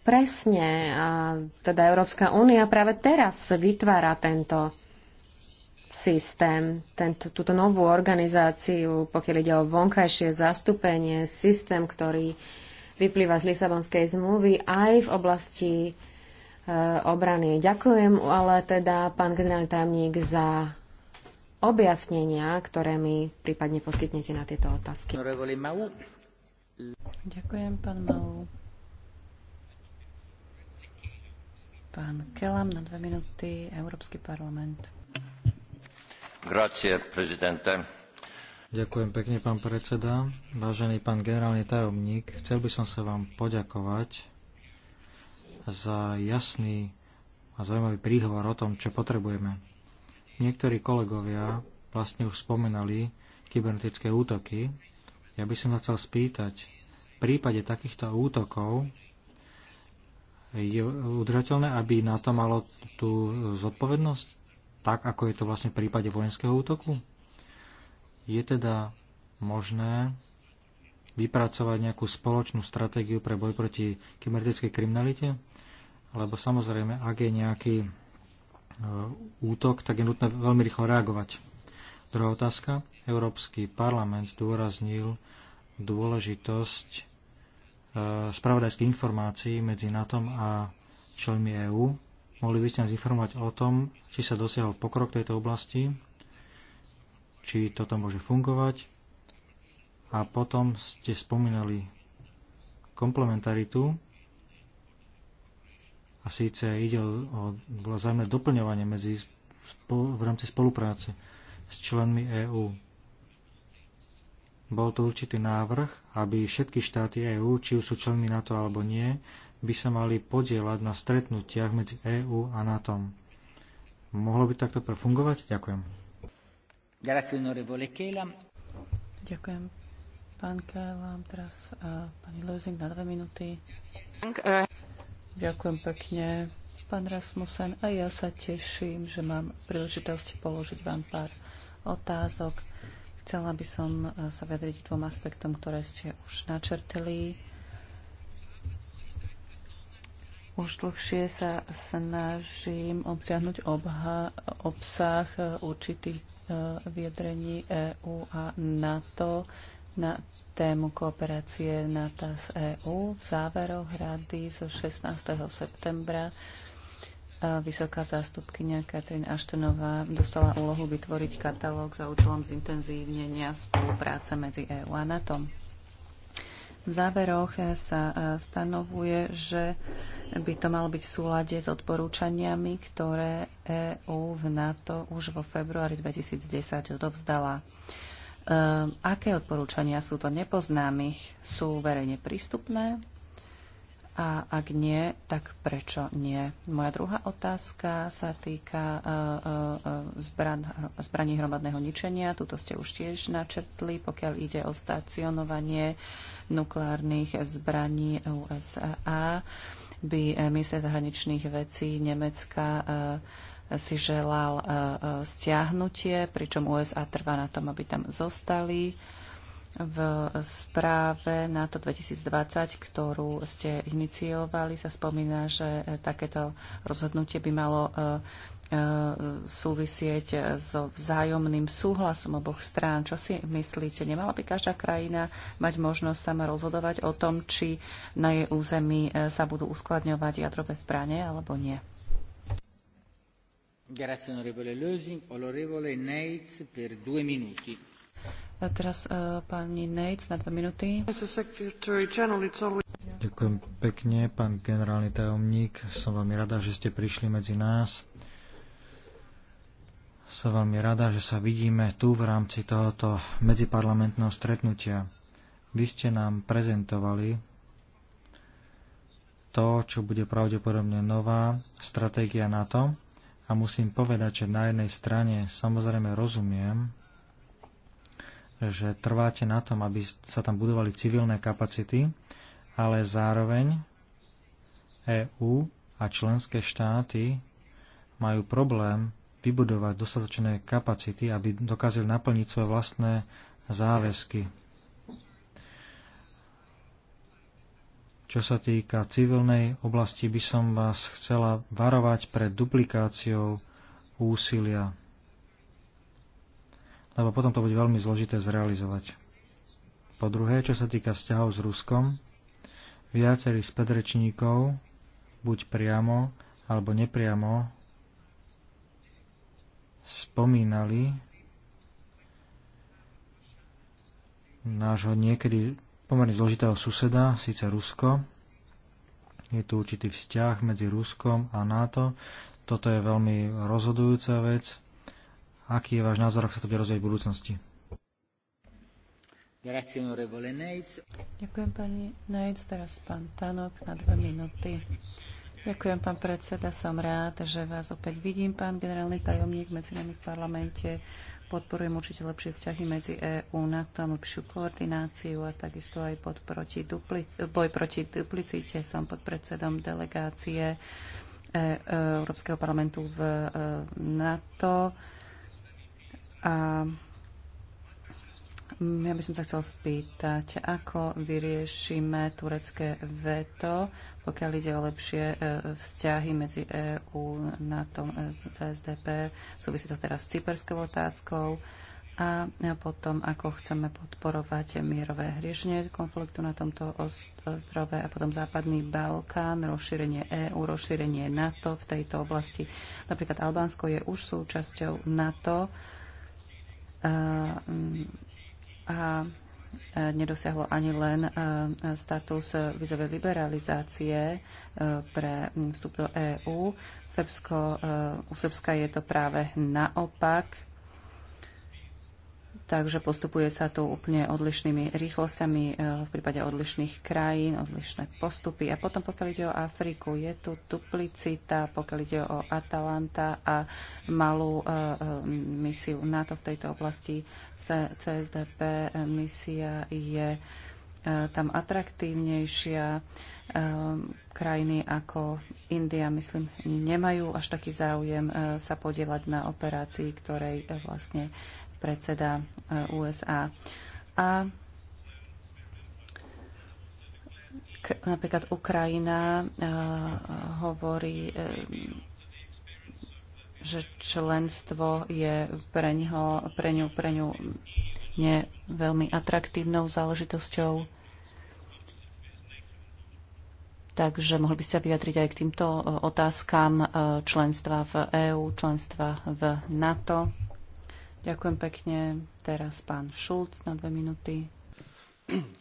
Presne, a teda Európska únia práve teraz vytvára tento systém, tento, túto novú organizáciu, pokiaľ ide o vonkajšie zastúpenie, systém, ktorý vyplýva z Lisabonskej zmluvy aj v oblasti e, obrany. Ďakujem ale teda pán generálny tajomník za objasnenia, ktoré mi prípadne poskytnete na tieto otázky. Ďakujem, pán Malú. Pán Kelam na dve minúty, Európsky parlament. Grazie, prezidente. Ďakujem pekne, pán predseda. Vážený pán generálny tajomník, chcel by som sa vám poďakovať za jasný a zaujímavý príhovor o tom, čo potrebujeme. Niektorí kolegovia vlastne už spomenali kybernetické útoky. Ja by som sa chcel spýtať, v prípade takýchto útokov je udržateľné, aby na to malo tú zodpovednosť, tak ako je to vlastne v prípade vojenského útoku? Je teda možné vypracovať nejakú spoločnú stratégiu pre boj proti kybernetickej kriminalite? Lebo samozrejme, ak je nejaký e, útok, tak je nutné veľmi rýchlo reagovať. Druhá otázka. Európsky parlament zdôraznil dôležitosť E, spravodajských informácií medzi NATO a členmi EÚ. Mohli by ste nás informovať o tom, či sa dosiahol pokrok tejto oblasti, či toto môže fungovať. A potom ste spomínali komplementaritu a síce ide o, o vzájomné doplňovanie medzi, v rámci spolupráce s členmi EÚ. Bol to určitý návrh aby všetky štáty EÚ, či už sú členmi NATO alebo nie, by sa mali podielať na stretnutiach medzi EÚ a NATO. Mohlo by takto prefungovať? Ďakujem. Ďakujem. Pán Kelam, teraz a pani Leuzing na dve minúty. Ďakujem pekne. Pán Rasmussen, a ja sa teším, že mám príležitosť položiť vám pár otázok. Chcela by som e, sa vyjadriť dvom aspektom, ktoré ste už načrtili. Už dlhšie sa snažím obsiahnuť obha, obsah e, určitých e, vyjadrení EÚ a NATO na tému kooperácie NATO s EÚ v záveroch rady zo 16. septembra Vysoká zástupkynia Katrin Aštenová dostala úlohu vytvoriť katalóg za účelom zintenzívnenia spolupráce medzi EÚ a NATO. V záveroch sa e, stanovuje, že by to malo byť v súlade s odporúčaniami, ktoré EÚ v NATO už vo februári 2010 odovzdala. Ehm, aké odporúčania sú to? Nepoznám ich. Sú verejne prístupné? A ak nie, tak prečo nie? Moja druhá otázka sa týka e, e, e, zbraní hromadného ničenia. Tuto ste už tiež načrtli, pokiaľ ide o stacionovanie nukleárnych zbraní USA. By minister zahraničných vecí Nemecka si želal stiahnutie, pričom USA trvá na tom, aby tam zostali v správe NATO 2020, ktorú ste iniciovali, sa spomína, že e, takéto rozhodnutie by malo e, e, súvisieť so vzájomným súhlasom oboch strán. Čo si myslíte? Nemala by každá krajina mať možnosť sama rozhodovať o tom, či na jej území sa budú uskladňovať jadrové zbranie alebo nie? Grazie onorevole Lösing. Onorevole Neitz per due minuti teraz uh, pani Nates na dve Ďakujem pekne, pán generálny tajomník. Som veľmi rada, že ste prišli medzi nás. Som veľmi rada, že sa vidíme tu v rámci tohoto medziparlamentného stretnutia. Vy ste nám prezentovali to, čo bude pravdepodobne nová stratégia NATO. A musím povedať, že na jednej strane samozrejme rozumiem, že trváte na tom, aby sa tam budovali civilné kapacity, ale zároveň EÚ a členské štáty majú problém vybudovať dostatočné kapacity, aby dokázali naplniť svoje vlastné záväzky. Čo sa týka civilnej oblasti, by som vás chcela varovať pred duplikáciou úsilia lebo potom to bude veľmi zložité zrealizovať. Po druhé, čo sa týka vzťahov s Ruskom, viacerí z predrečníkov, buď priamo alebo nepriamo, spomínali nášho niekedy pomerne zložitého suseda, síce Rusko. Je tu určitý vzťah medzi Ruskom a NATO. Toto je veľmi rozhodujúca vec. Aký je váš názor, ak sa to bude rozvíjať v budúcnosti? Ďakujem pani Nejc, teraz pán Tanok na dve minúty. Ďakujem, pán predseda. Som rád, že vás opäť vidím, pán generálny tajomník medzi nami v parlamente. Podporujem určite lepšie vzťahy medzi EÚ, NATO, lepšiu koordináciu a takisto aj pod proti duplici, boj proti duplicite. Som podpredsedom delegácie e- Európskeho parlamentu v e, NATO. A ja by som sa chcel spýtať, ako vyriešime turecké veto, pokiaľ ide o lepšie e, vzťahy medzi EÚ, NATO, e, CSDP, súvisí to teraz s cyperskou otázkou a potom ako chceme podporovať mierové riešenie konfliktu na tomto ostrove a potom západný Balkán, rozšírenie EÚ, rozšírenie NATO v tejto oblasti. Napríklad Albánsko je už súčasťou NATO, a nedosiahlo ani len status vizovej liberalizácie pre vstup do EÚ. Srbsko, u Srbska je to práve naopak takže postupuje sa tu úplne odlišnými rýchlosťami e, v prípade odlišných krajín, odlišné postupy. A potom, pokiaľ ide o Afriku, je tu duplicita, pokiaľ ide o Atalanta a malú e, e, misiu NATO v tejto oblasti. CSDP misia je tam atraktívnejšia. Krajiny ako India, myslím, nemajú až taký záujem sa podielať na operácii, ktorej vlastne predseda e, USA. A napríklad Ukrajina e, hovorí, e, že členstvo je pre, ňo, pre ňu, pre ňu nie veľmi atraktívnou záležitosťou. Takže mohli by sa vyjadriť aj k týmto otázkam členstva v EÚ, členstva v NATO. Ďakujem pekne. Teraz pán Šult na dve minúty.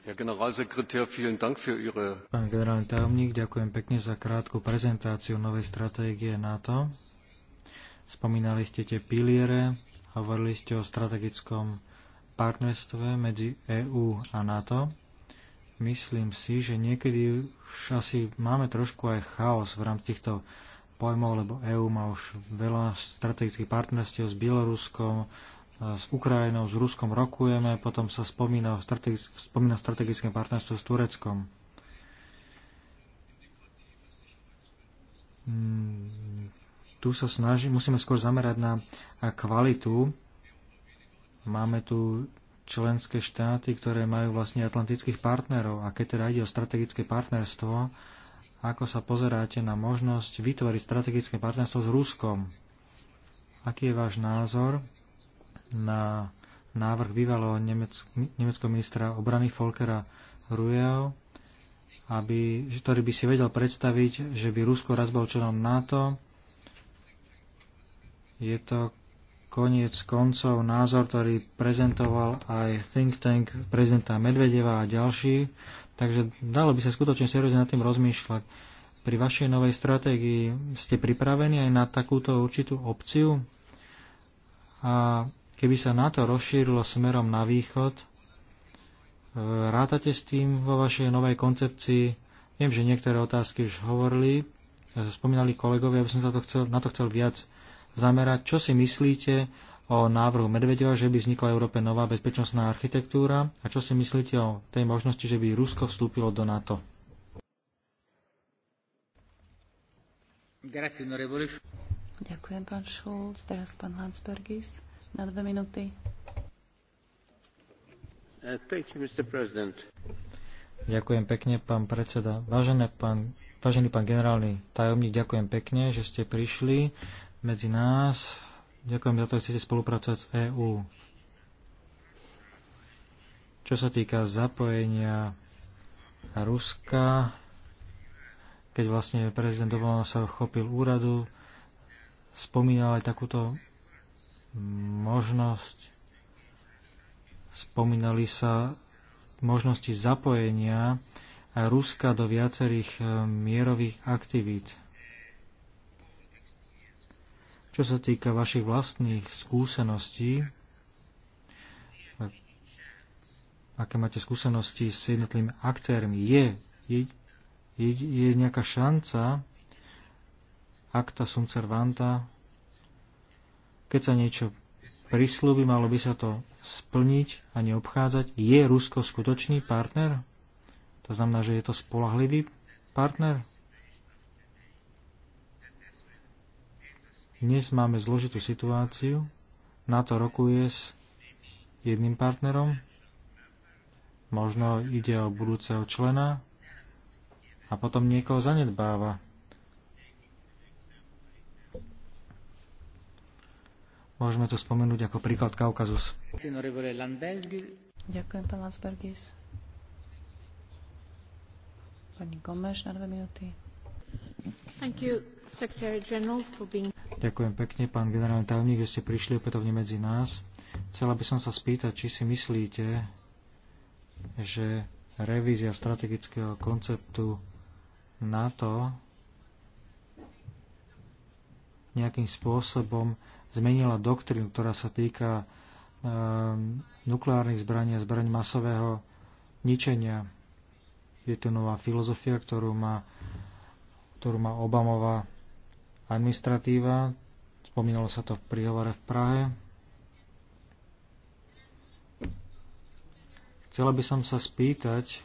Herr Generalsekretär, vielen Dank für Ihre... Pán generálny tajomník, ďakujem pekne za krátku prezentáciu novej stratégie NATO. Spomínali ste tie piliere, hovorili ste o strategickom partnerstve medzi EÚ a NATO. Myslím si, že niekedy už asi máme trošku aj chaos v rámci týchto pojmov, lebo EÚ má už veľa strategických partnerstiev s Bieloruskom, s Ukrajinou, s Ruskom rokujeme, potom sa spomína, strategi- spomína strategické partnerstvo s Tureckom. Mm, tu sa snaží, musíme skôr zamerať na kvalitu. Máme tu členské štáty, ktoré majú vlastne atlantických partnerov a keď teda ide o strategické partnerstvo, ako sa pozeráte na možnosť vytvoriť strategické partnerstvo s Ruskom? Aký je váš názor na návrh bývalého nemeckého ministra obrany Volkera Rueho, aby, ktorý by si vedel predstaviť, že by Rusko raz bol členom NATO. Je to koniec koncov názor, ktorý prezentoval aj think tank prezidenta Medvedeva a ďalší. Takže dalo by sa skutočne seriózne nad tým rozmýšľať. Pri vašej novej stratégii ste pripravení aj na takúto určitú opciu? A keby sa NATO rozšírilo smerom na východ, e, rátate s tým vo vašej novej koncepcii? Viem, že niektoré otázky už hovorili, e, spomínali kolegovia, aby som sa to chcel, na to chcel viac zamerať, čo si myslíte o návrhu Medvedeva, že by vznikla v Európe nová bezpečnostná architektúra a čo si myslíte o tej možnosti, že by Rusko vstúpilo do NATO? Ďakujem, pán Šulc. Teraz pán Hansbergis na dve minúty. Uh, ďakujem pekne, pán predseda. Vážené pán, vážený pán generálny tajomník, ďakujem pekne, že ste prišli medzi nás. Ďakujem za to, že chcete spolupracovať s EÚ. Čo sa týka zapojenia Ruska, keď vlastne prezident Obama sa chopil úradu, spomínal aj takúto možnosť, spomínali sa možnosti zapojenia Ruska do viacerých eh, mierových aktivít. Čo sa týka vašich vlastných skúseností, aké máte skúsenosti s jednotlivými aktérmi, je, je, je, je nejaká šanca akta sum servanta, keď sa niečo prislúbi, malo by sa to splniť a neobchádzať. Je Rusko skutočný partner? To znamená, že je to spolahlivý partner? Dnes máme zložitú situáciu. NATO rokuje s jedným partnerom, možno ide o budúceho člena a potom niekoho zanedbáva. Môžeme to spomenúť ako príklad Kaukazus. Ďakujem, pán Lansbergis. Pani Gomeš na dve minúty. Ďakujem pekne, pán generálny tajomník, že ste prišli opätovne medzi nás. Chcela by som sa spýtať, či si myslíte, že revízia strategického konceptu NATO nejakým spôsobom zmenila doktrínu, ktorá sa týka um, nukleárnych zbraní a zbraní masového ničenia. Je to nová filozofia, ktorú má ktorú má Obamová administratíva. Spomínalo sa to v príhovore v Prahe. Chcela by som sa spýtať,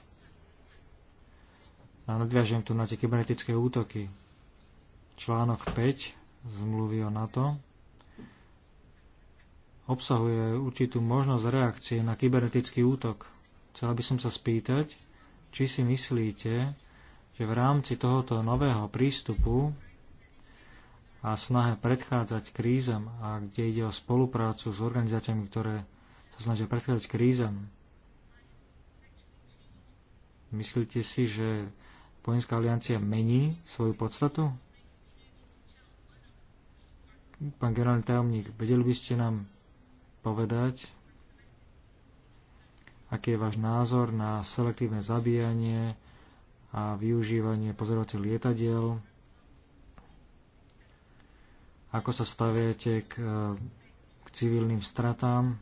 a nadviažem tu na tie kybernetické útoky, článok 5 zmluvy o NATO obsahuje určitú možnosť reakcie na kybernetický útok. Chcela by som sa spýtať, či si myslíte, že v rámci tohoto nového prístupu a snahe predchádzať krízam a kde ide o spoluprácu s organizáciami, ktoré sa snažia predchádzať krízam. Myslíte si, že Vojenská aliancia mení svoju podstatu? Pán generálny tajomník, vedeli by ste nám povedať, aký je váš názor na selektívne zabíjanie, a využívanie pozorovacích lietadiel. Ako sa staviete k, e, k civilným stratám?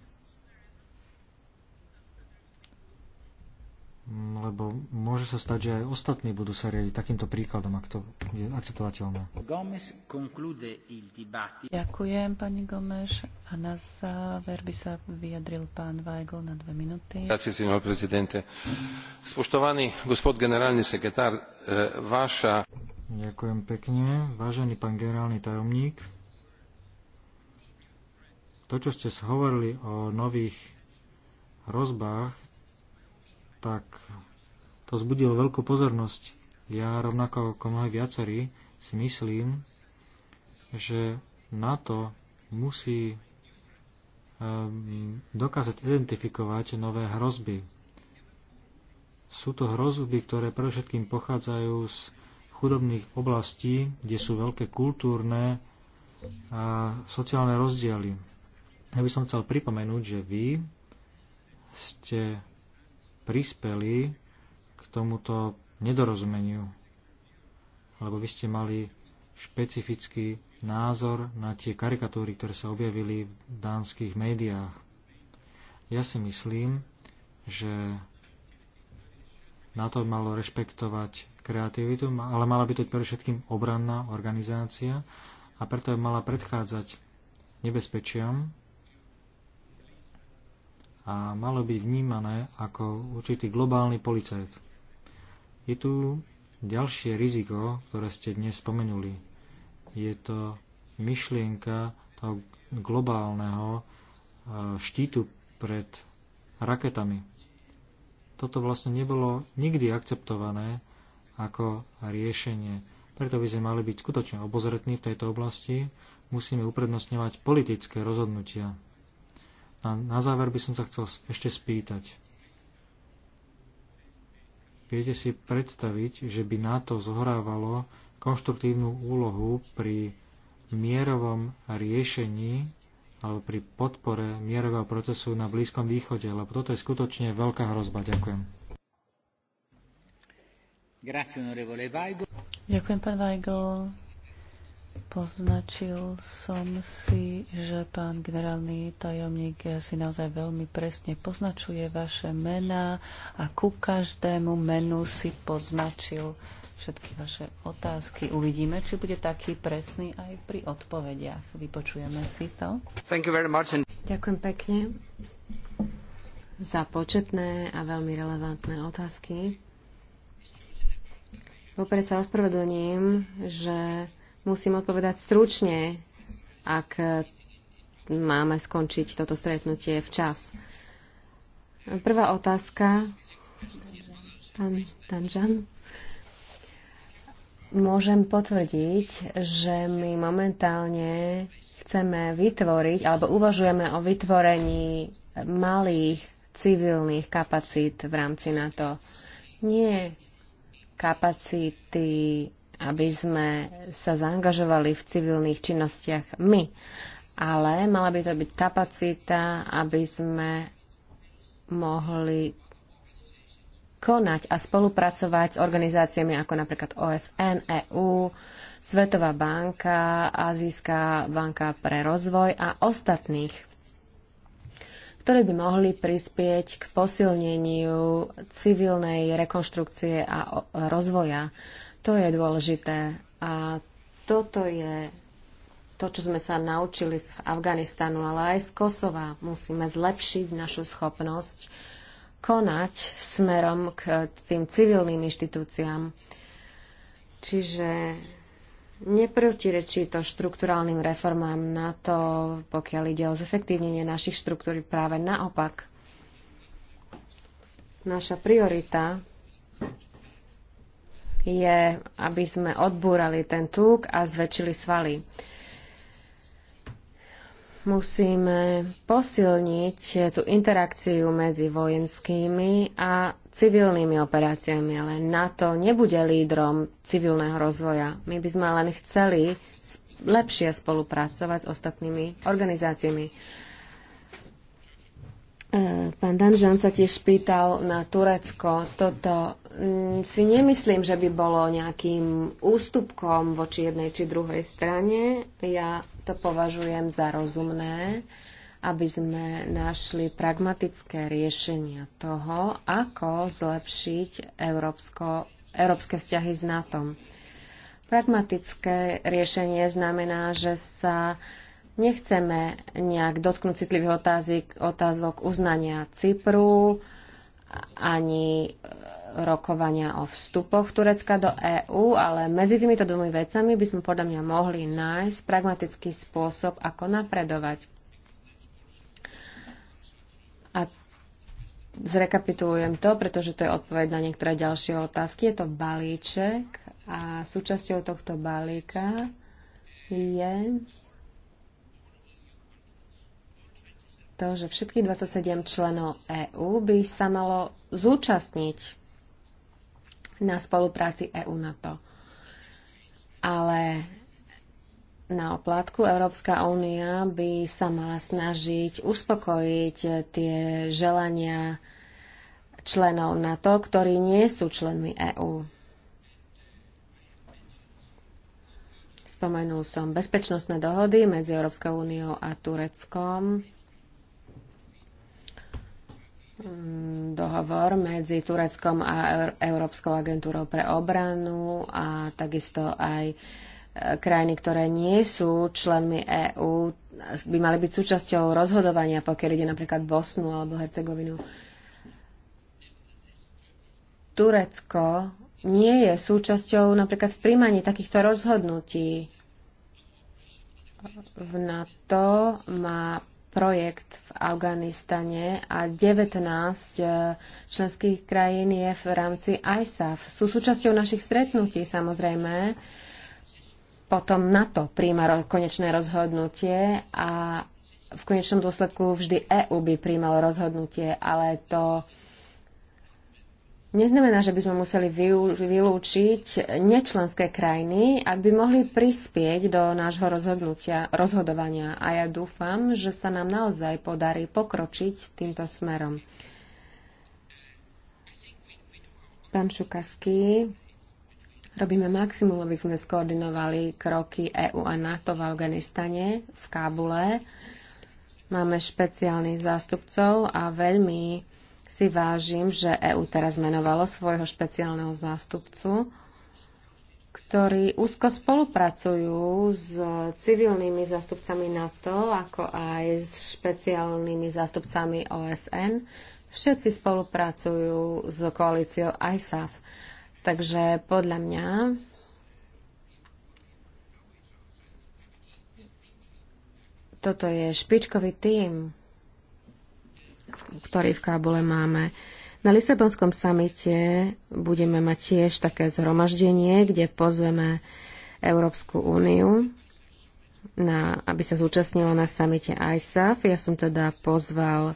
Mm, lebo môže sa stať, že aj ostatní budú sa riadiť takýmto príkladom, ak to je akceptovateľné. Ďakujem, pani Gomeš. A na záver by sa vyjadril pán Weigl na dve minúty. Ďakujem, signor prezidente. Spoštovaný gospod generálny sekretár, eh, vaša... Ďakujem pekne. Vážený pán generálny tajomník, to, čo ste hovorili o nových hrozbách, tak to zbudilo veľkú pozornosť. Ja rovnako ako mnohí viacerí si myslím, že NATO musí ehm, dokázať identifikovať nové hrozby. Sú to hrozby, ktoré predovšetkým pochádzajú z chudobných oblastí, kde sú veľké kultúrne a sociálne rozdiely. Ja by som chcel pripomenúť, že vy ste prispeli k tomuto nedorozumeniu. Lebo vy ste mali špecifický názor na tie karikatúry, ktoré sa objavili v dánskych médiách. Ja si myslím, že na to malo rešpektovať kreativitu, ale mala by to pre všetkým obranná organizácia a preto by mala predchádzať nebezpečiam, a malo byť vnímané ako určitý globálny policajt. Je tu ďalšie riziko, ktoré ste dnes spomenuli. Je to myšlienka toho globálneho e, štítu pred raketami. Toto vlastne nebolo nikdy akceptované ako riešenie. Preto by sme mali byť skutočne obozretní v tejto oblasti. Musíme uprednostňovať politické rozhodnutia. A na záver by som sa chcel ešte spýtať. Viete si predstaviť, že by NATO zohrávalo konštruktívnu úlohu pri mierovom riešení alebo pri podpore mierového procesu na Blízkom východe, lebo toto je skutočne veľká hrozba. Ďakujem. Ďakujem, pán Weigl. Poznačil som si, že pán generálny tajomník si naozaj veľmi presne poznačuje vaše mená a ku každému menu si poznačil všetky vaše otázky. Uvidíme, či bude taký presný aj pri odpovediach. Vypočujeme si to. Ďakujem pekne za početné a veľmi relevantné otázky. Vopred sa ospravedlním, že Musím odpovedať stručne, ak máme skončiť toto stretnutie včas. Prvá otázka. Pán Tanžan. Môžem potvrdiť, že my momentálne chceme vytvoriť alebo uvažujeme o vytvorení malých civilných kapacít v rámci NATO. Nie kapacity aby sme sa zaangažovali v civilných činnostiach my. Ale mala by to byť kapacita, aby sme mohli konať a spolupracovať s organizáciami ako napríklad OSN, EU, Svetová banka, Azijská banka pre rozvoj a ostatných, ktoré by mohli prispieť k posilneniu civilnej rekonštrukcie a rozvoja to je dôležité. A toto je to, čo sme sa naučili z Afganistanu, ale aj z Kosova. Musíme zlepšiť našu schopnosť konať smerom k tým civilným inštitúciám. Čiže neprotirečí to štrukturálnym reformám na to, pokiaľ ide o zefektívnenie našich štruktúr, práve naopak. Naša priorita je, aby sme odbúrali ten tuk a zväčšili svaly. Musíme posilniť tú interakciu medzi vojenskými a civilnými operáciami, ale NATO nebude lídrom civilného rozvoja. My by sme len chceli lepšie spolupracovať s ostatnými organizáciami. Eh, pán Danžan sa tiež pýtal na Turecko. Toto mm, si nemyslím, že by bolo nejakým ústupkom voči jednej či druhej strane. Ja to považujem za rozumné, aby sme našli pragmatické riešenia toho, ako zlepšiť európsko, európske vzťahy s NATO. Pragmatické riešenie znamená, že sa uh, Nechceme nejak dotknúť citlivých otázok, otázok uznania Cypru ani e, rokovania o vstupoch Turecka do EÚ, ale medzi týmito dvomi vecami by sme podľa mňa mohli nájsť pragmatický spôsob, ako napredovať. A zrekapitulujem to, pretože to je odpoveď na niektoré ďalšie otázky. Je to balíček a súčasťou tohto balíka je to, že všetkých 27 členov EÚ by sa malo zúčastniť na spolupráci EÚ na to. Ale na oplátku Európska únia by sa mala snažiť uspokojiť tie želania členov NATO, ktorí nie sú členmi EÚ. Spomenul som bezpečnostné dohody medzi Európskou úniou a Tureckom Mm, dohovor medzi Tureckom a Európskou agentúrou pre obranu a takisto aj e, krajiny, ktoré nie sú členmi EÚ, by mali byť súčasťou rozhodovania, pokiaľ ide napríklad Bosnu alebo Hercegovinu. Turecko nie je súčasťou napríklad v príjmaní takýchto rozhodnutí. V NATO má projekt v Afganistane a 19 e, členských krajín je v rámci ISAF. Sú súčasťou našich stretnutí samozrejme. Potom NATO príjma konečné rozhodnutie a v konečnom dôsledku vždy EU by príjmalo rozhodnutie, ale to neznamená, že by sme museli vylúčiť nečlenské krajiny, ak by mohli prispieť do nášho rozhodnutia, rozhodovania. A ja dúfam, že sa nám naozaj podarí pokročiť týmto smerom. Pán Šukaský, robíme maximum, aby sme skoordinovali kroky EU a NATO v Afganistane, v Kábule. Máme špeciálnych zástupcov a veľmi si vážim, že EÚ teraz menovalo svojho špeciálneho zástupcu, ktorí úzko spolupracujú s civilnými zástupcami NATO, ako aj s špeciálnymi zástupcami OSN. Všetci spolupracujú s koalíciou ISAF. Takže podľa mňa toto je špičkový tím ktorý v Kábule máme. Na Lisabonskom samite budeme mať tiež také zhromaždenie, kde pozveme Európsku úniu, na, aby sa zúčastnila na samite ISAF. Ja som teda pozval e,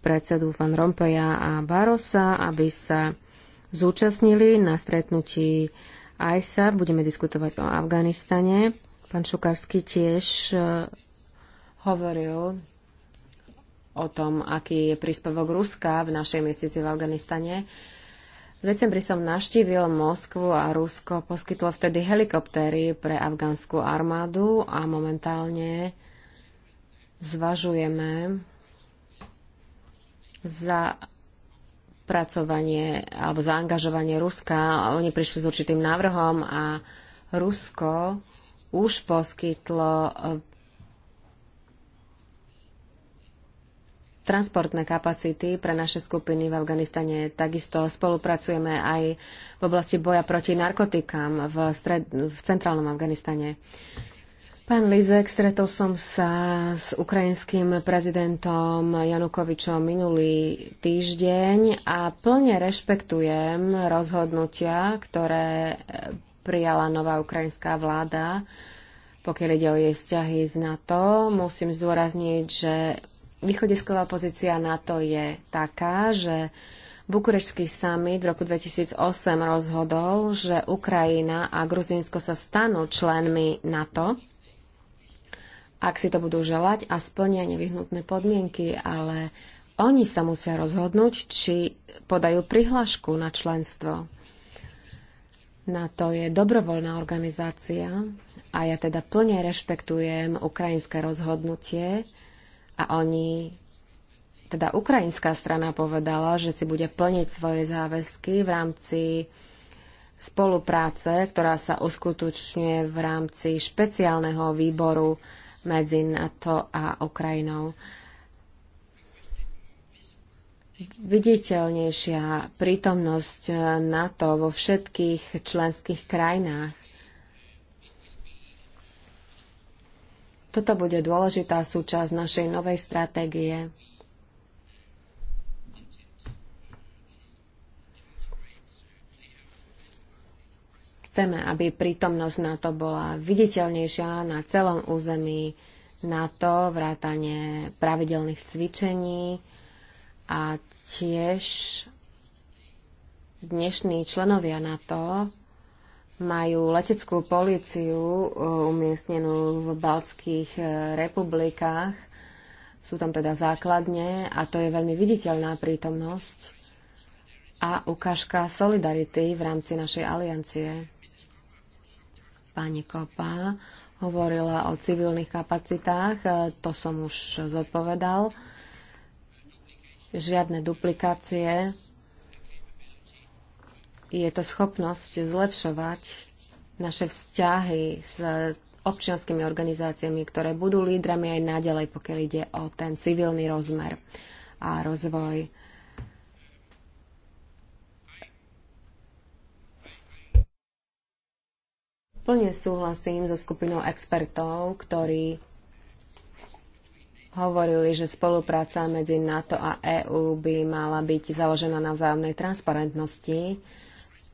predsedu Van Rompeja a Barosa, aby sa zúčastnili na stretnutí ISAF. Budeme diskutovať o Afganistane. Pán Šukarsky tiež e, hovoril o tom, aký je príspevok Ruska v našej misii v Afganistane. V decembri som navštívil Moskvu a Rusko poskytlo vtedy helikoptéry pre afgánsku armádu a momentálne zvažujeme za pracovanie alebo zaangažovanie Ruska. Oni prišli s určitým návrhom a Rusko už poskytlo transportné kapacity pre naše skupiny v Afganistane. Takisto spolupracujeme aj v oblasti boja proti narkotikám v, stred, v centrálnom Afganistane. Pán Lizek, stretol som sa s ukrajinským prezidentom Janukovičom minulý týždeň a plne rešpektujem rozhodnutia, ktoré prijala nová ukrajinská vláda, pokiaľ ide o jej vzťahy s NATO. Musím zdôrazniť, že východisková pozícia NATO je taká, že Bukurešský summit v roku 2008 rozhodol, že Ukrajina a Gruzínsko sa stanú členmi NATO, ak si to budú želať a splnia nevyhnutné podmienky, ale oni sa musia rozhodnúť, či podajú prihlášku na členstvo. NATO je dobrovoľná organizácia a ja teda plne rešpektujem ukrajinské rozhodnutie, a oni, teda ukrajinská strana povedala, že si bude plniť svoje záväzky v rámci spolupráce, ktorá sa uskutočňuje v rámci špeciálneho výboru medzi NATO a Ukrajinou. Viditeľnejšia prítomnosť NATO vo všetkých členských krajinách Toto bude dôležitá súčasť našej novej stratégie. Chceme, aby prítomnosť NATO bola viditeľnejšia na celom území NATO, vrátanie pravidelných cvičení a tiež dnešní členovia NATO majú leteckú policiu e, umiestnenú v baltských e, republikách. Sú tam teda základne a to je veľmi viditeľná prítomnosť a ukážka solidarity v rámci našej aliancie. Pani Kopa hovorila o civilných kapacitách, e, to som už zodpovedal. Žiadne duplikácie, je to schopnosť zlepšovať naše vzťahy s občianskými organizáciami, ktoré budú lídrami aj naďalej, pokiaľ ide o ten civilný rozmer a rozvoj. Plne súhlasím so skupinou expertov, ktorí hovorili, že spolupráca medzi NATO a EÚ by mala byť založená na vzájomnej transparentnosti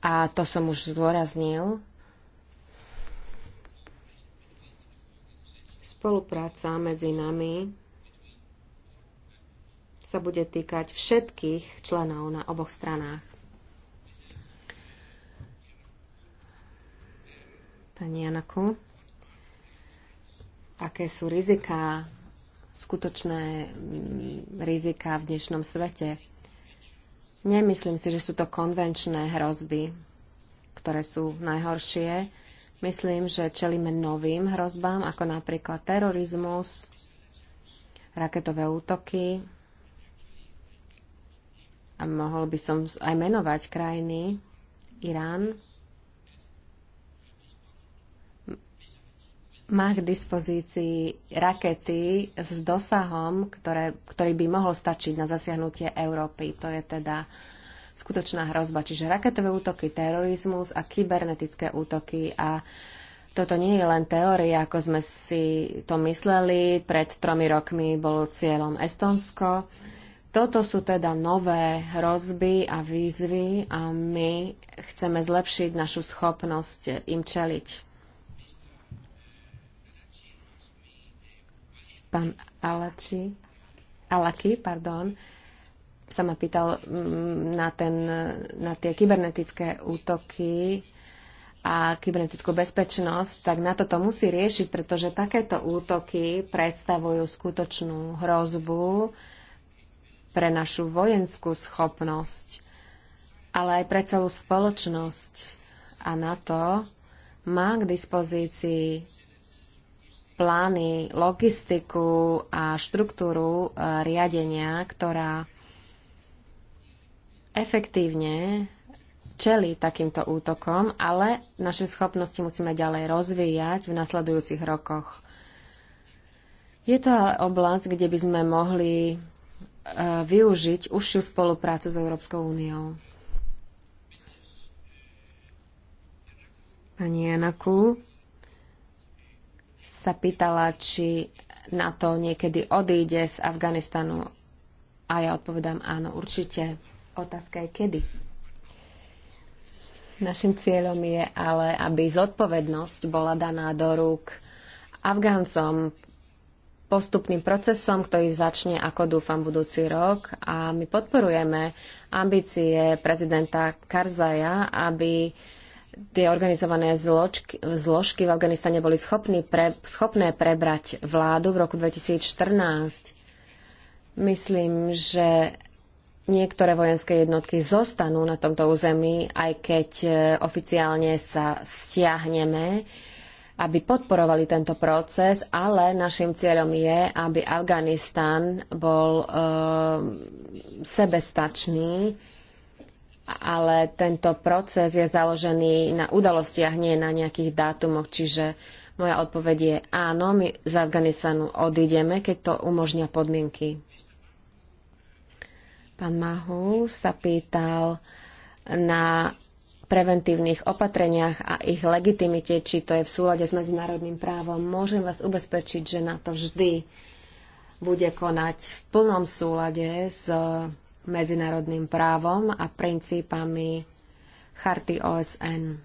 a to som už zdôraznil, spolupráca medzi nami sa bude týkať všetkých členov na oboch stranách. Pani Janaku, aké sú riziká, skutočné mm, riziká v dnešnom svete? Nemyslím si, že sú to konvenčné hrozby, ktoré sú najhoršie. Myslím, že čelíme novým hrozbám, ako napríklad terorizmus, raketové útoky. A mohol by som aj menovať krajiny. Irán, má k dispozícii rakety s dosahom, ktoré, ktorý by mohol stačiť na zasiahnutie Európy. To je teda skutočná hrozba. Čiže raketové útoky, terorizmus a kybernetické útoky. A toto nie je len teória, ako sme si to mysleli. Pred tromi rokmi bolo cieľom Estonsko. Toto sú teda nové hrozby a výzvy a my chceme zlepšiť našu schopnosť im čeliť. Pán Alači, Alaki pardon, sa ma pýtal mm, na, ten, na tie kybernetické útoky a kybernetickú bezpečnosť, tak na toto musí riešiť, pretože takéto útoky predstavujú skutočnú hrozbu pre našu vojenskú schopnosť, ale aj pre celú spoločnosť. A na to má k dispozícii plány, logistiku a štruktúru e, riadenia, ktorá efektívne čeli takýmto útokom, ale naše schopnosti musíme ďalej rozvíjať v nasledujúcich rokoch. Je to ale oblasť, kde by sme mohli e, využiť užšiu spoluprácu s Európskou úniou. Pani Janaku, sa pýtala, či na to niekedy odíde z Afganistanu. A ja odpovedám áno, určite. Otázka je kedy. Našim cieľom je ale, aby zodpovednosť bola daná do rúk Afgáncom postupným procesom, ktorý začne, ako dúfam, budúci rok. A my podporujeme ambície prezidenta Karzaja, aby tie organizované zložky, zložky v Afganistane boli pre, schopné prebrať vládu v roku 2014. Myslím, že niektoré vojenské jednotky zostanú na tomto území, aj keď e, oficiálne sa stiahneme, aby podporovali tento proces, ale našim cieľom je, aby Afganistan bol e, sebestačný ale tento proces je založený na udalostiach, nie na nejakých dátumoch, čiže moja odpoveď je áno, my z Afganistanu odídeme, keď to umožnia podmienky. Pán Mahu sa pýtal na preventívnych opatreniach a ich legitimite, či to je v súlade s medzinárodným právom. Môžem vás ubezpečiť, že na to vždy bude konať v plnom súlade s medzinárodným právom a princípami charty OSN.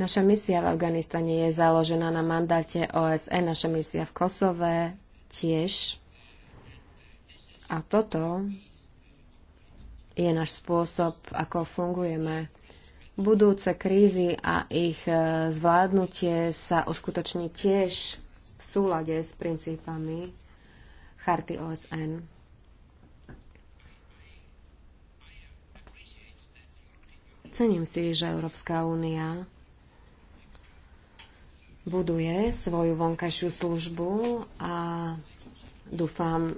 Naša misia v Afganistane je založená na mandáte OSN, naša misia v Kosove tiež. A toto je náš spôsob, ako fungujeme. Budúce krízy a ich eh, zvládnutie sa uskutoční tiež v súlade s princípami charty OSN. Cením si, že Európska únia buduje svoju vonkajšiu službu a dúfam,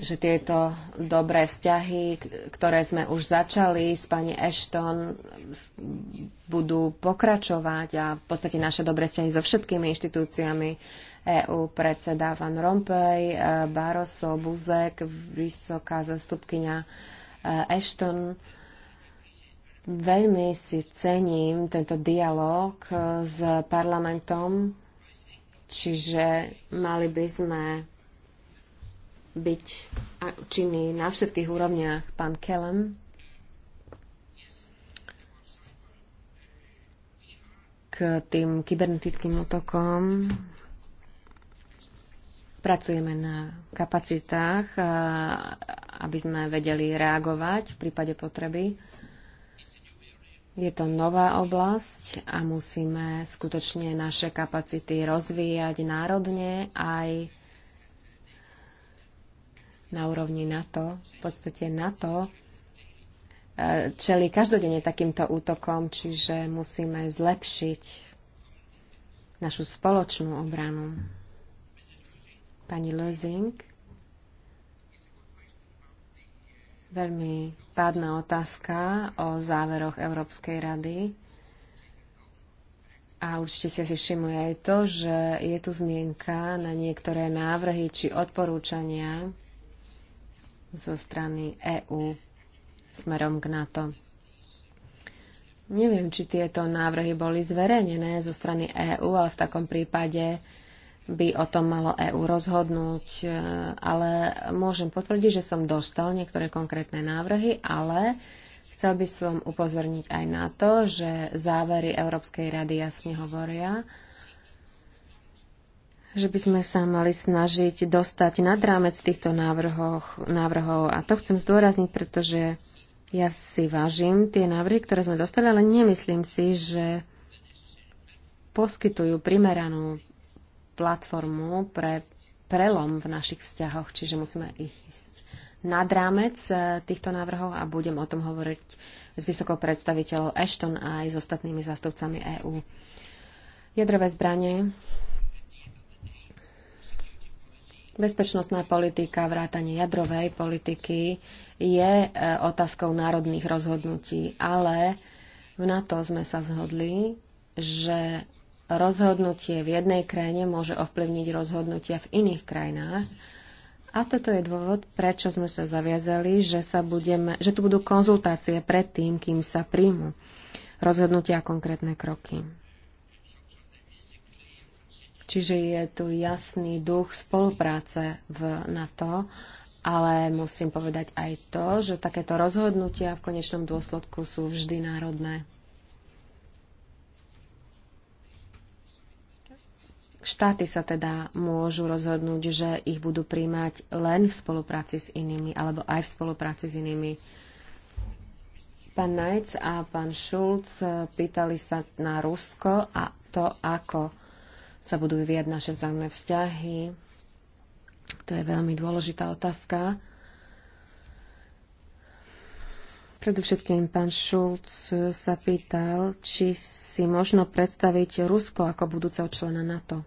že tieto dobré vzťahy, ktoré sme už začali s pani Ashton, budú pokračovať a v podstate naše dobré vzťahy so všetkými inštitúciami EÚ, predseda Van Rompuy, e, Barroso, Buzek, vysoká zastupkyňa e, Ashton. Veľmi si cením tento dialog e, s parlamentom, čiže mali by sme byť činní na všetkých úrovniach. Pán Kellen. K tým kybernetickým útokom Pracujeme na kapacitách, aby sme vedeli reagovať v prípade potreby. Je to nová oblasť a musíme skutočne naše kapacity rozvíjať národne aj na úrovni NATO. V podstate NATO e, čeli každodenne takýmto útokom, čiže musíme zlepšiť našu spoločnú obranu. Pani Lozing, veľmi pádna otázka o záveroch Európskej rady. A určite ste si všimli aj to, že je tu zmienka na niektoré návrhy či odporúčania zo strany EÚ smerom k NATO. Neviem, či tieto návrhy boli zverejnené zo strany EÚ, ale v takom prípade by o tom malo EÚ rozhodnúť, e, ale môžem potvrdiť, že som dostal niektoré konkrétne návrhy, ale chcel by som upozorniť aj na to, že závery Európskej rady jasne hovoria, že by sme sa mali snažiť dostať nad rámec týchto návrhoch, návrhov. A to chcem zdôrazniť, pretože ja si vážim tie návrhy, ktoré sme dostali, ale nemyslím si, že poskytujú primeranú platformu pre prelom v našich vzťahoch, čiže musíme ich ísť nad rámec e, týchto návrhov a budem o tom hovoriť s vysokou predstaviteľou Ashton a aj s ostatnými zástupcami EÚ. Jadrové zbranie, bezpečnostná politika, vrátanie jadrovej politiky je e, otázkou národných rozhodnutí, ale v NATO sme sa zhodli, že rozhodnutie v jednej krajine môže ovplyvniť rozhodnutia v iných krajinách. A toto je dôvod, prečo sme sa zaviazali, že, sa budeme, že tu budú konzultácie pred tým, kým sa príjmu rozhodnutia a konkrétne kroky. Čiže je tu jasný duch spolupráce v NATO, ale musím povedať aj to, že takéto rozhodnutia v konečnom dôsledku sú vždy národné. Štáty sa teda môžu rozhodnúť, že ich budú príjmať len v spolupráci s inými, alebo aj v spolupráci s inými. Pán Najc a pán Šulc pýtali sa na Rusko a to, ako sa budú vyvíjať naše vzájomné vzťahy. To je veľmi dôležitá otázka. Predovšetkým pán Šulc sa pýtal, či si možno predstaviť Rusko ako budúceho člena NATO.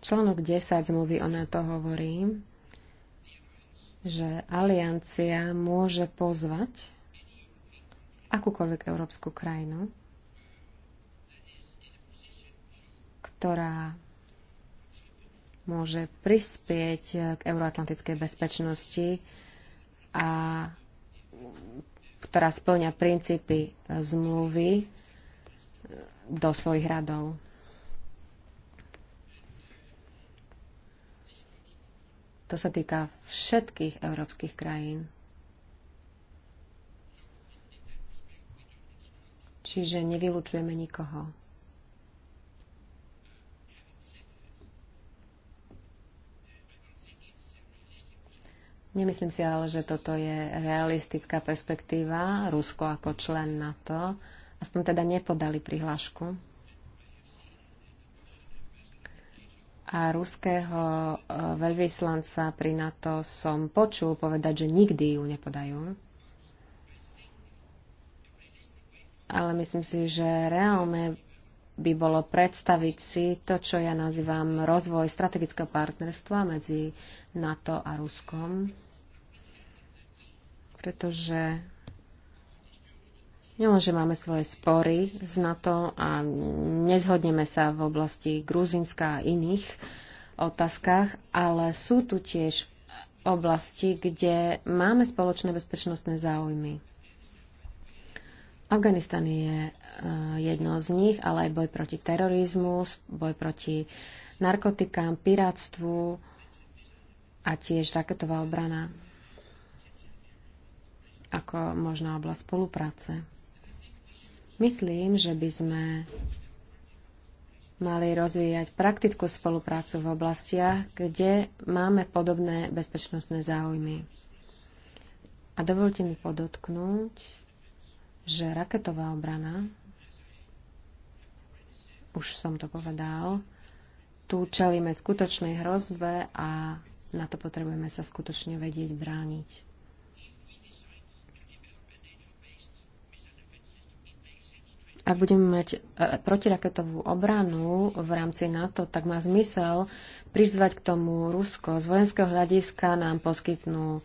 Článok 10 zmluvy o NATO hovorí, že aliancia môže pozvať akúkoľvek európsku krajinu, ktorá môže prispieť k euroatlantickej bezpečnosti a ktorá splňa princípy zmluvy do svojich radov. To sa týka všetkých európskych krajín. Čiže nevylučujeme nikoho. Nemyslím si ale, že toto je realistická perspektíva. Rusko ako člen NATO aspoň teda nepodali prihlášku. A ruského e, veľvyslanca pri NATO som počul povedať, že nikdy ju nepodajú. Ale myslím si, že reálne by bolo predstaviť si to, čo ja nazývam rozvoj strategického partnerstva medzi NATO a Ruskom, pretože nielenže máme svoje spory s NATO a nezhodneme sa v oblasti Gruzinska a iných otázkach, ale sú tu tiež oblasti, kde máme spoločné bezpečnostné záujmy. Afganistan je eh, jedno z nich, ale aj boj proti terorizmu, boj proti narkotikám, piráctvu a tiež raketová obrana ako možná oblasť spolupráce. Myslím, že by sme mali rozvíjať praktickú spoluprácu v oblastiach, kde máme podobné bezpečnostné záujmy. A dovolte mi podotknúť, že raketová obrana, už som to povedal, tu čelíme skutočnej hrozbe a na to potrebujeme sa skutočne vedieť brániť. Ak budeme mať e, protiraketovú obranu v rámci NATO, tak má zmysel prizvať k tomu Rusko. Z vojenského hľadiska nám poskytnú uh,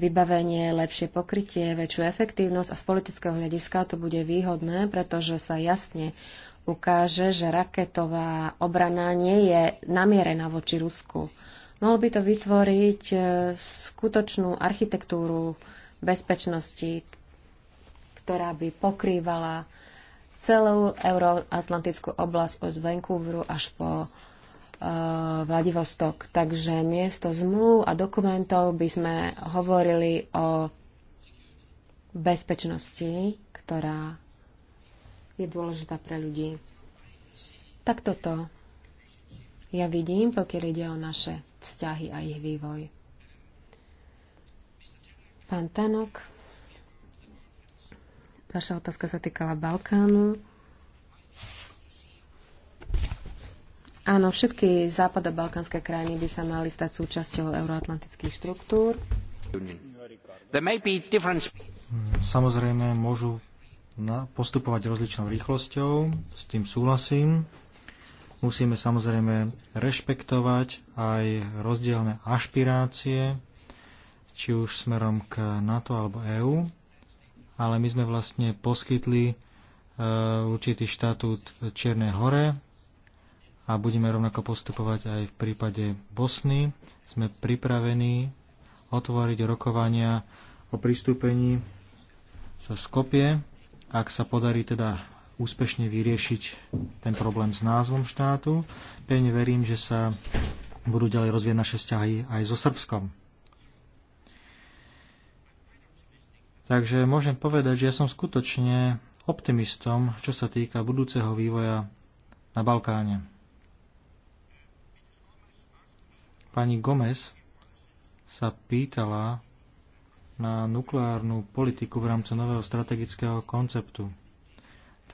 vybavenie, lepšie pokrytie, väčšiu efektívnosť a z politického hľadiska to bude výhodné, pretože sa jasne ukáže, že raketová obrana nie je namierená voči Rusku. Mohol by to vytvoriť e, skutočnú architektúru bezpečnosti, ktorá by pokrývala celú euroatlantickú oblasť od Vancouveru až po Eh, Vladivostok. Takže miesto zmluv a dokumentov by sme hovorili o bezpečnosti, ktorá je dôležitá pre ľudí. Tak toto ja vidím, pokiaľ ide o naše vzťahy a ich vývoj. Pán Tanok, vaša otázka sa týkala Balkánu. Áno, všetky balkánske krajiny by sa mali stať súčasťou euroatlantických štruktúr. Samozrejme, môžu postupovať rozličnou rýchlosťou, s tým súhlasím. Musíme samozrejme rešpektovať aj rozdielne ašpirácie, či už smerom k NATO alebo EÚ, ale my sme vlastne poskytli e, určitý štatút Čiernej hore, a budeme rovnako postupovať aj v prípade Bosny. Sme pripravení otvoriť rokovania o pristúpení sa Skopie, ak sa podarí teda úspešne vyriešiť ten problém s názvom štátu. Pevne verím, že sa budú ďalej rozvieť naše vzťahy aj so Srbskom. Takže môžem povedať, že ja som skutočne optimistom, čo sa týka budúceho vývoja na Balkáne. Pani Gomez sa pýtala na nukleárnu politiku v rámci nového strategického konceptu.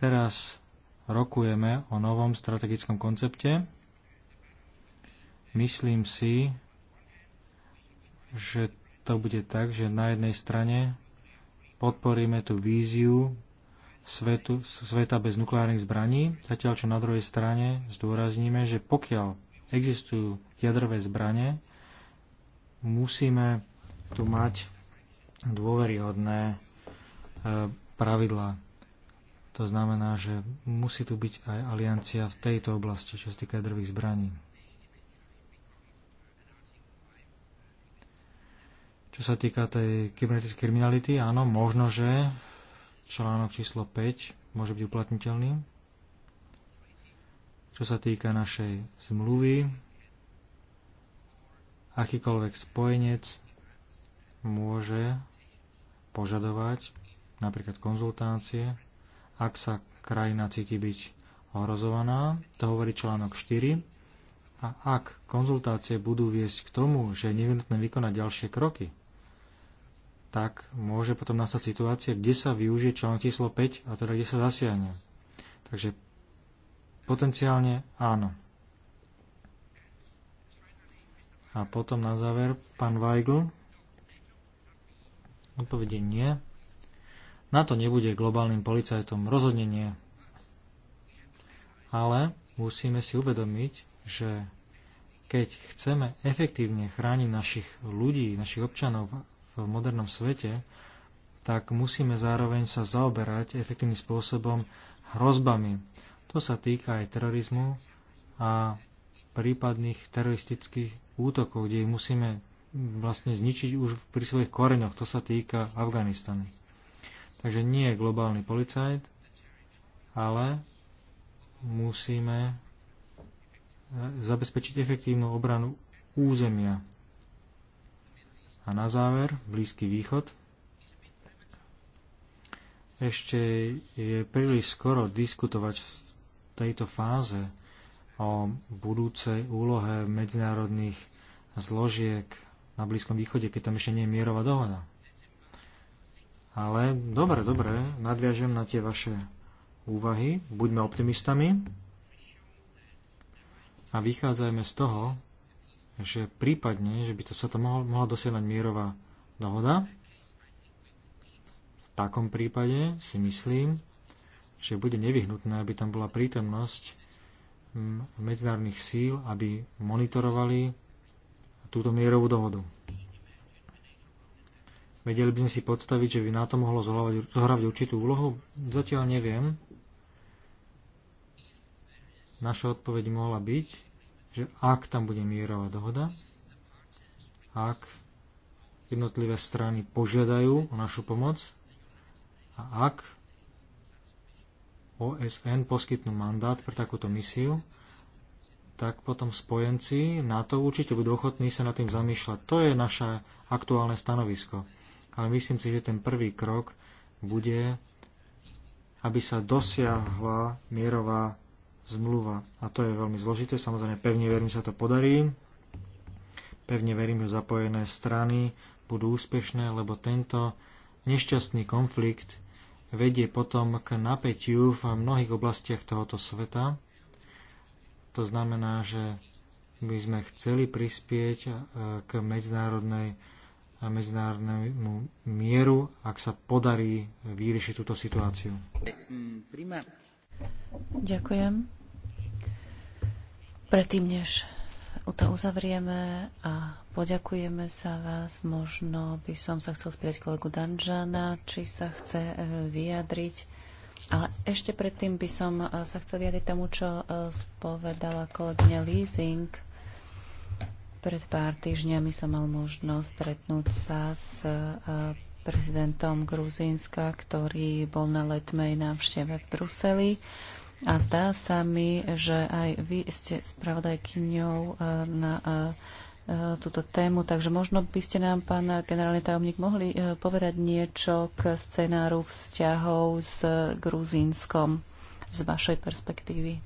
Teraz rokujeme o novom strategickom koncepte. Myslím si, že to bude tak, že na jednej strane podporíme tú víziu svetu, sveta bez nukleárnych zbraní, zatiaľ čo na druhej strane zdôrazníme, že pokiaľ existujú jadrové zbranie, musíme tu mať dôveryhodné e, pravidlá. To znamená, že musí tu byť aj aliancia v tejto oblasti, čo sa týka jadrových zbraní. Čo sa týka tej kybernetickej kriminality, áno, možno, že článok číslo 5 môže byť uplatniteľný čo sa týka našej zmluvy, akýkoľvek spojenec môže požadovať napríklad konzultácie, ak sa krajina cíti byť ohrozovaná, to hovorí článok 4, a ak konzultácie budú viesť k tomu, že je nevyhnutné vykonať ďalšie kroky, tak môže potom nastať situácia, kde sa využije článok číslo 5 a teda kde sa zasiahne. Takže Potenciálne áno. A potom na záver pán Weigl. Odpovede nie. to nebude globálnym policajtom, rozhodne nie. Ale musíme si uvedomiť, že keď chceme efektívne chrániť našich ľudí, našich občanov v modernom svete, tak musíme zároveň sa zaoberať efektívnym spôsobom hrozbami. To sa týka aj terorizmu a prípadných teroristických útokov, kde ich musíme vlastne zničiť už pri svojich koreňoch. To sa týka Afganistanu. Takže nie je globálny policajt, ale musíme e, zabezpečiť efektívnu obranu územia. A na záver, Blízky východ. Ešte je príliš skoro diskutovať tejto fáze o budúcej úlohe medzinárodných zložiek na Blízkom východe, keď tam ešte nie je mierová dohoda. Ale dobre, dobre, nadviažem na tie vaše úvahy, buďme optimistami a vychádzajme z toho, že prípadne, že by to sa to mohlo, mohla dosielať mierová dohoda. V takom prípade si myslím, že bude nevyhnutné, aby tam bola prítomnosť medzinárodných síl, aby monitorovali túto mierovú dohodu. Vedeli by sme si podstaviť, že by na to mohlo zohrávať určitú úlohu? Zatiaľ neviem. Naša odpoveď mohla byť, že ak tam bude mierová dohoda, ak jednotlivé strany požiadajú o našu pomoc a ak OSN poskytnú mandát pre takúto misiu, tak potom spojenci na to určite budú ochotní sa nad tým zamýšľať. To je naše aktuálne stanovisko. Ale myslím si, že ten prvý krok bude, aby sa dosiahla mierová zmluva. A to je veľmi zložité. Samozrejme, pevne verím, sa to podarí. Pevne verím, že zapojené strany budú úspešné, lebo tento nešťastný konflikt vedie potom k napätiu v mnohých oblastiach tohoto sveta. To znamená, že by sme chceli prispieť e, k medzinárodnej a medzinárodnému mieru, ak sa podarí vyriešiť túto situáciu. Ďakujem. Predtým, než to uzavrieme a poďakujeme sa vás. Možno by som sa chcel spýtať kolegu Danžana, či sa chce e, vyjadriť. Ale ešte predtým by som e, sa chcel vyjadriť tomu, čo e, spovedala kolegyňa Leasing. Pred pár týždňami som mal možnosť stretnúť sa s prezidentom Gruzínska, ktorý bol na letmej návšteve v Bruseli a zdá sa mi, že aj vy ste spravodajkyňou e, na e, e, túto tému, takže možno by ste nám, pán generálny tajomník, mohli povedať niečo k scenáru vzťahov s Gruzínskom z vašej perspektívy.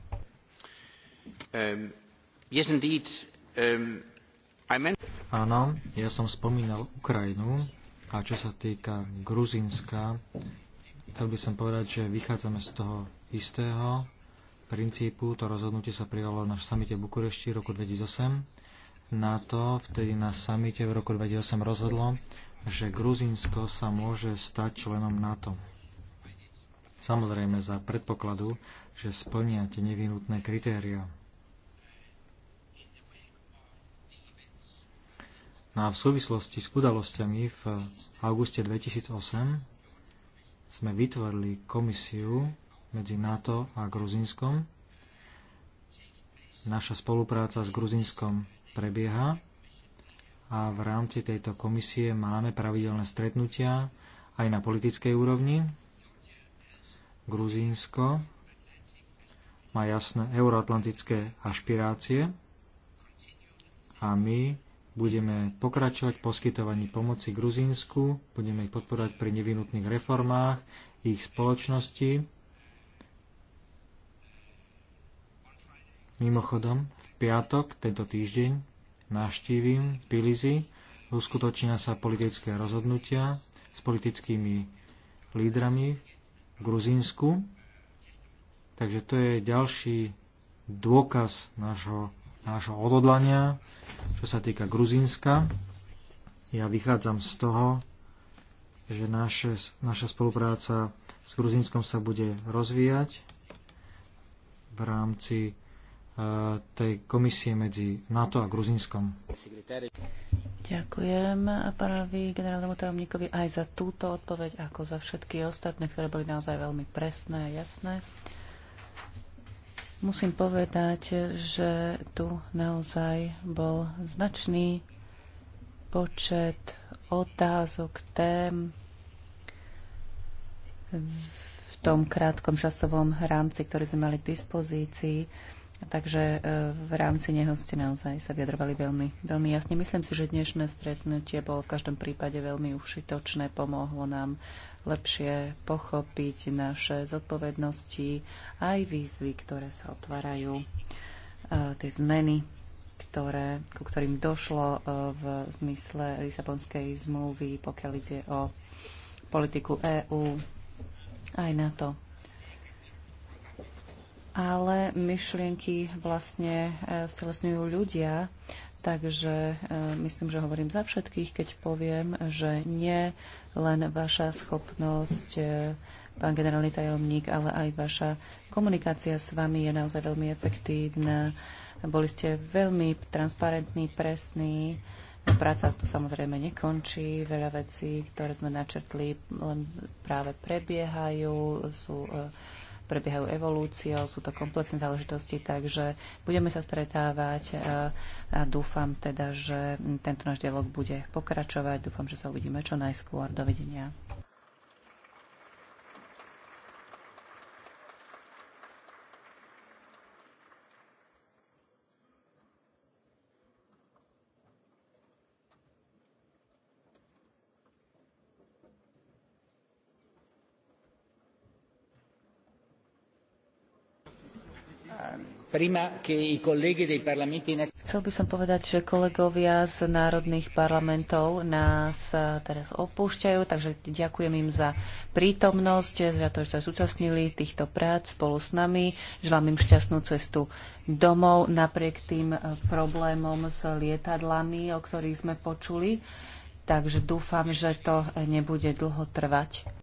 Um, yes indeed, um, I meant... Áno, ja som spomínal Ukrajinu a čo sa týka Gruzínska, chcel by som povedať, že vychádzame z toho istého princípu to rozhodnutie sa prijalo na samite v Bukurešti roku 2008. NATO vtedy na samite v roku 2008 rozhodlo, že Gruzínsko sa môže stať členom NATO. Samozrejme za predpokladu, že splnia tie nevyhnutné kritéria. No a v súvislosti s udalosťami v auguste 2008 sme vytvorili komisiu medzi NATO a Gruzínskom. Naša spolupráca s Gruzínskom prebieha a v rámci tejto komisie máme pravidelné stretnutia aj na politickej úrovni. Gruzínsko má jasné euroatlantické ašpirácie a my budeme pokračovať v poskytovaní pomoci Gruzínsku, budeme ich podporovať pri nevinutných reformách ich spoločnosti Mimochodom, v piatok tento týždeň navštívim Pilizi, uskutočnia sa politické rozhodnutia s politickými lídrami v Gruzínsku. Takže to je ďalší dôkaz nášho, nášho odhodlania, čo sa týka Gruzínska. Ja vychádzam z toho, že naše, naša spolupráca s Gruzínskom sa bude rozvíjať v rámci Eh, tej komisie medzi NATO a Gruzinskom. Ďakujem pánovi generálnemu tajomníkovi aj za túto odpoveď, ako za všetky ostatné, ktoré boli naozaj veľmi presné a jasné. Musím povedať, že tu naozaj bol značný počet otázok, tém v tom krátkom časovom rámci, ktorý sme mali k dispozícii. Takže e, v rámci neho ste naozaj sa vyjadrovali veľmi, veľmi jasne. Myslím si, že dnešné stretnutie bolo v každom prípade veľmi užitočné, pomohlo nám lepšie pochopiť naše zodpovednosti aj výzvy, ktoré sa otvárajú, e, tie zmeny, ktoré, ku ktorým došlo e, v zmysle Lisabonskej zmluvy, pokiaľ ide o politiku EÚ aj na to ale myšlienky vlastne e, stelesňujú ľudia, takže e, myslím, že hovorím za všetkých, keď poviem, že nie len vaša schopnosť, e, pán generálny tajomník, ale aj vaša komunikácia s vami je naozaj veľmi efektívna. Boli ste veľmi transparentní, presní. Práca tu samozrejme nekončí, veľa vecí, ktoré sme načrtli, len práve prebiehajú, sú uh, prebiehajú evolúciou, sú to komplexné záležitosti, takže budeme sa stretávať a dúfam teda, že tento náš dialog bude pokračovať. Dúfam, že sa uvidíme čo najskôr. Dovidenia. Chcel by som povedať, že kolegovia z národných parlamentov nás eh, teraz opúšťajú, takže ďakujem im za prítomnosť, za to, že sa zúčastnili týchto prác spolu s nami. Želám im šťastnú cestu domov napriek tým eh, problémom s lietadlami, o ktorých sme počuli. Takže dúfam, že to eh, nebude dlho trvať.